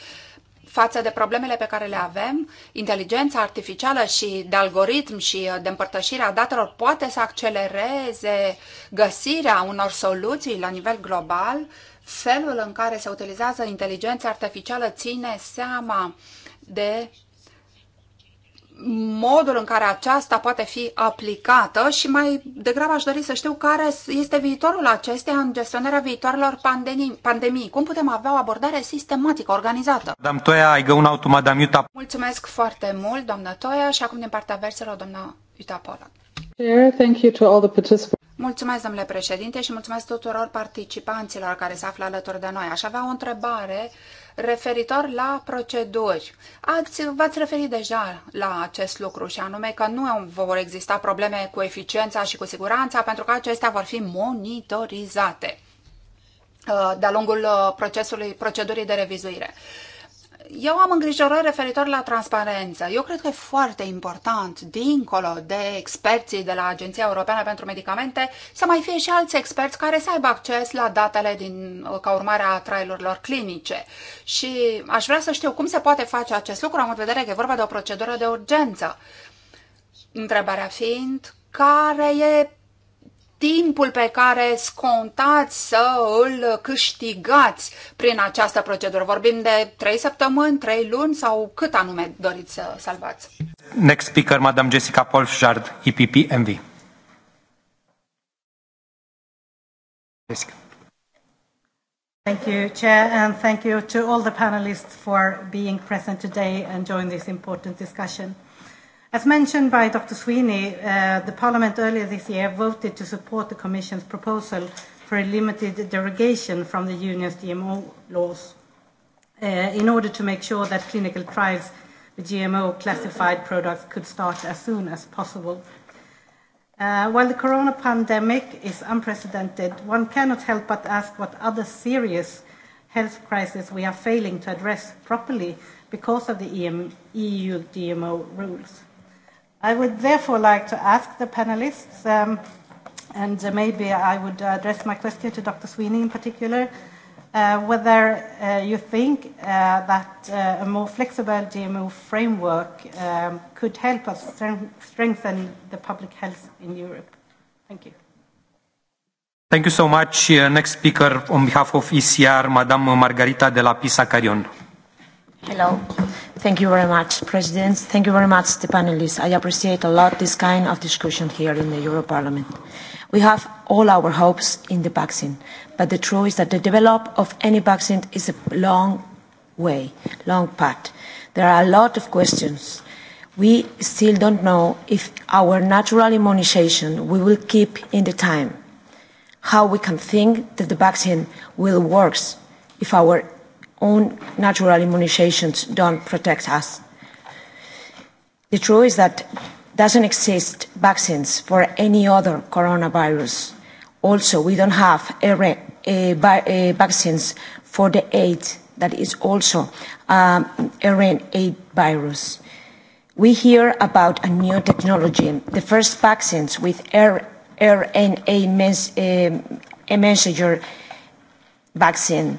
față de problemele pe care le avem? Inteligența artificială și de algoritm și uh, de împărtășirea datelor poate să accelereze găsirea unor soluții la nivel global? Felul în care se utilizează inteligența artificială ține seama de modul în care aceasta poate fi aplicată și mai degrabă aș dori să știu care este viitorul acesteia în gestionarea viitoarelor pandemii. pandemii. Cum putem avea o abordare sistematică, organizată? Madame Toia, ai găun Iuta. Mulțumesc foarte mult, doamna Toia, și acum din partea verselor, doamna Iuta Pola. Thank you to all the participants. Mulțumesc, domnule președinte, și mulțumesc tuturor participanților care se află alături de noi. Aș avea o întrebare uh, referitor la proceduri. Ați, v-ați referit deja la acest lucru și anume că nu vor exista probleme cu eficiența și cu siguranța pentru că acestea vor fi monitorizate uh, de-a lungul uh, procesului, procedurii de revizuire eu am îngrijorări referitor la transparență. Eu cred că e foarte important, dincolo de experții de la Agenția Europeană pentru Medicamente, să mai fie și alți experți care să aibă acces la datele din, ca urmare a trailurilor clinice. Și aș vrea să știu cum se poate face acest lucru, am în vedere că e vorba de o procedură de urgență. Întrebarea fiind, care e timpul pe care scontați să îl câștigați prin această procedură? Vorbim de 3 săptămâni, 3 luni sau cât anume doriți să salvați? Next speaker, Madam Jessica Polfjard, EPP MV. Jessica. Thank you, Chair, and thank you to all the panelists for being present today and joining this important discussion. As mentioned by Dr. Sweeney, uh, the Parliament earlier this year voted to support the Commission's proposal for a limited derogation from the Union's GMO laws uh, in order to make sure that clinical trials with GMO classified products could start as soon as possible. Uh, while the corona pandemic is unprecedented, one cannot help but ask what other serious health crisis we are failing to address properly because of the EU GMO rules. I would therefore like to ask the panelists, um, and uh, maybe I would address my question to Dr. Sweeney in particular, uh, whether uh, you think uh, that uh, a more flexible GMO framework um, could help us strengthen the public health in Europe. Thank you. Thank you so much. Uh, next speaker on behalf of ECR, Madame Margarita de la Pisa Carion. Hello. Thank you very much, President. Thank you very much, the panelists. I appreciate a lot this kind of discussion here in the Euro Parliament. We have all our hopes in the vaccine, but the truth is that the development of any vaccine is a long way, long path. There are a lot of questions. We still don't know if our natural immunization we will keep in the time, how we can think that the vaccine will work if our own natural immunizations don't protect us. The truth is that doesn't exist vaccines for any other coronavirus. Also, we don't have a, a, a vaccines for the AIDS that is also um, RNA virus. We hear about a new technology, the first vaccines with R RNA uh, um, messenger vaccine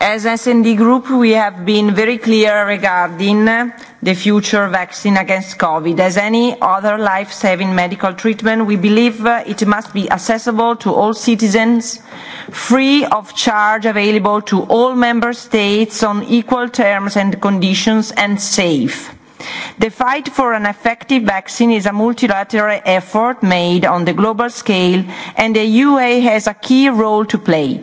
As S&D Group, we have been very clear regarding the future vaccine against COVID. As any other life-saving medical treatment, we believe uh, it must be accessible to all citizens, free of charge, available to all member states on equal terms and conditions, and safe. The fight for an effective vaccine is a multilateral effort made on the global scale, and the UA has a key role to play.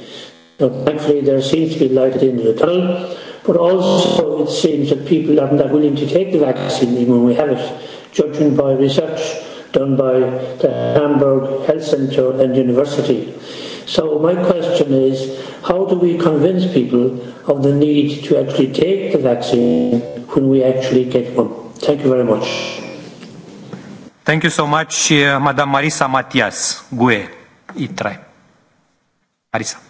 So thankfully there seems to be light at the end of the tunnel, but also it seems that people are not willing to take the vaccine even when we have it, judging by research done by the Hamburg Health Center and University. So my question is, how do we convince people of the need to actually take the vaccine when we actually get one? Thank you very much. Thank you so much, uh, eh, Madam Marisa Matias, GUE, ITRE. Marisa.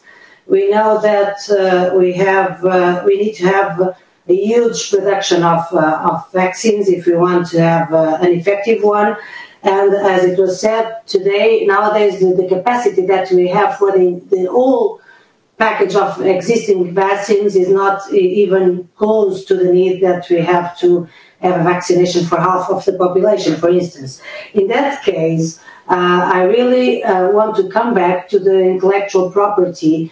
we know that uh, we have uh, we need to have a huge production of uh, of vaccines if we want to have uh, an effective one. And as it was said today, nowadays the, the capacity that we have for the, the whole package of existing vaccines is not even close to the need that we have to have a vaccination for half of the population, for instance. In that case, uh, I really uh, want to come back to the intellectual property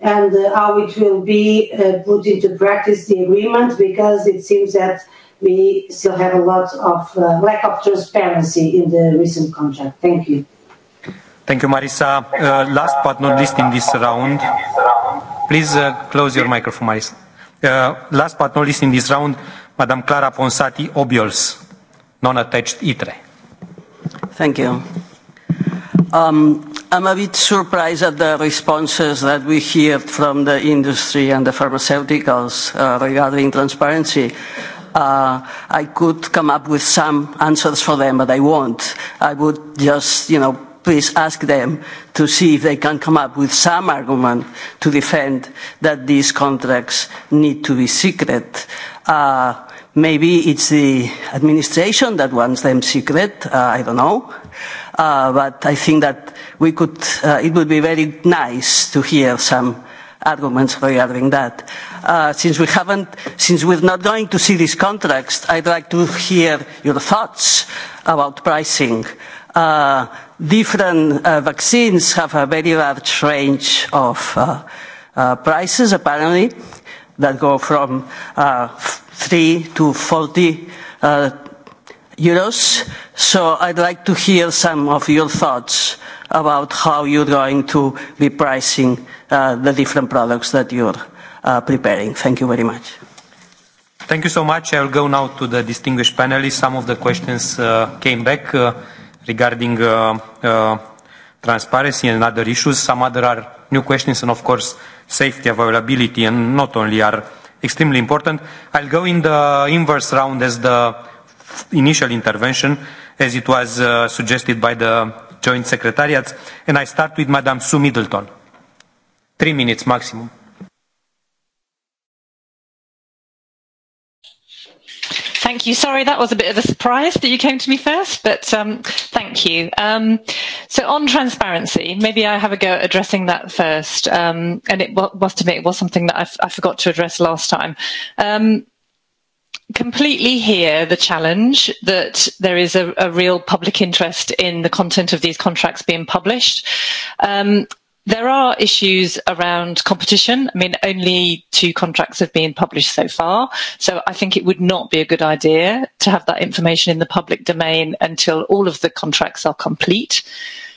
and uh, how it will be uh, put into practice the agreement because it seems that we still have a lot of uh, lack of transparency in the recent contract. Thank you. Thank you, Marisa. Uh, last but not least in this round, please uh, close your microphone, Marisa. Uh, last but not least in this round, Madam Clara Ponsati Obiols, non-attached ITRE. Thank you. Um, I'm a bit surprised at the responses that we hear from the industry and the pharmaceuticals uh, regarding transparency. Uh, I could come up with some answers for them, but I won't. I would just, you know, please ask them to see if they can come up with some argument to defend that these contracts need to be secret. Uh, Maybe it's the administration that wants them secret. Uh, I don't know. Uh, but I think that we could, uh, it would be very nice to hear some arguments regarding that. Uh, since we haven't, since we're not going to see these contracts, I'd like to hear your thoughts about pricing. Uh, different uh, vaccines have a very large range of uh, uh, prices, apparently that go from uh, 3 to 40 uh, euros. So I'd like to hear some of your thoughts about how you're going to be pricing uh, the different products that you're uh, preparing. Thank you very much. Thank you so much. I will go now to the distinguished panelists. Some of the questions uh, came back uh, regarding uh, uh, transparency and other issues. Some other are new questions and of course safety, availability and not only are extremely important. I'll go in the inverse round as the initial intervention as it was uh, suggested by the joint secretariats and I start with Madame Sue Middleton. Three minutes maximum. you. Sorry, that was a bit of a surprise that you came to me first, but um, thank you. Um, so on transparency, maybe I have a go at addressing that first. Um, and it was to me, it was something that I, I forgot to address last time. Um, completely hear the challenge that there is a, a real public interest in the content of these contracts being published. Um, There are issues around competition. I mean, only two contracts have been published so far. So I think it would not be a good idea to have that information in the public domain until all of the contracts are complete.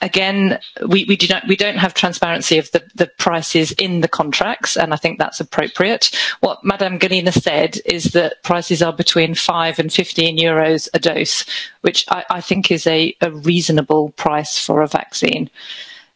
again, we, we do not we don't have transparency of the, the prices in the contracts, and I think that's appropriate. What Madame Galina said is that prices are between five and fifteen euros a dose, which I, I think is a, a reasonable price for a vaccine. Uh,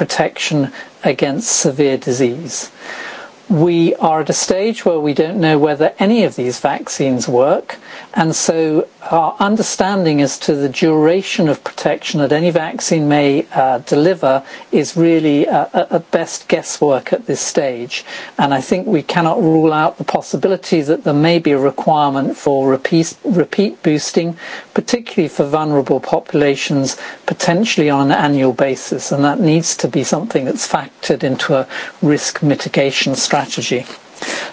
protection against severe disease. We are at a stage where we don't know whether any of these vaccines work, and so our understanding as to the duration of protection that any vaccine may uh, deliver is really uh, at best guesswork at this stage. And I think we cannot rule out the possibility that there may be a requirement for repeat, repeat boosting, particularly for vulnerable populations, potentially on an annual basis, and that needs to be something that's factored into a risk mitigation strategy.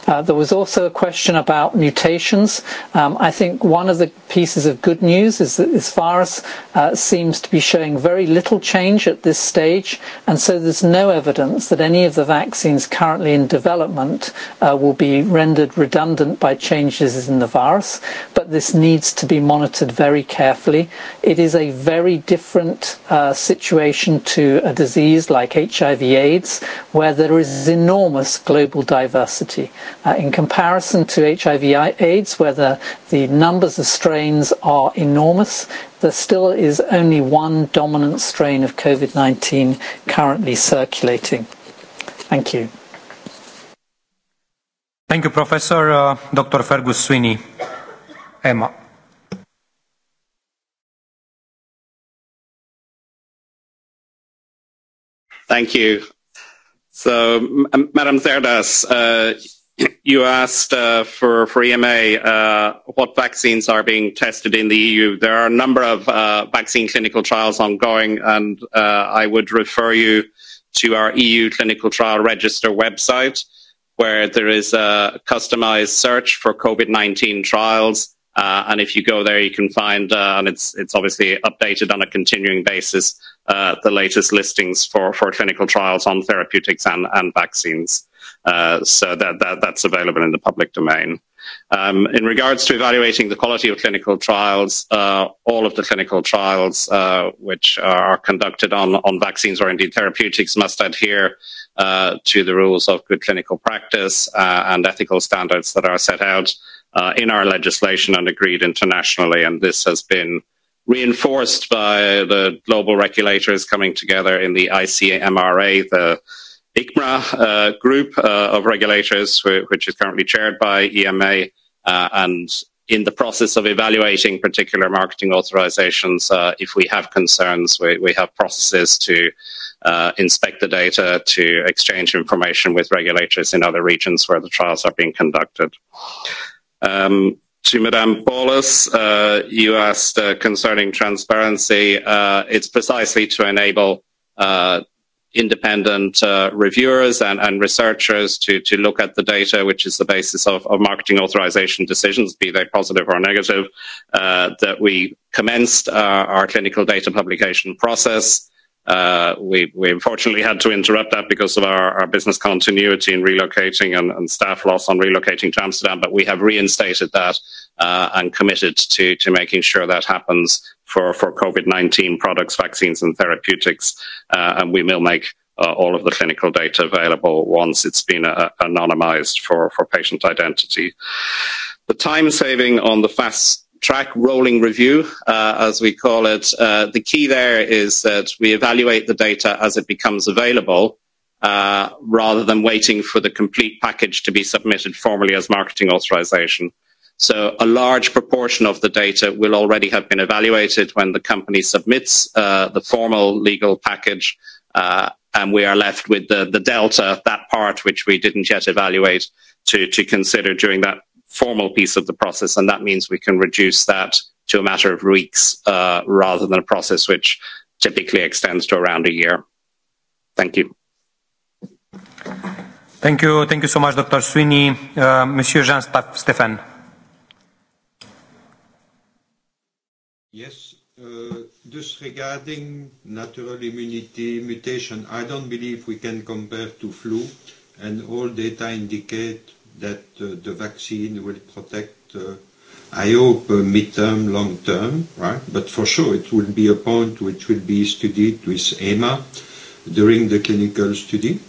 Uh, there was also a question about mutations. Um, I think one of the pieces of good news is that this virus uh, seems to be showing very little change at this stage, and so there's no evidence that any of the vaccines currently in development uh, will be rendered redundant by changes in the virus, but this needs to be monitored very carefully. It is a very different uh, situation to a disease like HIV-AIDS, where there is enormous global diversity mortality. Uh, in comparison to HIV AIDS, where the, the numbers of strains are enormous, there still is only one dominant strain of COVID-19 currently circulating. Thank you. Thank you, Professor uh, Dr. Fergus Sweeney. Emma. Thank you. So, M- Madam Zerdas, uh, you asked uh, for, for EMA uh, what vaccines are being tested in the EU. There are a number of uh, vaccine clinical trials ongoing, and uh, I would refer you to our EU clinical trial register website, where there is a customized search for COVID-19 trials. Uh, and if you go there, you can find, uh, and it's, it's obviously updated on a continuing basis, uh, the latest listings for, for clinical trials on therapeutics and, and vaccines. Uh, so that, that that's available in the public domain. Um, in regards to evaluating the quality of clinical trials, uh, all of the clinical trials uh, which are conducted on, on vaccines or indeed therapeutics must adhere uh, to the rules of good clinical practice uh, and ethical standards that are set out uh, in our legislation and agreed internationally. And this has been uh, reinforced by the global regulators coming together in the ICMRA, the ICMRA uh, group uh, of regulators, which is currently chaired by EMA, uh, and in the process of evaluating particular marketing authorizations, uh, if we have concerns, we, we have processes to uh, inspect the data, to exchange information with regulators in other regions where the trials are being conducted. Um, to Madame Paulus, uh, you asked uh, concerning transparency. Uh, it's precisely to enable uh, independent uh, reviewers and, and researchers to, to look at the data, which is the basis of, of marketing authorization decisions, be they positive or negative, uh, that we commenced uh, our clinical data publication process. Uh, we, we unfortunately had to interrupt that because of our, our business continuity in relocating and, and staff loss on relocating to Amsterdam, but we have reinstated that uh, and committed to, to making sure that happens for, for COVID-19 products, vaccines and therapeutics. Uh, and we will make uh, all of the clinical data available once it's been uh, anonymized for, for patient identity. The time saving on the fast track rolling review, uh, as we call it. Uh, the key there is that we evaluate the data as it becomes available uh, rather than waiting for the complete package to be submitted formally as marketing authorization. So a large proportion of the data will already have been evaluated when the company submits uh, the formal legal package, uh, and we are left with the, the delta, that part which we didn't yet evaluate, to, to consider during that formal piece of the process, and that means we can reduce that to a matter of weeks uh, rather than a process which typically extends to around a year. Thank you. Thank you. Thank you so much, Dr. Sweeney. Uh, Monsieur Jean Stefan. Yes. Uh, this regarding natural immunity mutation, I don't believe we can compare to flu, and all data indicate that uh, the vaccine will protect, uh, I hope, uh, term long term, right? But for sure, it will be a point which will be studied with EMA during the clinical study.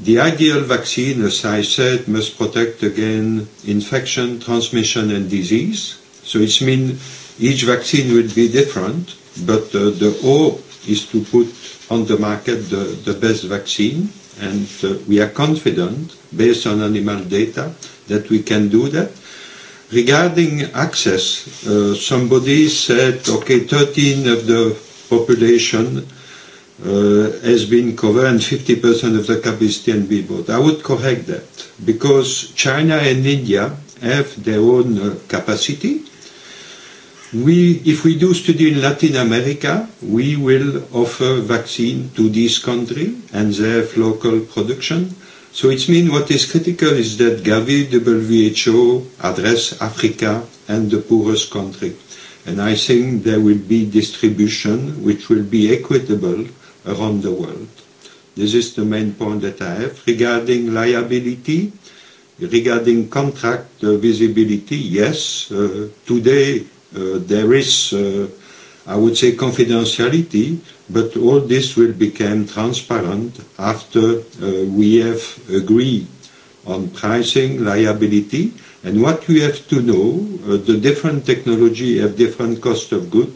The ideal vaccine, as I said, must protect again infection, transmission, and disease. So it means each vaccine will be different, but uh, the hope is to put on the market the, the best vaccine and uh, we are confident, based on animal data, that we can do that. Regarding access, uh, somebody said, okay, 13 of the population uh, has been covered and 50% of the capacity be bought. I would correct that because China and India have their own uh, capacity We, if we do study in Latin America, we will offer vaccine to this country and they have local production. So it means what is critical is that Gavi, WHO address Africa and the poorest country. And I think there will be distribution which will be equitable around the world. This is the main point that I have. Regarding liability, regarding contract visibility, yes, uh, today Uh, there is, uh, I would say, confidentiality, but all this will become transparent after uh, we have agreed on pricing, liability, and what we have to know, uh, the different technology have different cost of good,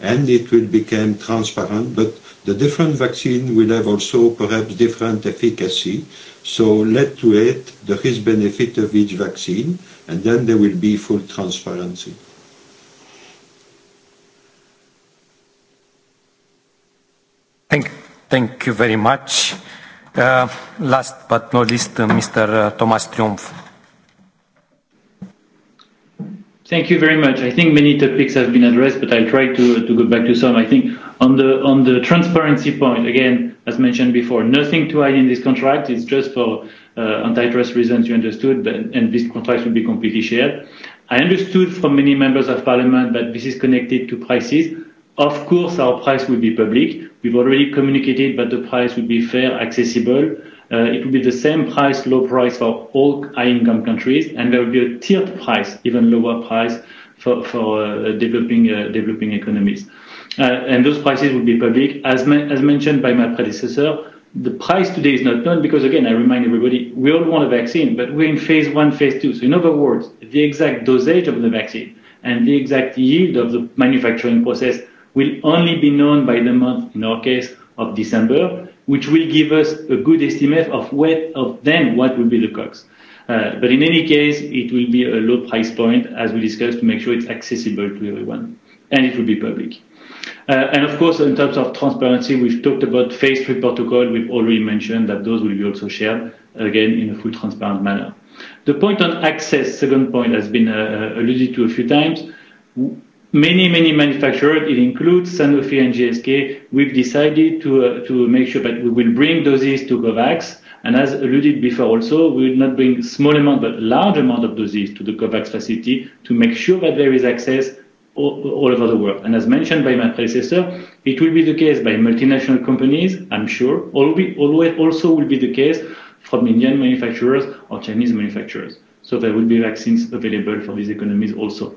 and it will become transparent, but the different vaccine will have also perhaps different efficacy. So let to it the risk benefit of each vaccine, and then there will be full transparency. Thank, thank you very much. Uh, last but not least, uh, Mr. Uh, Thomas Triumph. Thank you very much. I think many topics have been addressed, but I'll try to, to go back to some. I think on the on the transparency point, again, as mentioned before, nothing to hide in this contract. It's just for uh, antitrust reasons you understood, but, and this contract will be completely shared. I understood from many members of parliament that this is connected to prices. Of course, our price will be public. We've already communicated that the price will be fair, accessible. Uh, it will be the same price, low price for all high-income countries, and there will be a tiered price, even lower price for, for uh, developing uh, developing economies. Uh, and those prices will be public. As, ma- as mentioned by my predecessor, the price today is not known because, again, I remind everybody, we all want a vaccine, but we're in phase one, phase two. So, in other words, the exact dosage of the vaccine and the exact yield of the manufacturing process will only be known by the month, in our case, of December, which will give us a good estimate of what of then what will be the COGS. Uh, but in any case, it will be a low price point, as we discussed, to make sure it's accessible to everyone, and it will be public. Uh, and of course, in terms of transparency, we've talked about phase three protocol. We've already mentioned that those will be also shared again in a full transparent manner. The point on access, second point, has been uh, uh alluded to a few times many, many manufacturers, it includes Sanofi and GSK, we've decided to, uh, to make sure that we will bring doses to COVAX. And as alluded before also, we will not bring small amount, but large amount of doses to the COVAX facility to make sure that there is access all, all over the world. And as mentioned by my predecessor, it will be the case by multinational companies, I'm sure, be, always also will be the case from Indian manufacturers or Chinese manufacturers. So there will be vaccines available for these economies also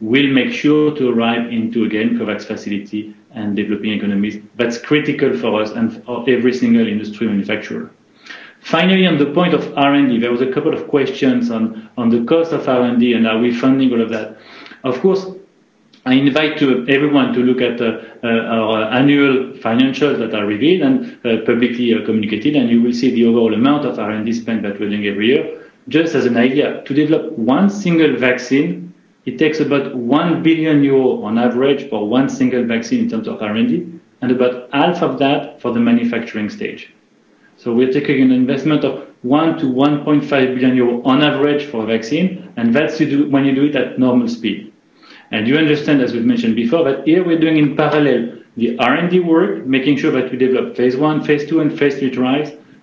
will make sure to arrive into, again, COVAX facility and developing economies. That's critical for us and for every single industry manufacturer. Finally, on the point of R&D, there was a couple of questions on, on the cost of R&D and are we funding all of that. Of course, I invite to everyone to look at uh, uh, our annual financials that are revealed and uh, publicly uh, communicated, and you will see the overall amount of R&D spent that we're doing every year. Just as an idea, to develop one single vaccine It takes about 1 billion euro on average for one single vaccine in terms of R&D, and about half of that for the manufacturing stage. So we're taking an investment of 1 to 1.5 billion euro on average for a vaccine, and that's you do when you do it at normal speed. And you understand, as we've mentioned before, that here we're doing in parallel the R&D work, making sure that we develop phase one, phase two, and phase three trials,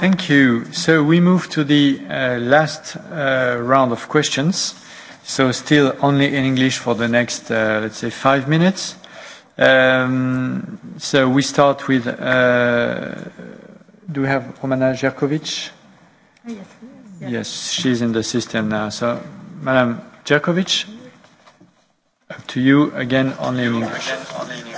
Thank you. So we move to the uh, last uh, round of questions. So still only in English for the next, uh, let's say, five minutes. Um, so we start with, uh, do we have Romana Jerkovic? Yes, yes. Yes, she's in the system now. So, Madam Jerkovic, up to you again, only in English. Again, only in English.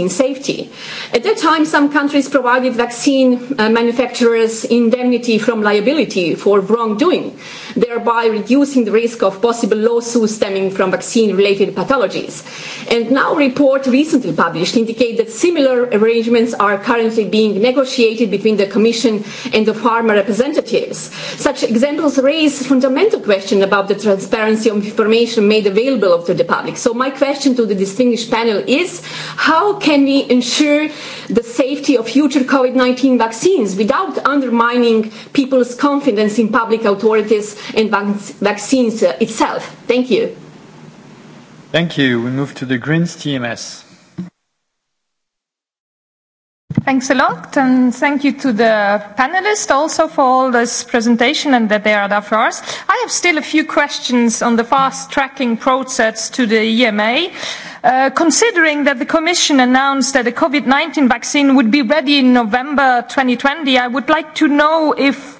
vaccine safety. At that time, some countries provided vaccine uh, manufacturers indemnity from liability for wrongdoing, thereby reducing the risk of possible lawsuits stemming from vaccine-related pathologies. And now report recently published indicate that similar arrangements are currently being negotiated between the Commission and the pharma representatives. Such examples raise fundamental questions about the transparency of information made available to the public. So my question to the distinguished panel is, how can can we ensure the safety of future COVID-19 vaccines without undermining people's confidence in public authorities and vaccines uh, itself? Thank you. Thank you. We move to the Greens TMS. Thanks a lot, and thank you to the panelists also for all this presentation and that they are there for us. I have still a few questions on the fast tracking process to the EMA. Uh, considering that the Commission announced that a COVID-19 vaccine would be ready in November 2020, I would like to know if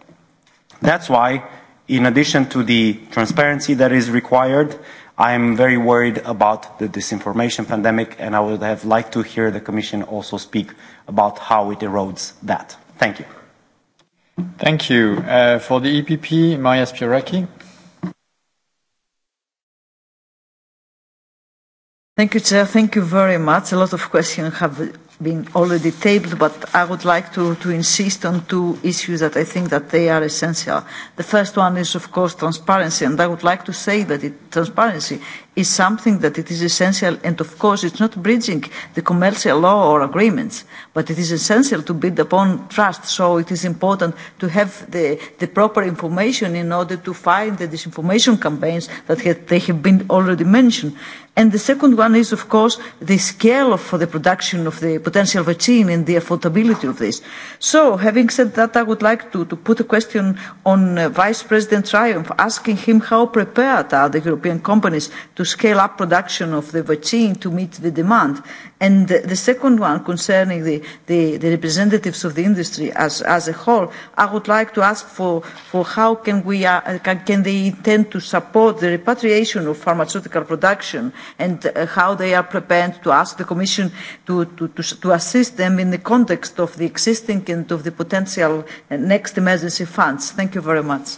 That's why, in addition to the transparency that is required, I am very worried about the disinformation pandemic, and I would have liked to hear the Commission also speak about how it erodes that. Thank you. Thank you. Uh, for the EPP, Maria Spiraki. Thank you, Chair. Thank you very much. A lot of questions have been already tabled, but I would like to, to insist on two issues that I think that they are essential. The first one is, of course, transparency, and I would like to say that it, transparency is something that it is essential, and of course, it's not bridging the commercial law or agreements, but it is essential to build upon trust. So it is important to have the, the proper information in order to find the disinformation campaigns that have, they have been already mentioned. And the second one is, of course, the scale of the production of the potential vaccine and the affordability of this. So, having said that, I would like to, to put a question on uh, Vice President Triumph, asking him how prepared are the European companies to scale up production of the vaccine to meet the demand And the second one, concerning the, the, the representatives of the industry as, as a whole, I would like to ask for, for how can, we, uh, can, can they intend to support the repatriation of pharmaceutical production and uh, how they are prepared to ask the Commission to, to, to, to assist them in the context of the existing and of the potential uh, next emergency funds. Thank you very much.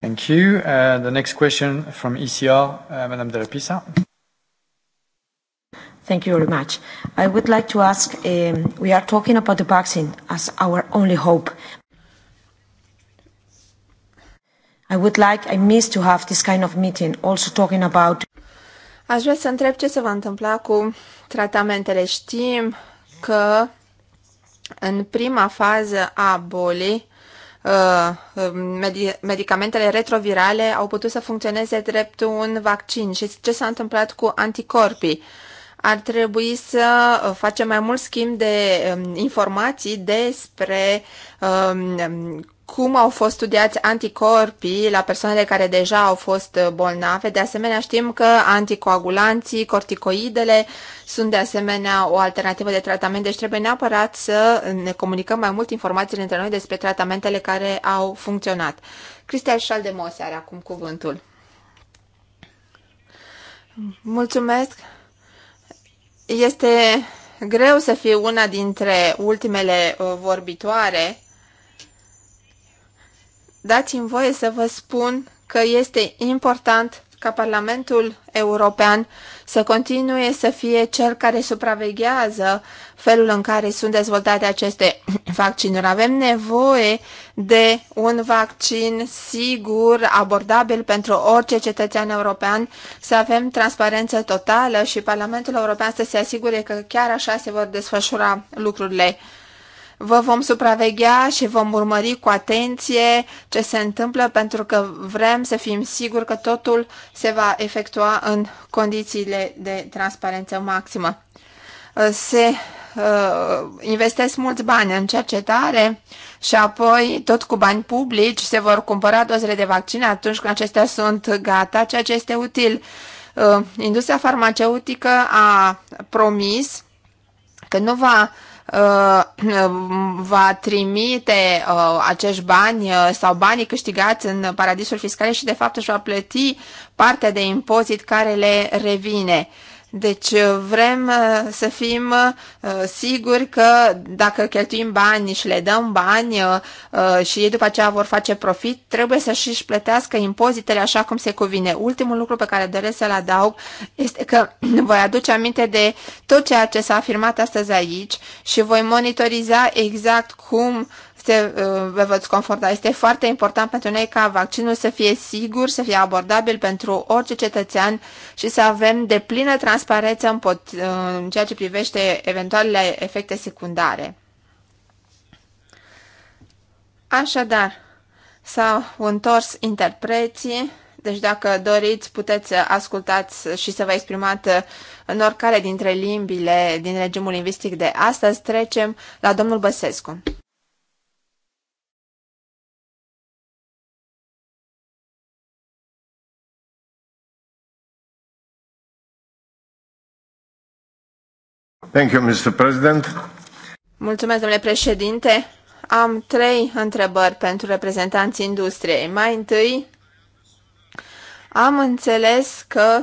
Thank you. Uh, the next question from ECR, uh, Madame de la Pisa. Thank you very much. I would like to ask, um, we are talking about the vaccine as our only hope. I would like, I miss to have this kind of meeting, also talking about... Aș vrea să întreb ce se va întâmpla cu tratamentele. Știm că în prima fază a bolii, uh, um, medicamentele retrovirale au putut să funcționeze drept un vaccin și ce s-a întâmplat cu anticorpii ar trebui să uh, facem mai mult schimb de um, informații despre um, um, cum au fost studiați anticorpii la persoanele care deja au fost uh, bolnave. De asemenea, știm că anticoagulanții, corticoidele sunt de asemenea o alternativă de tratament, deci trebuie neapărat să uh, ne comunicăm mai mult informațiile între noi despre tratamentele care au funcționat. Cristian Șaldemose are acum cuvântul. Mulțumesc! Este greu să fiu una dintre ultimele uh, vorbitoare. Dați-mi voie să vă spun că este important ca Parlamentul European să continue să fie cel care supraveghează felul în care sunt dezvoltate aceste vaccinuri. Avem nevoie de un vaccin sigur, abordabil pentru orice cetățean european, să avem transparență totală și Parlamentul European să se asigure că chiar așa se vor desfășura lucrurile. Vă vom supraveghea și vom urmări cu atenție ce se întâmplă pentru că vrem să fim siguri că totul se va efectua în condițiile de transparență maximă. Uh, se uh, investesc mulți bani în cercetare și apoi tot cu bani publici se vor cumpăra dozele de vaccin atunci când acestea sunt gata, ceea ce este util. Uh, industria farmaceutică a promis că nu va Uh, va trimite uh, acești bani uh, sau banii câștigați în paradisuri fiscale și de fapt își va plăti partea de impozit care le revine. Deci uh, vrem uh, să fim uh, siguri că dacă cheltuim bani și le dăm bani și ei după aceea vor face profit, trebuie să și-și plătească impozitele așa cum se cuvine. Ultimul lucru pe care doresc să-l adaug este că voi aduce aminte de tot ceea ce s-a afirmat astăzi aici și voi monitoriza exact cum uh, se uh, vă veți conforta. Este foarte important pentru noi ca vaccinul să fie sigur, să fie abordabil pentru orice cetățean și să avem de plină transparență în, pot, uh, în ceea ce privește eventualele efecte secundare. Așadar, s-au întors interpreții, deci dacă doriți puteți ascultați și să vă exprimați în oricare dintre limbile din regimul lingvistic de astăzi. Trecem la domnul Băsescu. Mulțumesc, domnule președinte. Am trei întrebări pentru reprezentanții industriei. Mai întâi, am înțeles că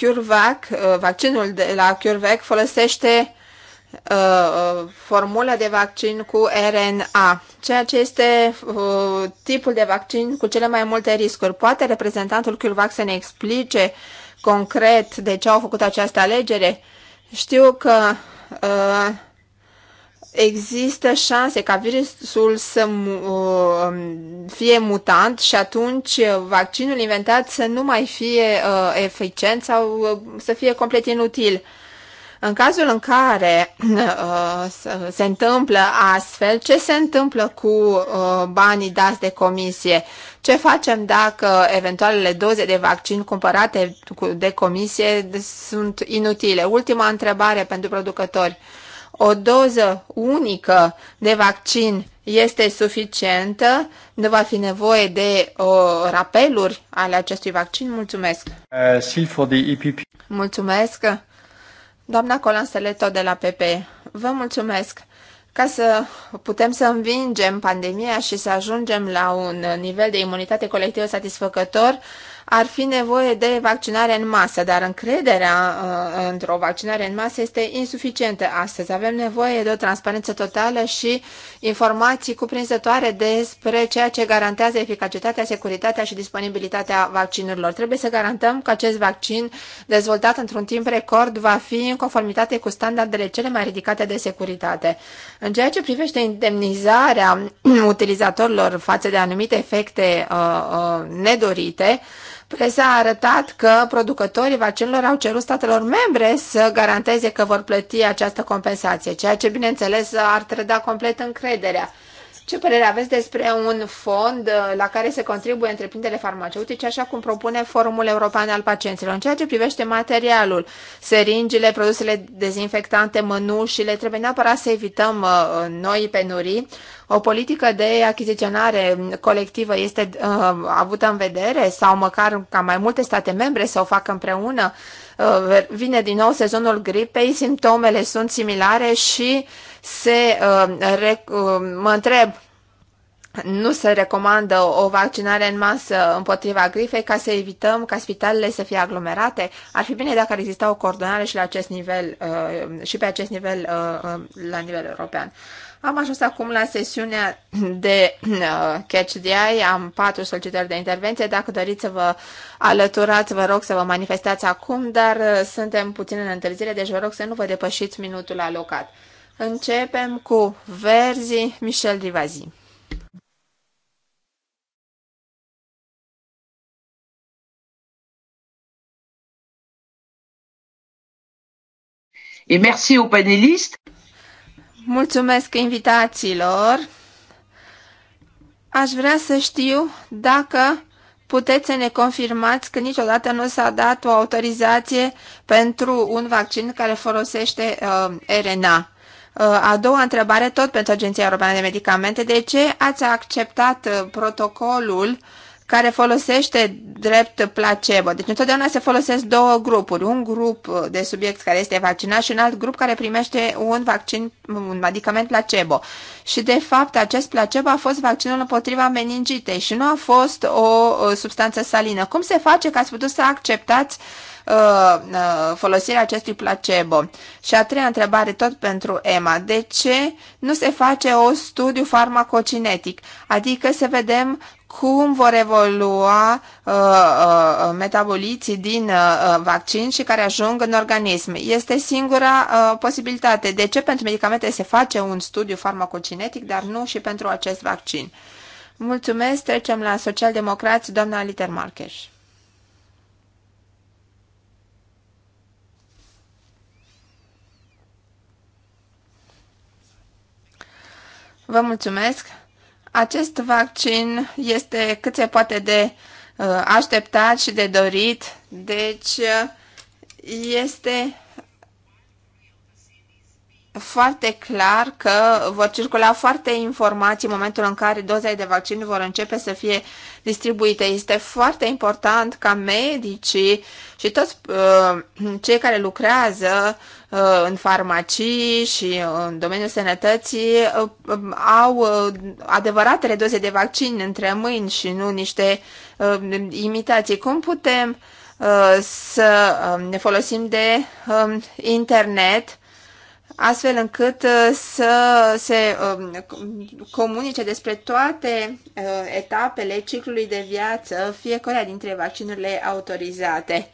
CureVac, uh, vaccinul de la CureVac folosește uh, uh formulă de vaccin cu RNA, ceea ce este uh, tipul de vaccin cu cele mai multe riscuri. Poate reprezentantul CureVac să ne explice concret de ce au făcut această alegere. Știu că uh, există șanse ca virusul să uh, fie mutant și atunci vaccinul inventat să nu mai fie uh, eficient sau uh, să fie complet inutil. În cazul în care uh, se întâmplă astfel, ce se întâmplă cu uh, banii dați de comisie? Ce facem dacă eventualele doze de vaccin cumpărate de comisie sunt inutile? Ultima întrebare pentru producători. O doză unică de vaccin este suficientă? Nu va fi nevoie de uh, rapeluri ale acestui vaccin? Mulțumesc! Uh, Mulțumesc! Doamna Colan Seleto de la PP, vă mulțumesc! Ca să putem să învingem pandemia și să ajungem la un nivel de imunitate colectivă satisfăcător, ar fi nevoie de vaccinare în masă, dar încrederea uh, într-o vaccinare în masă este insuficientă astăzi. Avem nevoie de o transparență totală și informații cuprinzătoare despre ceea ce garantează eficacitatea, securitatea și disponibilitatea vaccinurilor. Trebuie să garantăm că acest vaccin dezvoltat într-un timp record va fi în conformitate cu standardele cele mai ridicate de securitate. În ceea ce privește indemnizarea utilizatorilor față de anumite efecte uh, uh, nedorite, presa a arătat că producătorii vaccinilor au cerut statelor membre să garanteze că vor plăti această compensație, ceea ce, bineînțeles, ar trăda complet încrederea ce părere aveți despre un fond uh, la care se contribuie întreprinderile farmaceutice, așa cum propune Forumul European al Pacienților? În ceea ce privește materialul, seringile, produsele dezinfectante, mânușile, trebuie neapărat să evităm uh, noi penurii. O politică de achiziționare colectivă este uh, avută în vedere sau măcar ca mai multe state membre să o facă împreună? Uh, vine din nou sezonul gripei, simptomele sunt similare și uh, se, uh, uh, mă întreb, nu se recomandă o vaccinare în masă împotriva gripei ca să evităm ca spitalele să fie aglomerate? Ar fi bine dacă ar exista o coordonare și, la acest nivel, uh, și pe acest nivel la nivel european. Am ajuns acum la sesiunea de Catch the Eye. Am patru solicitări de intervenție. Dacă doriți să vă alăturați, vă rog să vă manifestați acum, dar suntem puțin în întârziere, deci vă rog să nu vă depășiți minutul alocat. Începem cu Verzi Michel Rivazi. Et merci aux panélistes. Mulțumesc invitațiilor. Aș vrea să știu dacă puteți să ne confirmați că niciodată nu s-a dat o autorizație pentru un vaccin care folosește uh, RNA. Uh, a doua întrebare, tot pentru Agenția Europeană de Medicamente, de ce ați acceptat uh, protocolul care folosește drept placebo? Deci întotdeauna se folosesc două grupuri, un grup uh, de subiect care este vaccinat și un alt grup care primește un vaccin, un medicament placebo. Și de fapt acest placebo a fost vaccinul împotriva meningitei și nu a fost o substanță salină. Cum se face că ați putut să acceptați uh, Uh, uh, folosirea acestui placebo. Și a treia întrebare, tot pentru Emma, de ce nu se face o studiu farmacocinetic, Adică să vedem cum vor evolua uh, uh, uh metaboliții din uh, vaccin și care ajung în organism. Este singura uh, posibilitate. De ce pentru medicamente se face un studiu farmacocinetic, dar nu și pentru acest vaccin? Mulțumesc. Trecem la socialdemocrați, doamna Aliter Marcheș. Vă mulțumesc! Acest vaccin este cât se poate de uh, așteptat și de dorit, deci uh, este foarte clar că vor circula foarte informații în momentul în care dozele de vaccin vor începe să fie distribuite. Este foarte important ca medicii și toți uh, cei care lucrează uh, în farmacii și în domeniul sănătății uh, au uh, adevăratele doze de vaccin între mâini și nu niște uh, imitații. Cum putem uh, să uh, ne folosim de uh, internet astfel încât uh, să se um, comunice despre toate uh, etapele ciclului de viață fiecare dintre vaccinurile autorizate.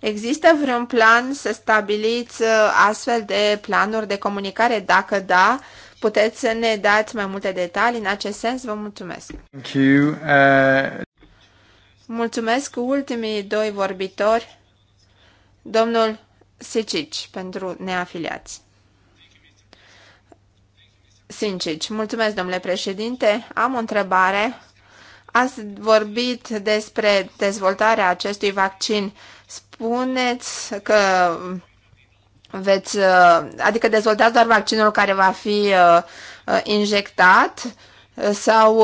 Există vreun plan să stabiliți uh, astfel de planuri de comunicare? Dacă da, puteți să ne dați mai multe detalii în acest sens? Vă mulțumesc! Thank you. Uh... Mulțumesc ultimii doi vorbitori, domnul Sicici, pentru neafiliați. Sincici. Mulțumesc, domnule președinte. Am o întrebare. Ați vorbit despre dezvoltarea acestui vaccin. Spuneți că veți, uh, adică dezvoltați doar vaccinul care va fi uh, uh, injectat sau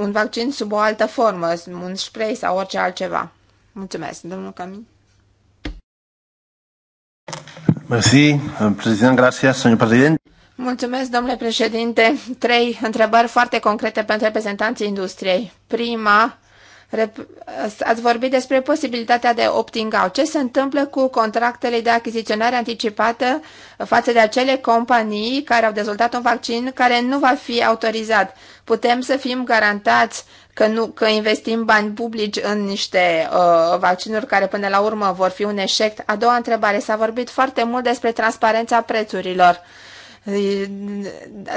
un vaccin sub o altă formă, un spray sau orice altceva. Mulțumesc, domnul Camin. Mersi, președinte, gracias, domnul președinte. Mulțumesc, domnule președinte. Trei întrebări foarte concrete pentru reprezentanții industriei. Prima, ați vorbit despre posibilitatea de opting-out. Ce se întâmplă cu contractele de achiziționare anticipată față de acele companii care au dezvoltat un vaccin care nu va fi autorizat? Putem să fim garantați că, nu, că investim bani publici în niște uh, vaccinuri care până la urmă vor fi un eșec? A doua întrebare, s-a vorbit foarte mult despre transparența prețurilor.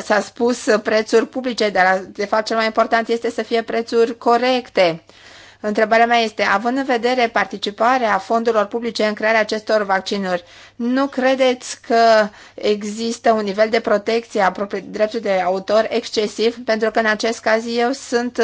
S-a spus prețuri publice, dar de fapt cel mai important este să fie prețuri corecte. Întrebarea mea este, având în vedere participarea fondurilor publice în crearea acestor vaccinuri, nu credeți că există un nivel de protecție a dreptului de autor excesiv? Pentru că în acest caz eu sunt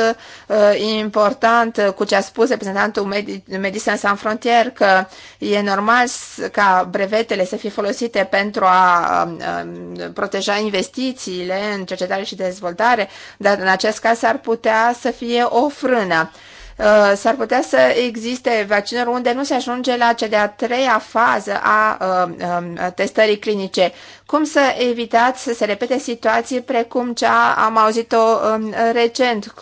uh, important uh, cu ce a spus reprezentantul Medi Medicine Sans Frontier, că e normal ca brevetele să fie folosite pentru a uh, proteja investițiile în cercetare și dezvoltare, dar în acest caz ar putea să fie o frână. Uh, s-ar putea să existe vaccinuri unde nu se ajunge la cea de-a treia fază a uh, um, testării clinice. Cum să evitați să se repete situații precum cea am auzit-o um, recent,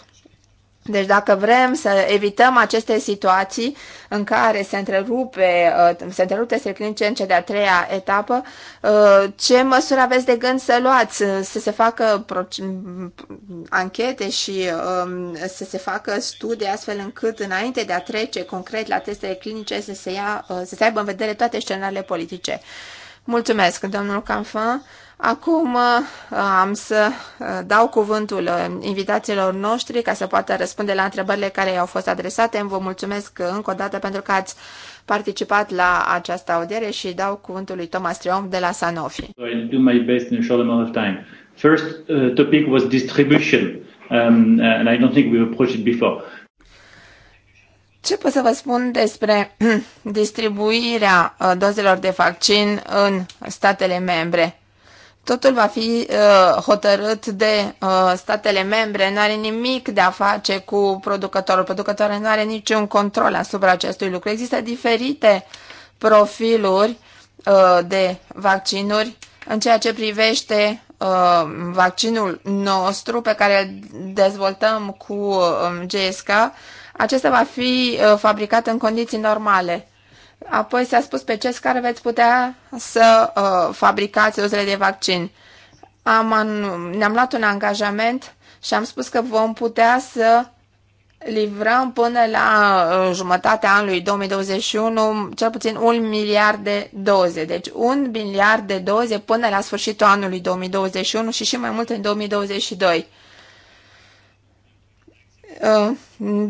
deci dacă vrem să evităm aceste situații în care se, întrerupe, uh, se întrerupe testele clinice în cea de-a treia etapă, uh, ce măsuri aveți de gând să luați? Să se facă anchete și um, să se facă studii astfel încât înainte de a trece concret la testele clinice să se, ia, uh, să se aibă în vedere toate scenariile politice. Mulțumesc, domnul Canfan. Acum uh, am să uh, dau cuvântul uh, invitațiilor noștri ca să poată răspunde la întrebările care i-au fost adresate. Vă mulțumesc încă o dată pentru că ați participat la această audiere și dau cuvântul lui Thomas Triom de la Sanofi. I'll do my best in a short amount of time. First uh, topic was distribution um, and I don't think we've approached it before. Ce pot să vă spun despre distribuirea dozelor de vaccin în statele membre? Totul va fi uh, hotărât de uh, statele membre, nu are nimic de a face cu producătorul. Producătorul nu are niciun control asupra acestui lucru. Există diferite profiluri uh, de vaccinuri în ceea ce privește uh, vaccinul nostru pe care îl dezvoltăm cu uh, GSK. Acesta va fi uh, fabricat în condiții normale. Apoi s-a spus pe ce scară veți putea să uh, fabricați dozele de vaccin. Am ne-am luat un angajament și am spus că vom putea să livrăm până la uh, jumătatea anului 2021 cel puțin un miliard de doze. Deci un miliard de doze până la sfârșitul anului 2021 și și mai mult în 2022. Uh,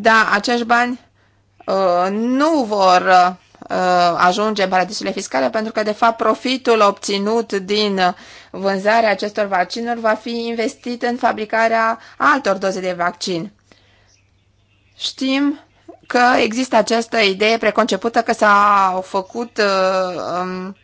da, acești bani uh, nu vor uh, Uh, ajunge în paradisurile fiscale, pentru că, de fapt, profitul obținut din vânzarea acestor vaccinuri va fi investit în fabricarea altor doze de vaccin. Știm că există această idee preconcepută că s-au făcut uh, um,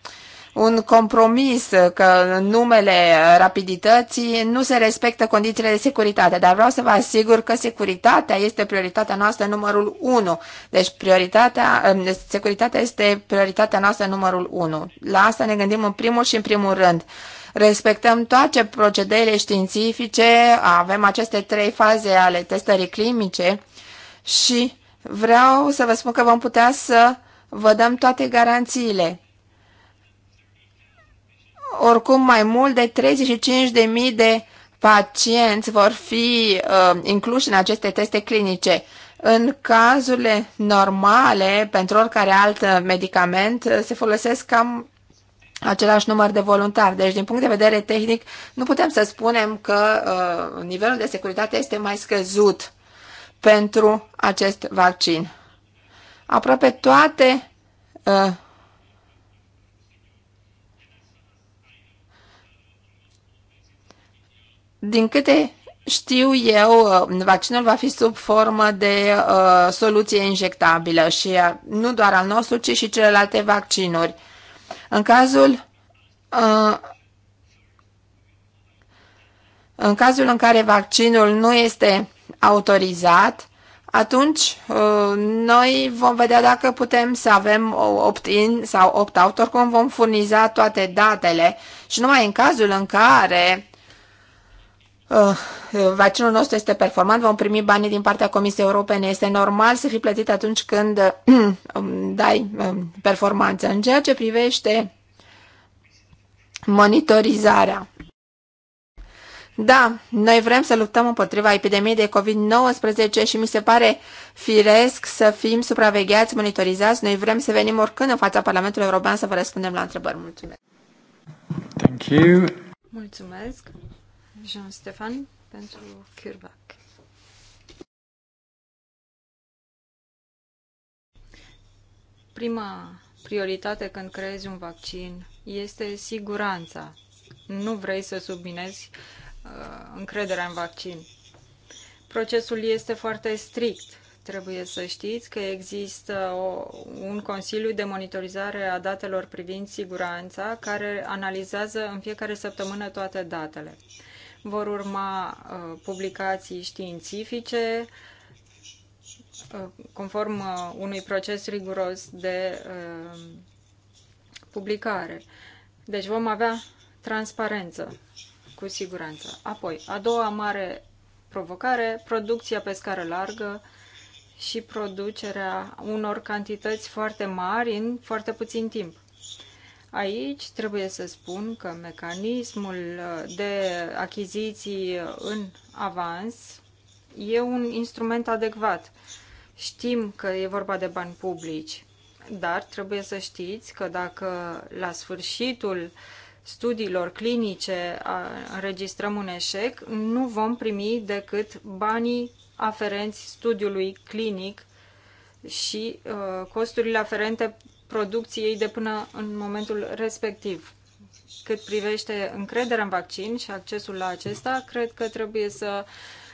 un compromis că în numele rapidității nu se respectă condițiile de securitate, dar vreau să vă asigur că securitatea este prioritatea noastră numărul 1. Deci prioritatea, um, securitatea este prioritatea noastră numărul 1. La asta ne gândim în primul și în primul rând. Respectăm toate procedeile științifice, avem aceste trei faze ale testării clinice și vreau să vă spun că vom putea să vă dăm toate garanțiile oricum, mai mult de 35.000 de pacienți vor fi uh, incluși în aceste teste clinice. În cazurile normale, pentru oricare alt medicament, uh, se folosesc cam același număr de voluntari. Deci, din punct de vedere tehnic, nu putem să spunem că uh, nivelul de securitate este mai scăzut pentru acest vaccin. Aproape toate uh, Din câte știu eu, uh, vaccinul va fi sub formă de uh, soluție injectabilă și uh, nu doar al nostru, ci și celelalte vaccinuri. În cazul uh, în cazul în care vaccinul nu este autorizat, atunci uh, noi vom vedea dacă putem să avem opt-in sau opt-out, oricum vom furniza toate datele și numai în cazul în care Ah, vaccinul nostru este performant, vom primi banii din partea Comisiei Europene. Este normal să fii plătit atunci când um, dai um, performanță. În ceea ce privește monitorizarea. Da, noi vrem să luptăm împotriva epidemiei de COVID-19 și mi se pare firesc să fim supravegheați, monitorizați. Noi vrem să venim oricând în fața Parlamentului European să vă răspundem la întrebări. Mulțumesc! Thank you. Mulțumesc! Jean Stefan pentru Kirvac. Prima prioritate când creezi un vaccin este siguranța. Nu vrei să subminezi uh, încrederea în vaccin. Procesul este foarte strict. Trebuie să știți că există o, un Consiliu de Monitorizare a Datelor privind siguranța care analizează în fiecare săptămână toate datele vor urma uh, publicații științifice uh, conform uh, unui proces riguros de publicare. Deci vom avea transparență, cu siguranță. Apoi, a doua mare provocare, producția pe scară largă și producerea unor cantități foarte mari în foarte puțin timp. Aici trebuie să spun că mecanismul uh, de achiziții uh, în avans e un instrument adecvat. Știm că e vorba de bani publici, dar trebuie să știți că dacă la sfârșitul studiilor clinice înregistrăm un eșec, nu vom primi decât banii aferenți studiului clinic și uh, costurile aferente producției de până în momentul respectiv. Cât privește încrederea în vaccin și accesul la acesta, cred că trebuie să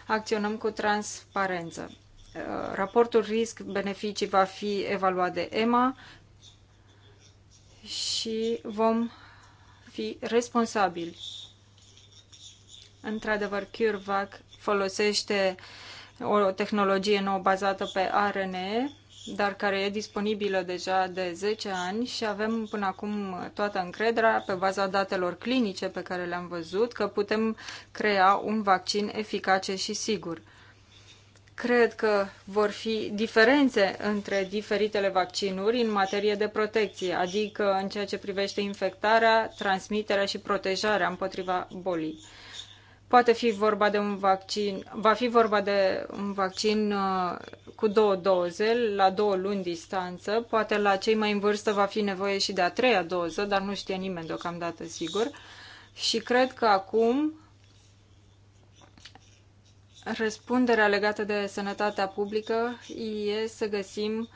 acționăm cu transparență. Uh, raportul risc-beneficii va fi evaluat de EMA și vom fi responsabili. Într-adevăr, CureVac folosește o tehnologie nouă bazată pe RNA dar care e disponibilă deja de 10 ani și avem până acum toată încrederea pe baza datelor clinice pe care le-am văzut că putem crea un vaccin eficace și sigur. Cred că vor fi diferențe între diferitele vaccinuri în materie de protecție, adică în ceea ce privește infectarea, transmiterea și protejarea împotriva bolii. Poate fi vorba de un vaccin, va fi vorba de un vaccin uh, cu două doze, la două luni distanță. Poate la cei mai în vârstă va fi nevoie și de a treia doză, dar nu știe nimeni deocamdată sigur. Și cred că acum răspunderea legată de sănătatea publică e să găsim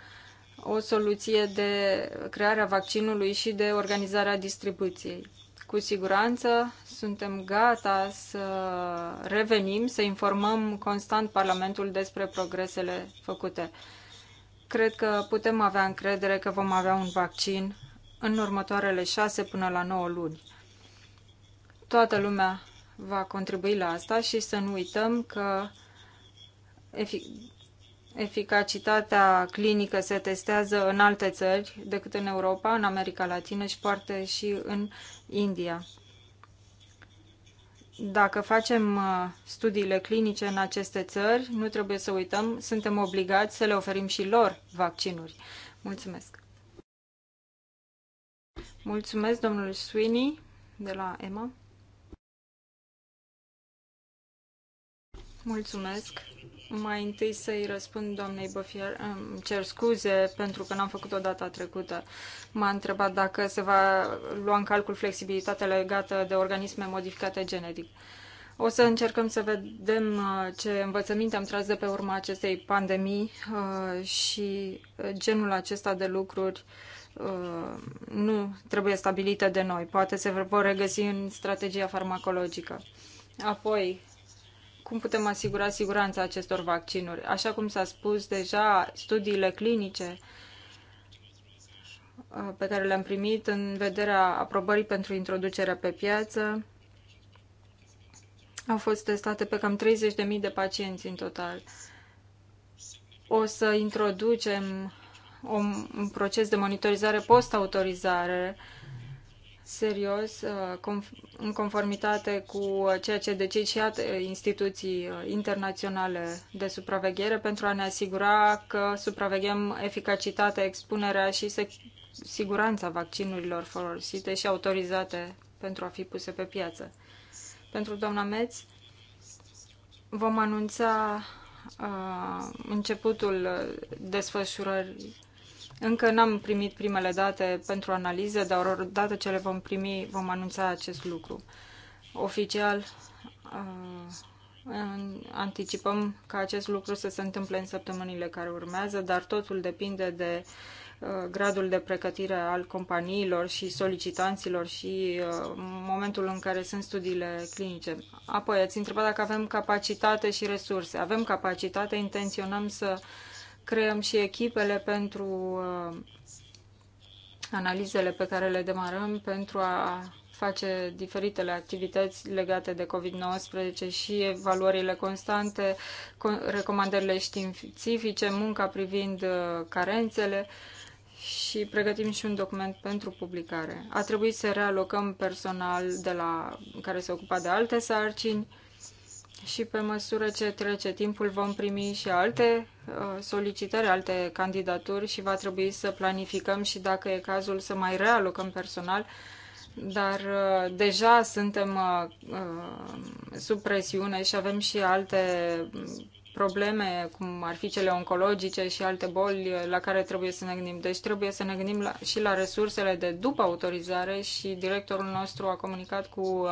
o soluție de crearea vaccinului și de organizarea distribuției. Cu siguranță, suntem gata să revenim, să informăm constant Parlamentul despre progresele făcute. Cred că putem avea încredere că vom avea un vaccin în următoarele șase până la 9 luni. Toată lumea va contribui la asta și să nu uităm că efic- eficacitatea clinică se testează în alte țări decât în Europa, în America Latină și poate și în India dacă facem uh, studiile clinice în aceste țări, nu trebuie să uităm, suntem obligați să le oferim și lor vaccinuri. Mulțumesc! Mulțumesc, domnul Sweeney, de la EMA. Mulțumesc! Mai întâi să-i răspund doamnei Băfier, îmi cer scuze pentru că n-am făcut-o data trecută. M-a întrebat dacă se va lua în calcul flexibilitatea legată de organisme modificate genetic. O să încercăm să vedem uh, ce învățăminte am tras de pe urma acestei pandemii uh, și uh, genul acesta de lucruri nu trebuie stabilită de noi. Poate se vor regăsi în strategia farmacologică. Apoi, cum putem asigura siguranța acestor vaccinuri. Așa cum s-a spus deja, studiile clinice uh, pe care le-am primit în vederea aprobării pentru introducerea pe piață au fost testate pe cam 30.000 de pacienți în total. O să introducem un proces de monitorizare post-autorizare serios, uh, în conformitate cu uh, ceea ce decid și instituții uh, internaționale de supraveghere, pentru a ne asigura că supraveghem eficacitatea, expunerea și siguranța vaccinurilor folosite și autorizate pentru a fi puse pe piață. Pentru doamna Metz, vom anunța uh, începutul desfășurării încă n-am primit primele date pentru analiză, dar odată ce le vom primi, vom anunța acest lucru. Oficial, uh, anticipăm ca acest lucru să se întâmple în săptămânile care urmează, dar totul depinde de uh, gradul de pregătire al companiilor și solicitanților și uh, momentul în care sunt studiile clinice. Apoi, ați întrebat dacă avem capacitate și resurse. Avem capacitate, intenționăm să uh, creăm și echipele pentru uh, analizele pe care le demarăm pentru a face diferitele activități legate de COVID-19 și evaluările constante, recomandările științifice, munca privind uh, carențele și pregătim și un document pentru publicare. A trebuit să realocăm personal de la, care se ocupa de alte sarcini și pe măsură ce trece timpul vom primi și alte uh, solicitări, alte candidaturi și va trebui să planificăm și dacă e cazul să mai realocăm personal, dar uh, deja suntem uh, sub presiune și avem și alte mm, probleme, cum ar fi cele oncologice și alte boli la care trebuie să ne gândim. Deci trebuie să ne gândim la, și la resursele de după autorizare și directorul nostru a comunicat cu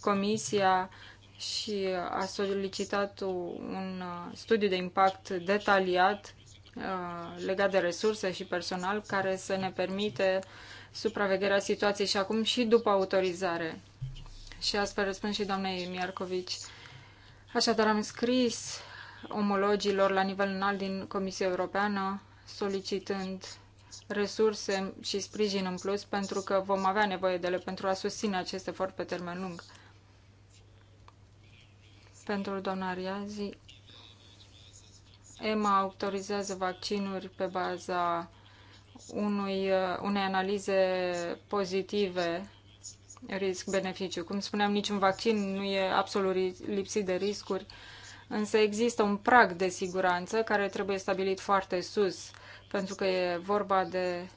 comisia uh, și a solicitat un uh, studiu de impact detaliat uh, legat de resurse și personal care să ne permite supravegherea situației și acum și după autorizare. Și astfel răspund și doamnei Miarcovici. Așadar am scris omologilor la nivel înalt din Comisia Europeană solicitând resurse și sprijin în plus pentru că vom avea nevoie de ele pentru a susține acest efort pe termen lung pentru doamna Riazi. EMA autorizează vaccinuri pe baza unui, unei analize pozitive risc-beneficiu. Cum spuneam, niciun vaccin nu e absolut lipsit de riscuri, însă există un prag de siguranță care trebuie stabilit foarte sus, pentru că e vorba de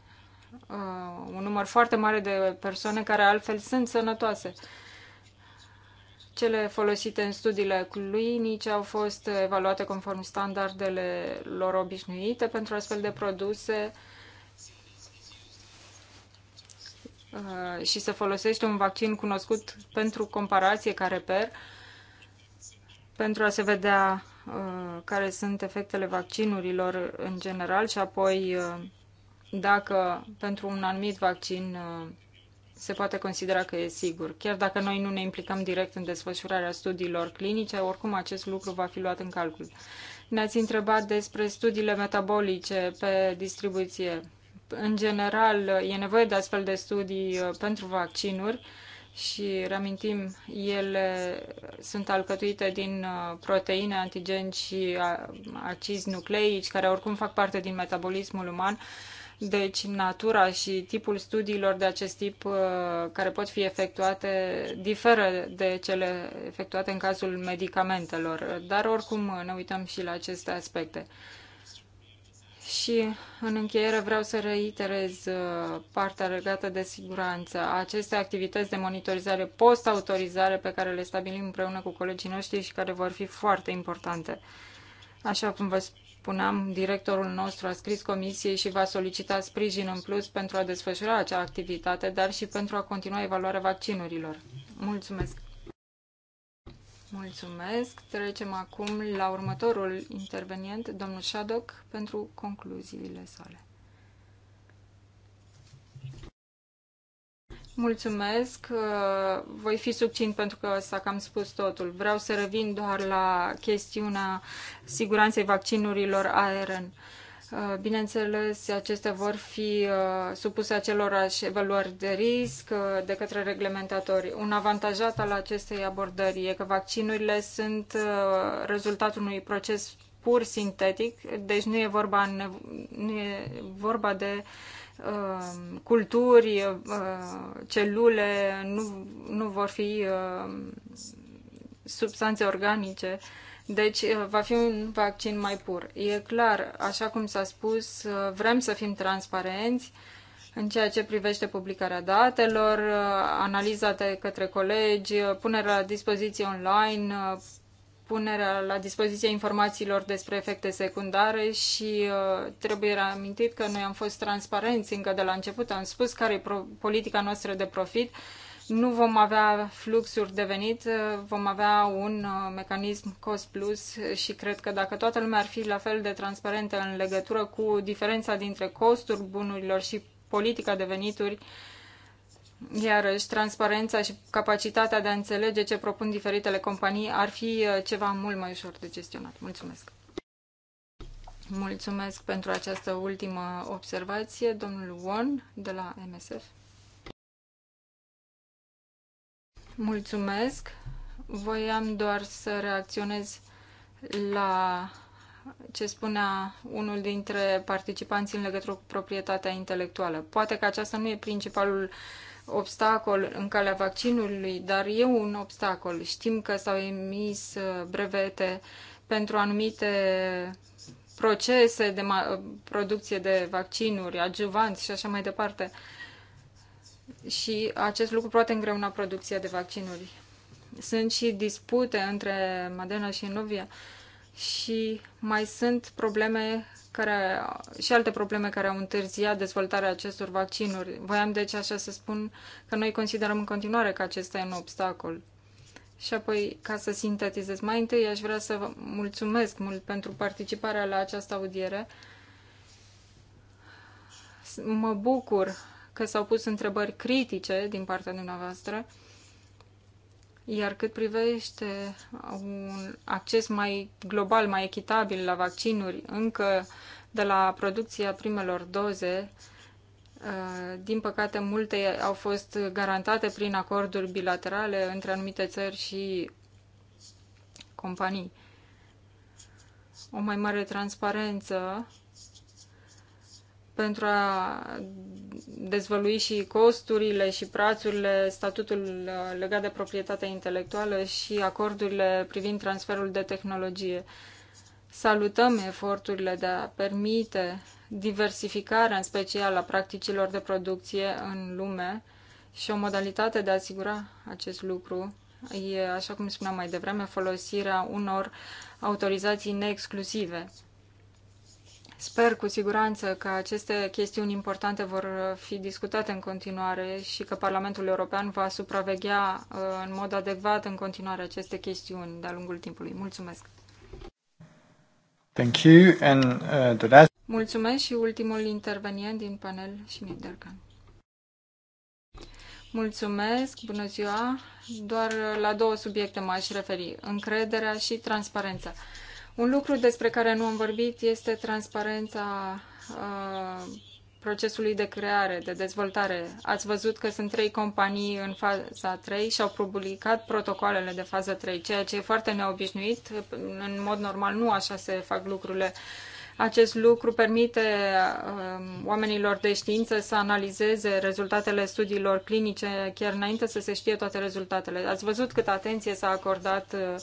uh, un număr foarte mare de persoane care altfel sunt sănătoase. Uh, cele folosite în studiile clinice au fost evaluate conform standardele lor obișnuite pentru astfel de produse uh, și se folosește un vaccin cunoscut pentru comparație ca reper pentru a se vedea uh, care sunt efectele vaccinurilor în general și apoi uh, dacă pentru un anumit vaccin se poate considera că e sigur. Chiar dacă noi nu ne implicăm direct în desfășurarea studiilor clinice, oricum acest lucru va fi luat în calcul. Ne-ați întrebat despre studiile metabolice pe distribuție. În general, e nevoie de astfel de studii uh, pentru vaccinuri și reamintim, ele sunt alcătuite din uh, proteine, antigeni și uh, acizi nucleici, care oricum fac parte din metabolismul uman deci, natura și tipul studiilor de acest tip uh, care pot fi efectuate diferă de cele efectuate în cazul medicamentelor, dar oricum ne uităm și la aceste aspecte. Și în încheiere vreau să reiterez uh, partea legată de siguranță. Aceste activități de monitorizare post-autorizare pe care le stabilim împreună cu colegii noștri și care vor fi foarte importante. Așa cum vă spuneam, directorul nostru a scris comisiei și va solicita sprijin în plus pentru a desfășura acea activitate, dar și pentru a continua evaluarea vaccinurilor. Mulțumesc! Mulțumesc! Trecem acum la următorul intervenient, domnul Shadok, pentru concluziile sale. Mulțumesc. Uh, voi fi subțin pentru că s-a cam spus totul. Vreau să revin doar la chestiunea siguranței vaccinurilor ARN. Uh, bineînțeles, acestea vor fi uh, supuse acelorași evaluări de risc de către reglementatori. Un avantajat al acestei abordări e că vaccinurile sunt rezultatul unui proces pur sintetic, deci nu e vorba, nu e vorba de Uh, culturi, uh, celule nu, nu vor fi uh, substanțe organice. Deci va fi un vaccin mai pur. E clar, așa cum s-a spus, vrem să fim transparenți în ceea ce privește publicarea datelor, analiza de către colegi, punerea la dispoziție online, punerea la dispoziție informațiilor despre efecte secundare și uh, trebuie reamintit că noi am fost transparenți încă de la început, am spus care e politica noastră de profit, nu vom avea fluxuri de venit, uh, vom avea un uh, mecanism cost plus și cred că dacă toată lumea ar fi la fel de transparentă în legătură cu diferența dintre costuri, bunurilor și politica de venituri, uh, Iarăși, transparența și capacitatea de a înțelege ce propun diferitele companii ar fi uh, ceva mult mai ușor de gestionat. Mulțumesc! Mulțumesc pentru această ultimă observație, domnul Won de la MSF. Mulțumesc! Voiam doar să reacționez la ce spunea unul dintre participanți în legătură cu proprietatea intelectuală. Poate că aceasta nu e principalul uh, obstacol în calea vaccinului, dar e un obstacol. Știm că s-au emis uh, brevete pentru anumite procese de uh, producție de vaccinuri, adjuvanți și așa mai departe. Și acest lucru poate îngreuna producția de vaccinuri. Sunt și dispute între Madena și Novia și mai sunt probleme care, și alte probleme care au întârziat dezvoltarea acestor vaccinuri. Voiam deci așa să spun că noi considerăm în continuare că acesta e un obstacol. Și apoi, ca să sintetizez mai întâi, aș vrea să vă mulțumesc mult pentru participarea la această audiere. Mă bucur că s-au pus întrebări critice din partea dumneavoastră. Iar cât privește un acces mai global, mai echitabil la vaccinuri, încă de la producția primelor doze, uh, din păcate, multe au fost garantate prin acorduri bilaterale între anumite țări și companii. O mai mare transparență pentru a dezvălui și costurile și prațurile, statutul uh, legat de proprietatea intelectuală și acordurile privind transferul de tehnologie. Salutăm eforturile de a permite diversificarea, în special a practicilor de producție în lume și o modalitate de a asigura acest lucru e, așa cum spuneam mai devreme, folosirea unor autorizații neexclusive Sper cu siguranță că aceste chestiuni importante vor fi discutate în continuare și că Parlamentul European va supraveghea uh, în mod adecvat în continuare aceste chestiuni de-a lungul timpului. Mulțumesc! Thank you. And, uh, the last... Mulțumesc și ultimul intervenient din panel, Shimir Derkan. Mulțumesc, bună ziua! Doar la două subiecte m-aș referi, încrederea și transparența. Uh, un lucru despre care nu am vorbit este transparența uh, procesului de creare, de dezvoltare. Ați văzut că sunt trei companii în faza 3 și au publicat protocoalele de fază 3, ceea ce e foarte neobișnuit. În mod normal nu așa se fac lucrurile. Acest lucru permite um, oamenilor de știință să analizeze rezultatele studiilor clinice chiar înainte să se știe toate rezultatele. Ați văzut cât atenție s-a acordat uh,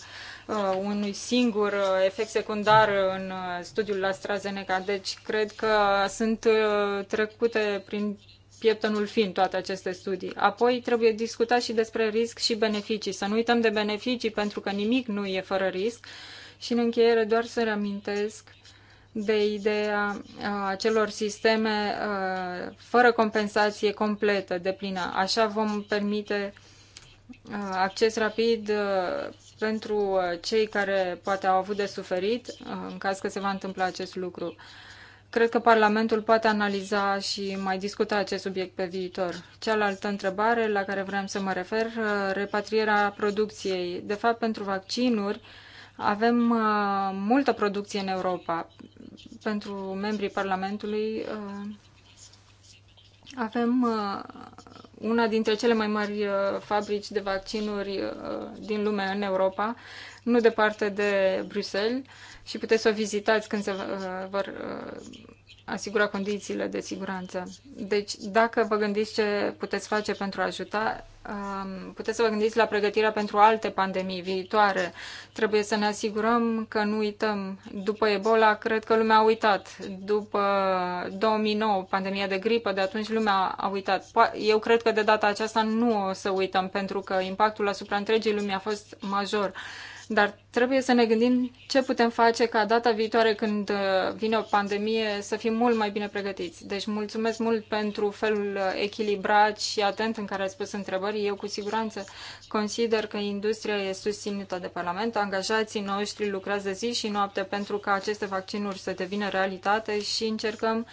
Uh, unui singur uh, efect secundar în uh, studiul la AstraZeneca. Deci cred că sunt trecute prin pieptănul fin toate aceste studii. Apoi trebuie discutat și despre risc și beneficii. Să nu uităm de beneficii pentru că nimic nu e fără risc. Și în încheiere doar să reamintesc de ideea acelor sisteme fără compensație completă, de plină. Așa vom permite Uh, acces rapid uh, pentru uh, cei care poate au avut de suferit în caz că se va întâmpla acest lucru. Cred că Parlamentul poate analiza și mai discuta acest subiect pe viitor. Cealaltă întrebare la care vreau să mă refer, repatrierea producției. De fapt, pentru vaccinuri avem multă producție în Europa. Pentru membrii Parlamentului avem uh, una dintre cele mai mari uh, fabrici de vaccinuri uh, din lume în Europa, nu departe de Bruxelles și puteți să o vizitați când se vor asigura condițiile de siguranță. Deci, dacă vă gândiți ce puteți face pentru a ajuta, um, puteți să vă gândiți la pregătirea pentru alte pandemii viitoare. Trebuie să ne asigurăm că nu uităm. După Ebola, cred că lumea a uitat. După 2009, pandemia de gripă, de atunci lumea a uitat. Eu cred că de data aceasta nu o să uităm, pentru că impactul asupra întregii lumii a fost major. Dar trebuie să ne gândim ce putem face ca data viitoare când uh, vine o pandemie să fim mult mai bine pregătiți. Deci mulțumesc mult pentru felul uh, echilibrat și atent în care ați pus întrebări. Eu cu siguranță consider că industria e susținută de Parlament. Angajații noștri lucrează zi și noapte pentru ca aceste vaccinuri să devină realitate și încercăm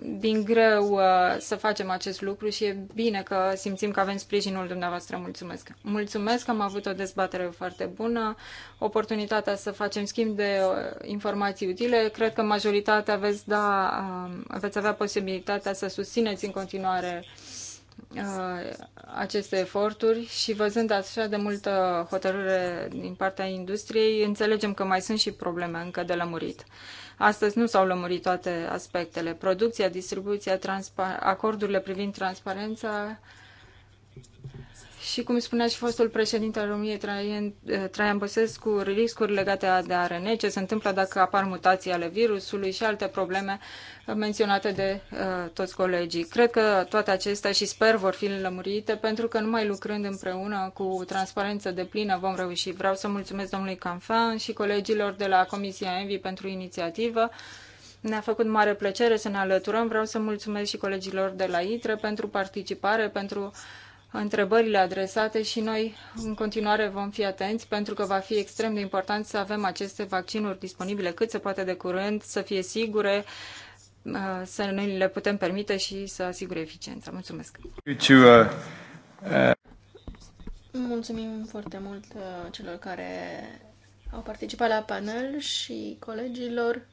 din greu uh, să facem acest lucru și e bine că simțim că avem sprijinul dumneavoastră. Mulțumesc! Mulțumesc că am avut o dezbatere foarte bună, oportunitatea să facem schimb de uh, informații utile. Cred că majoritatea veți, da, um, veți avea posibilitatea să susțineți în continuare uh, aceste eforturi și văzând așa de multă hotărâre din partea industriei, înțelegem că mai sunt și probleme încă de lămurit. Astăzi nu s-au lămurit toate aspectele. Producția, distribuția, acordurile privind transparența, și, cum spunea și fostul președinte al României, Traian, eh, Traian Băsescu, riscuri legate de ARN, ce se întâmplă dacă apar mutații ale virusului și alte probleme menționate de uh, toți colegii. Cred că toate acestea și sper vor fi lămurite, pentru că numai lucrând împreună cu transparență de plină vom reuși. Vreau să mulțumesc domnului Canfan și colegilor de la Comisia Envi pentru inițiativă. Ne-a făcut mare plăcere să ne alăturăm. Vreau să mulțumesc și colegilor de la ITRE pentru participare, pentru uh, întrebările adresate și noi în continuare vom fi atenți pentru că va fi extrem de important să avem aceste vaccinuri disponibile cât se poate de curând, să fie sigure, uh, să ne le putem permite și să asigure eficiența. Mulțumesc! Uh, uh, Mulțumim foarte mult celor care au participat la panel și colegilor.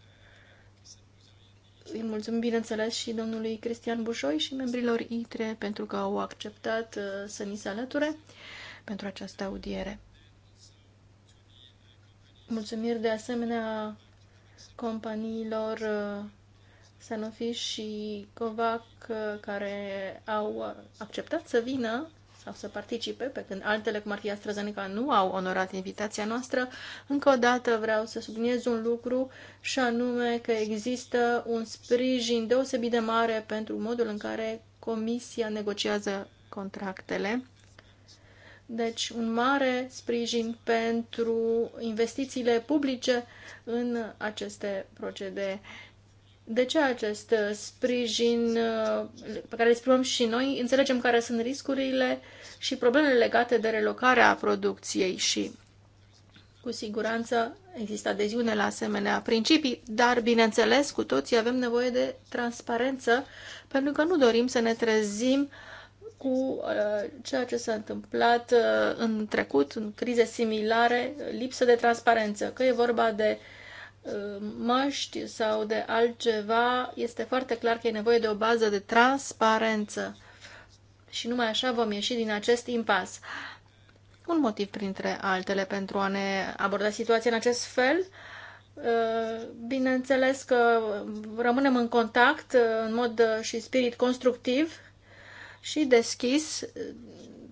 Îi mulțumim, bineînțeles, și domnului Cristian Bușoi și membrilor ITRE pentru că au acceptat uh, să ni se alăture pentru această audiere. Mulțumiri de asemenea companiilor uh, Sanofi și Covac uh, care au acceptat să vină sau să participe, pe când altele, cum ar fi AstraZeneca, nu au onorat invitația noastră, încă o dată vreau să subliniez un lucru și anume că există un sprijin deosebit de mare pentru modul în care Comisia negociază contractele. Deci, un mare sprijin pentru investițiile publice în aceste procedee. De ce acest uh, sprijin uh, pe care îl exprimăm și noi? Înțelegem care sunt riscurile și problemele legate de relocarea producției și cu siguranță există adeziune la asemenea principii, dar bineînțeles cu toții avem nevoie de transparență pentru că nu dorim să ne trezim cu uh, ceea ce s-a întâmplat uh, în trecut, în crize similare, lipsă de transparență, că e vorba de uh, măști sau de altceva, este foarte clar că e nevoie de o bază de transparență. Și numai așa vom ieși din acest impas. Un motiv printre altele pentru a ne aborda situația în acest fel uh, Bineînțeles că rămânem în contact uh, în mod uh, și spirit constructiv și deschis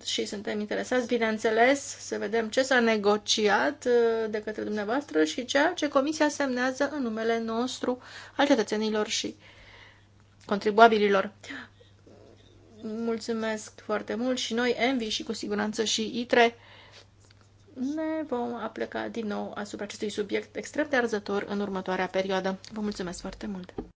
și suntem interesați, bineînțeles, să vedem ce s-a negociat uh, de către dumneavoastră și ceea ce Comisia semnează în numele nostru al cetățenilor și contribuabililor. Mulțumesc foarte mult și noi, Envi și cu siguranță și ITRE, ne vom apleca din nou asupra acestui subiect extrem de arzător în următoarea perioadă. Vă mulțumesc foarte mult!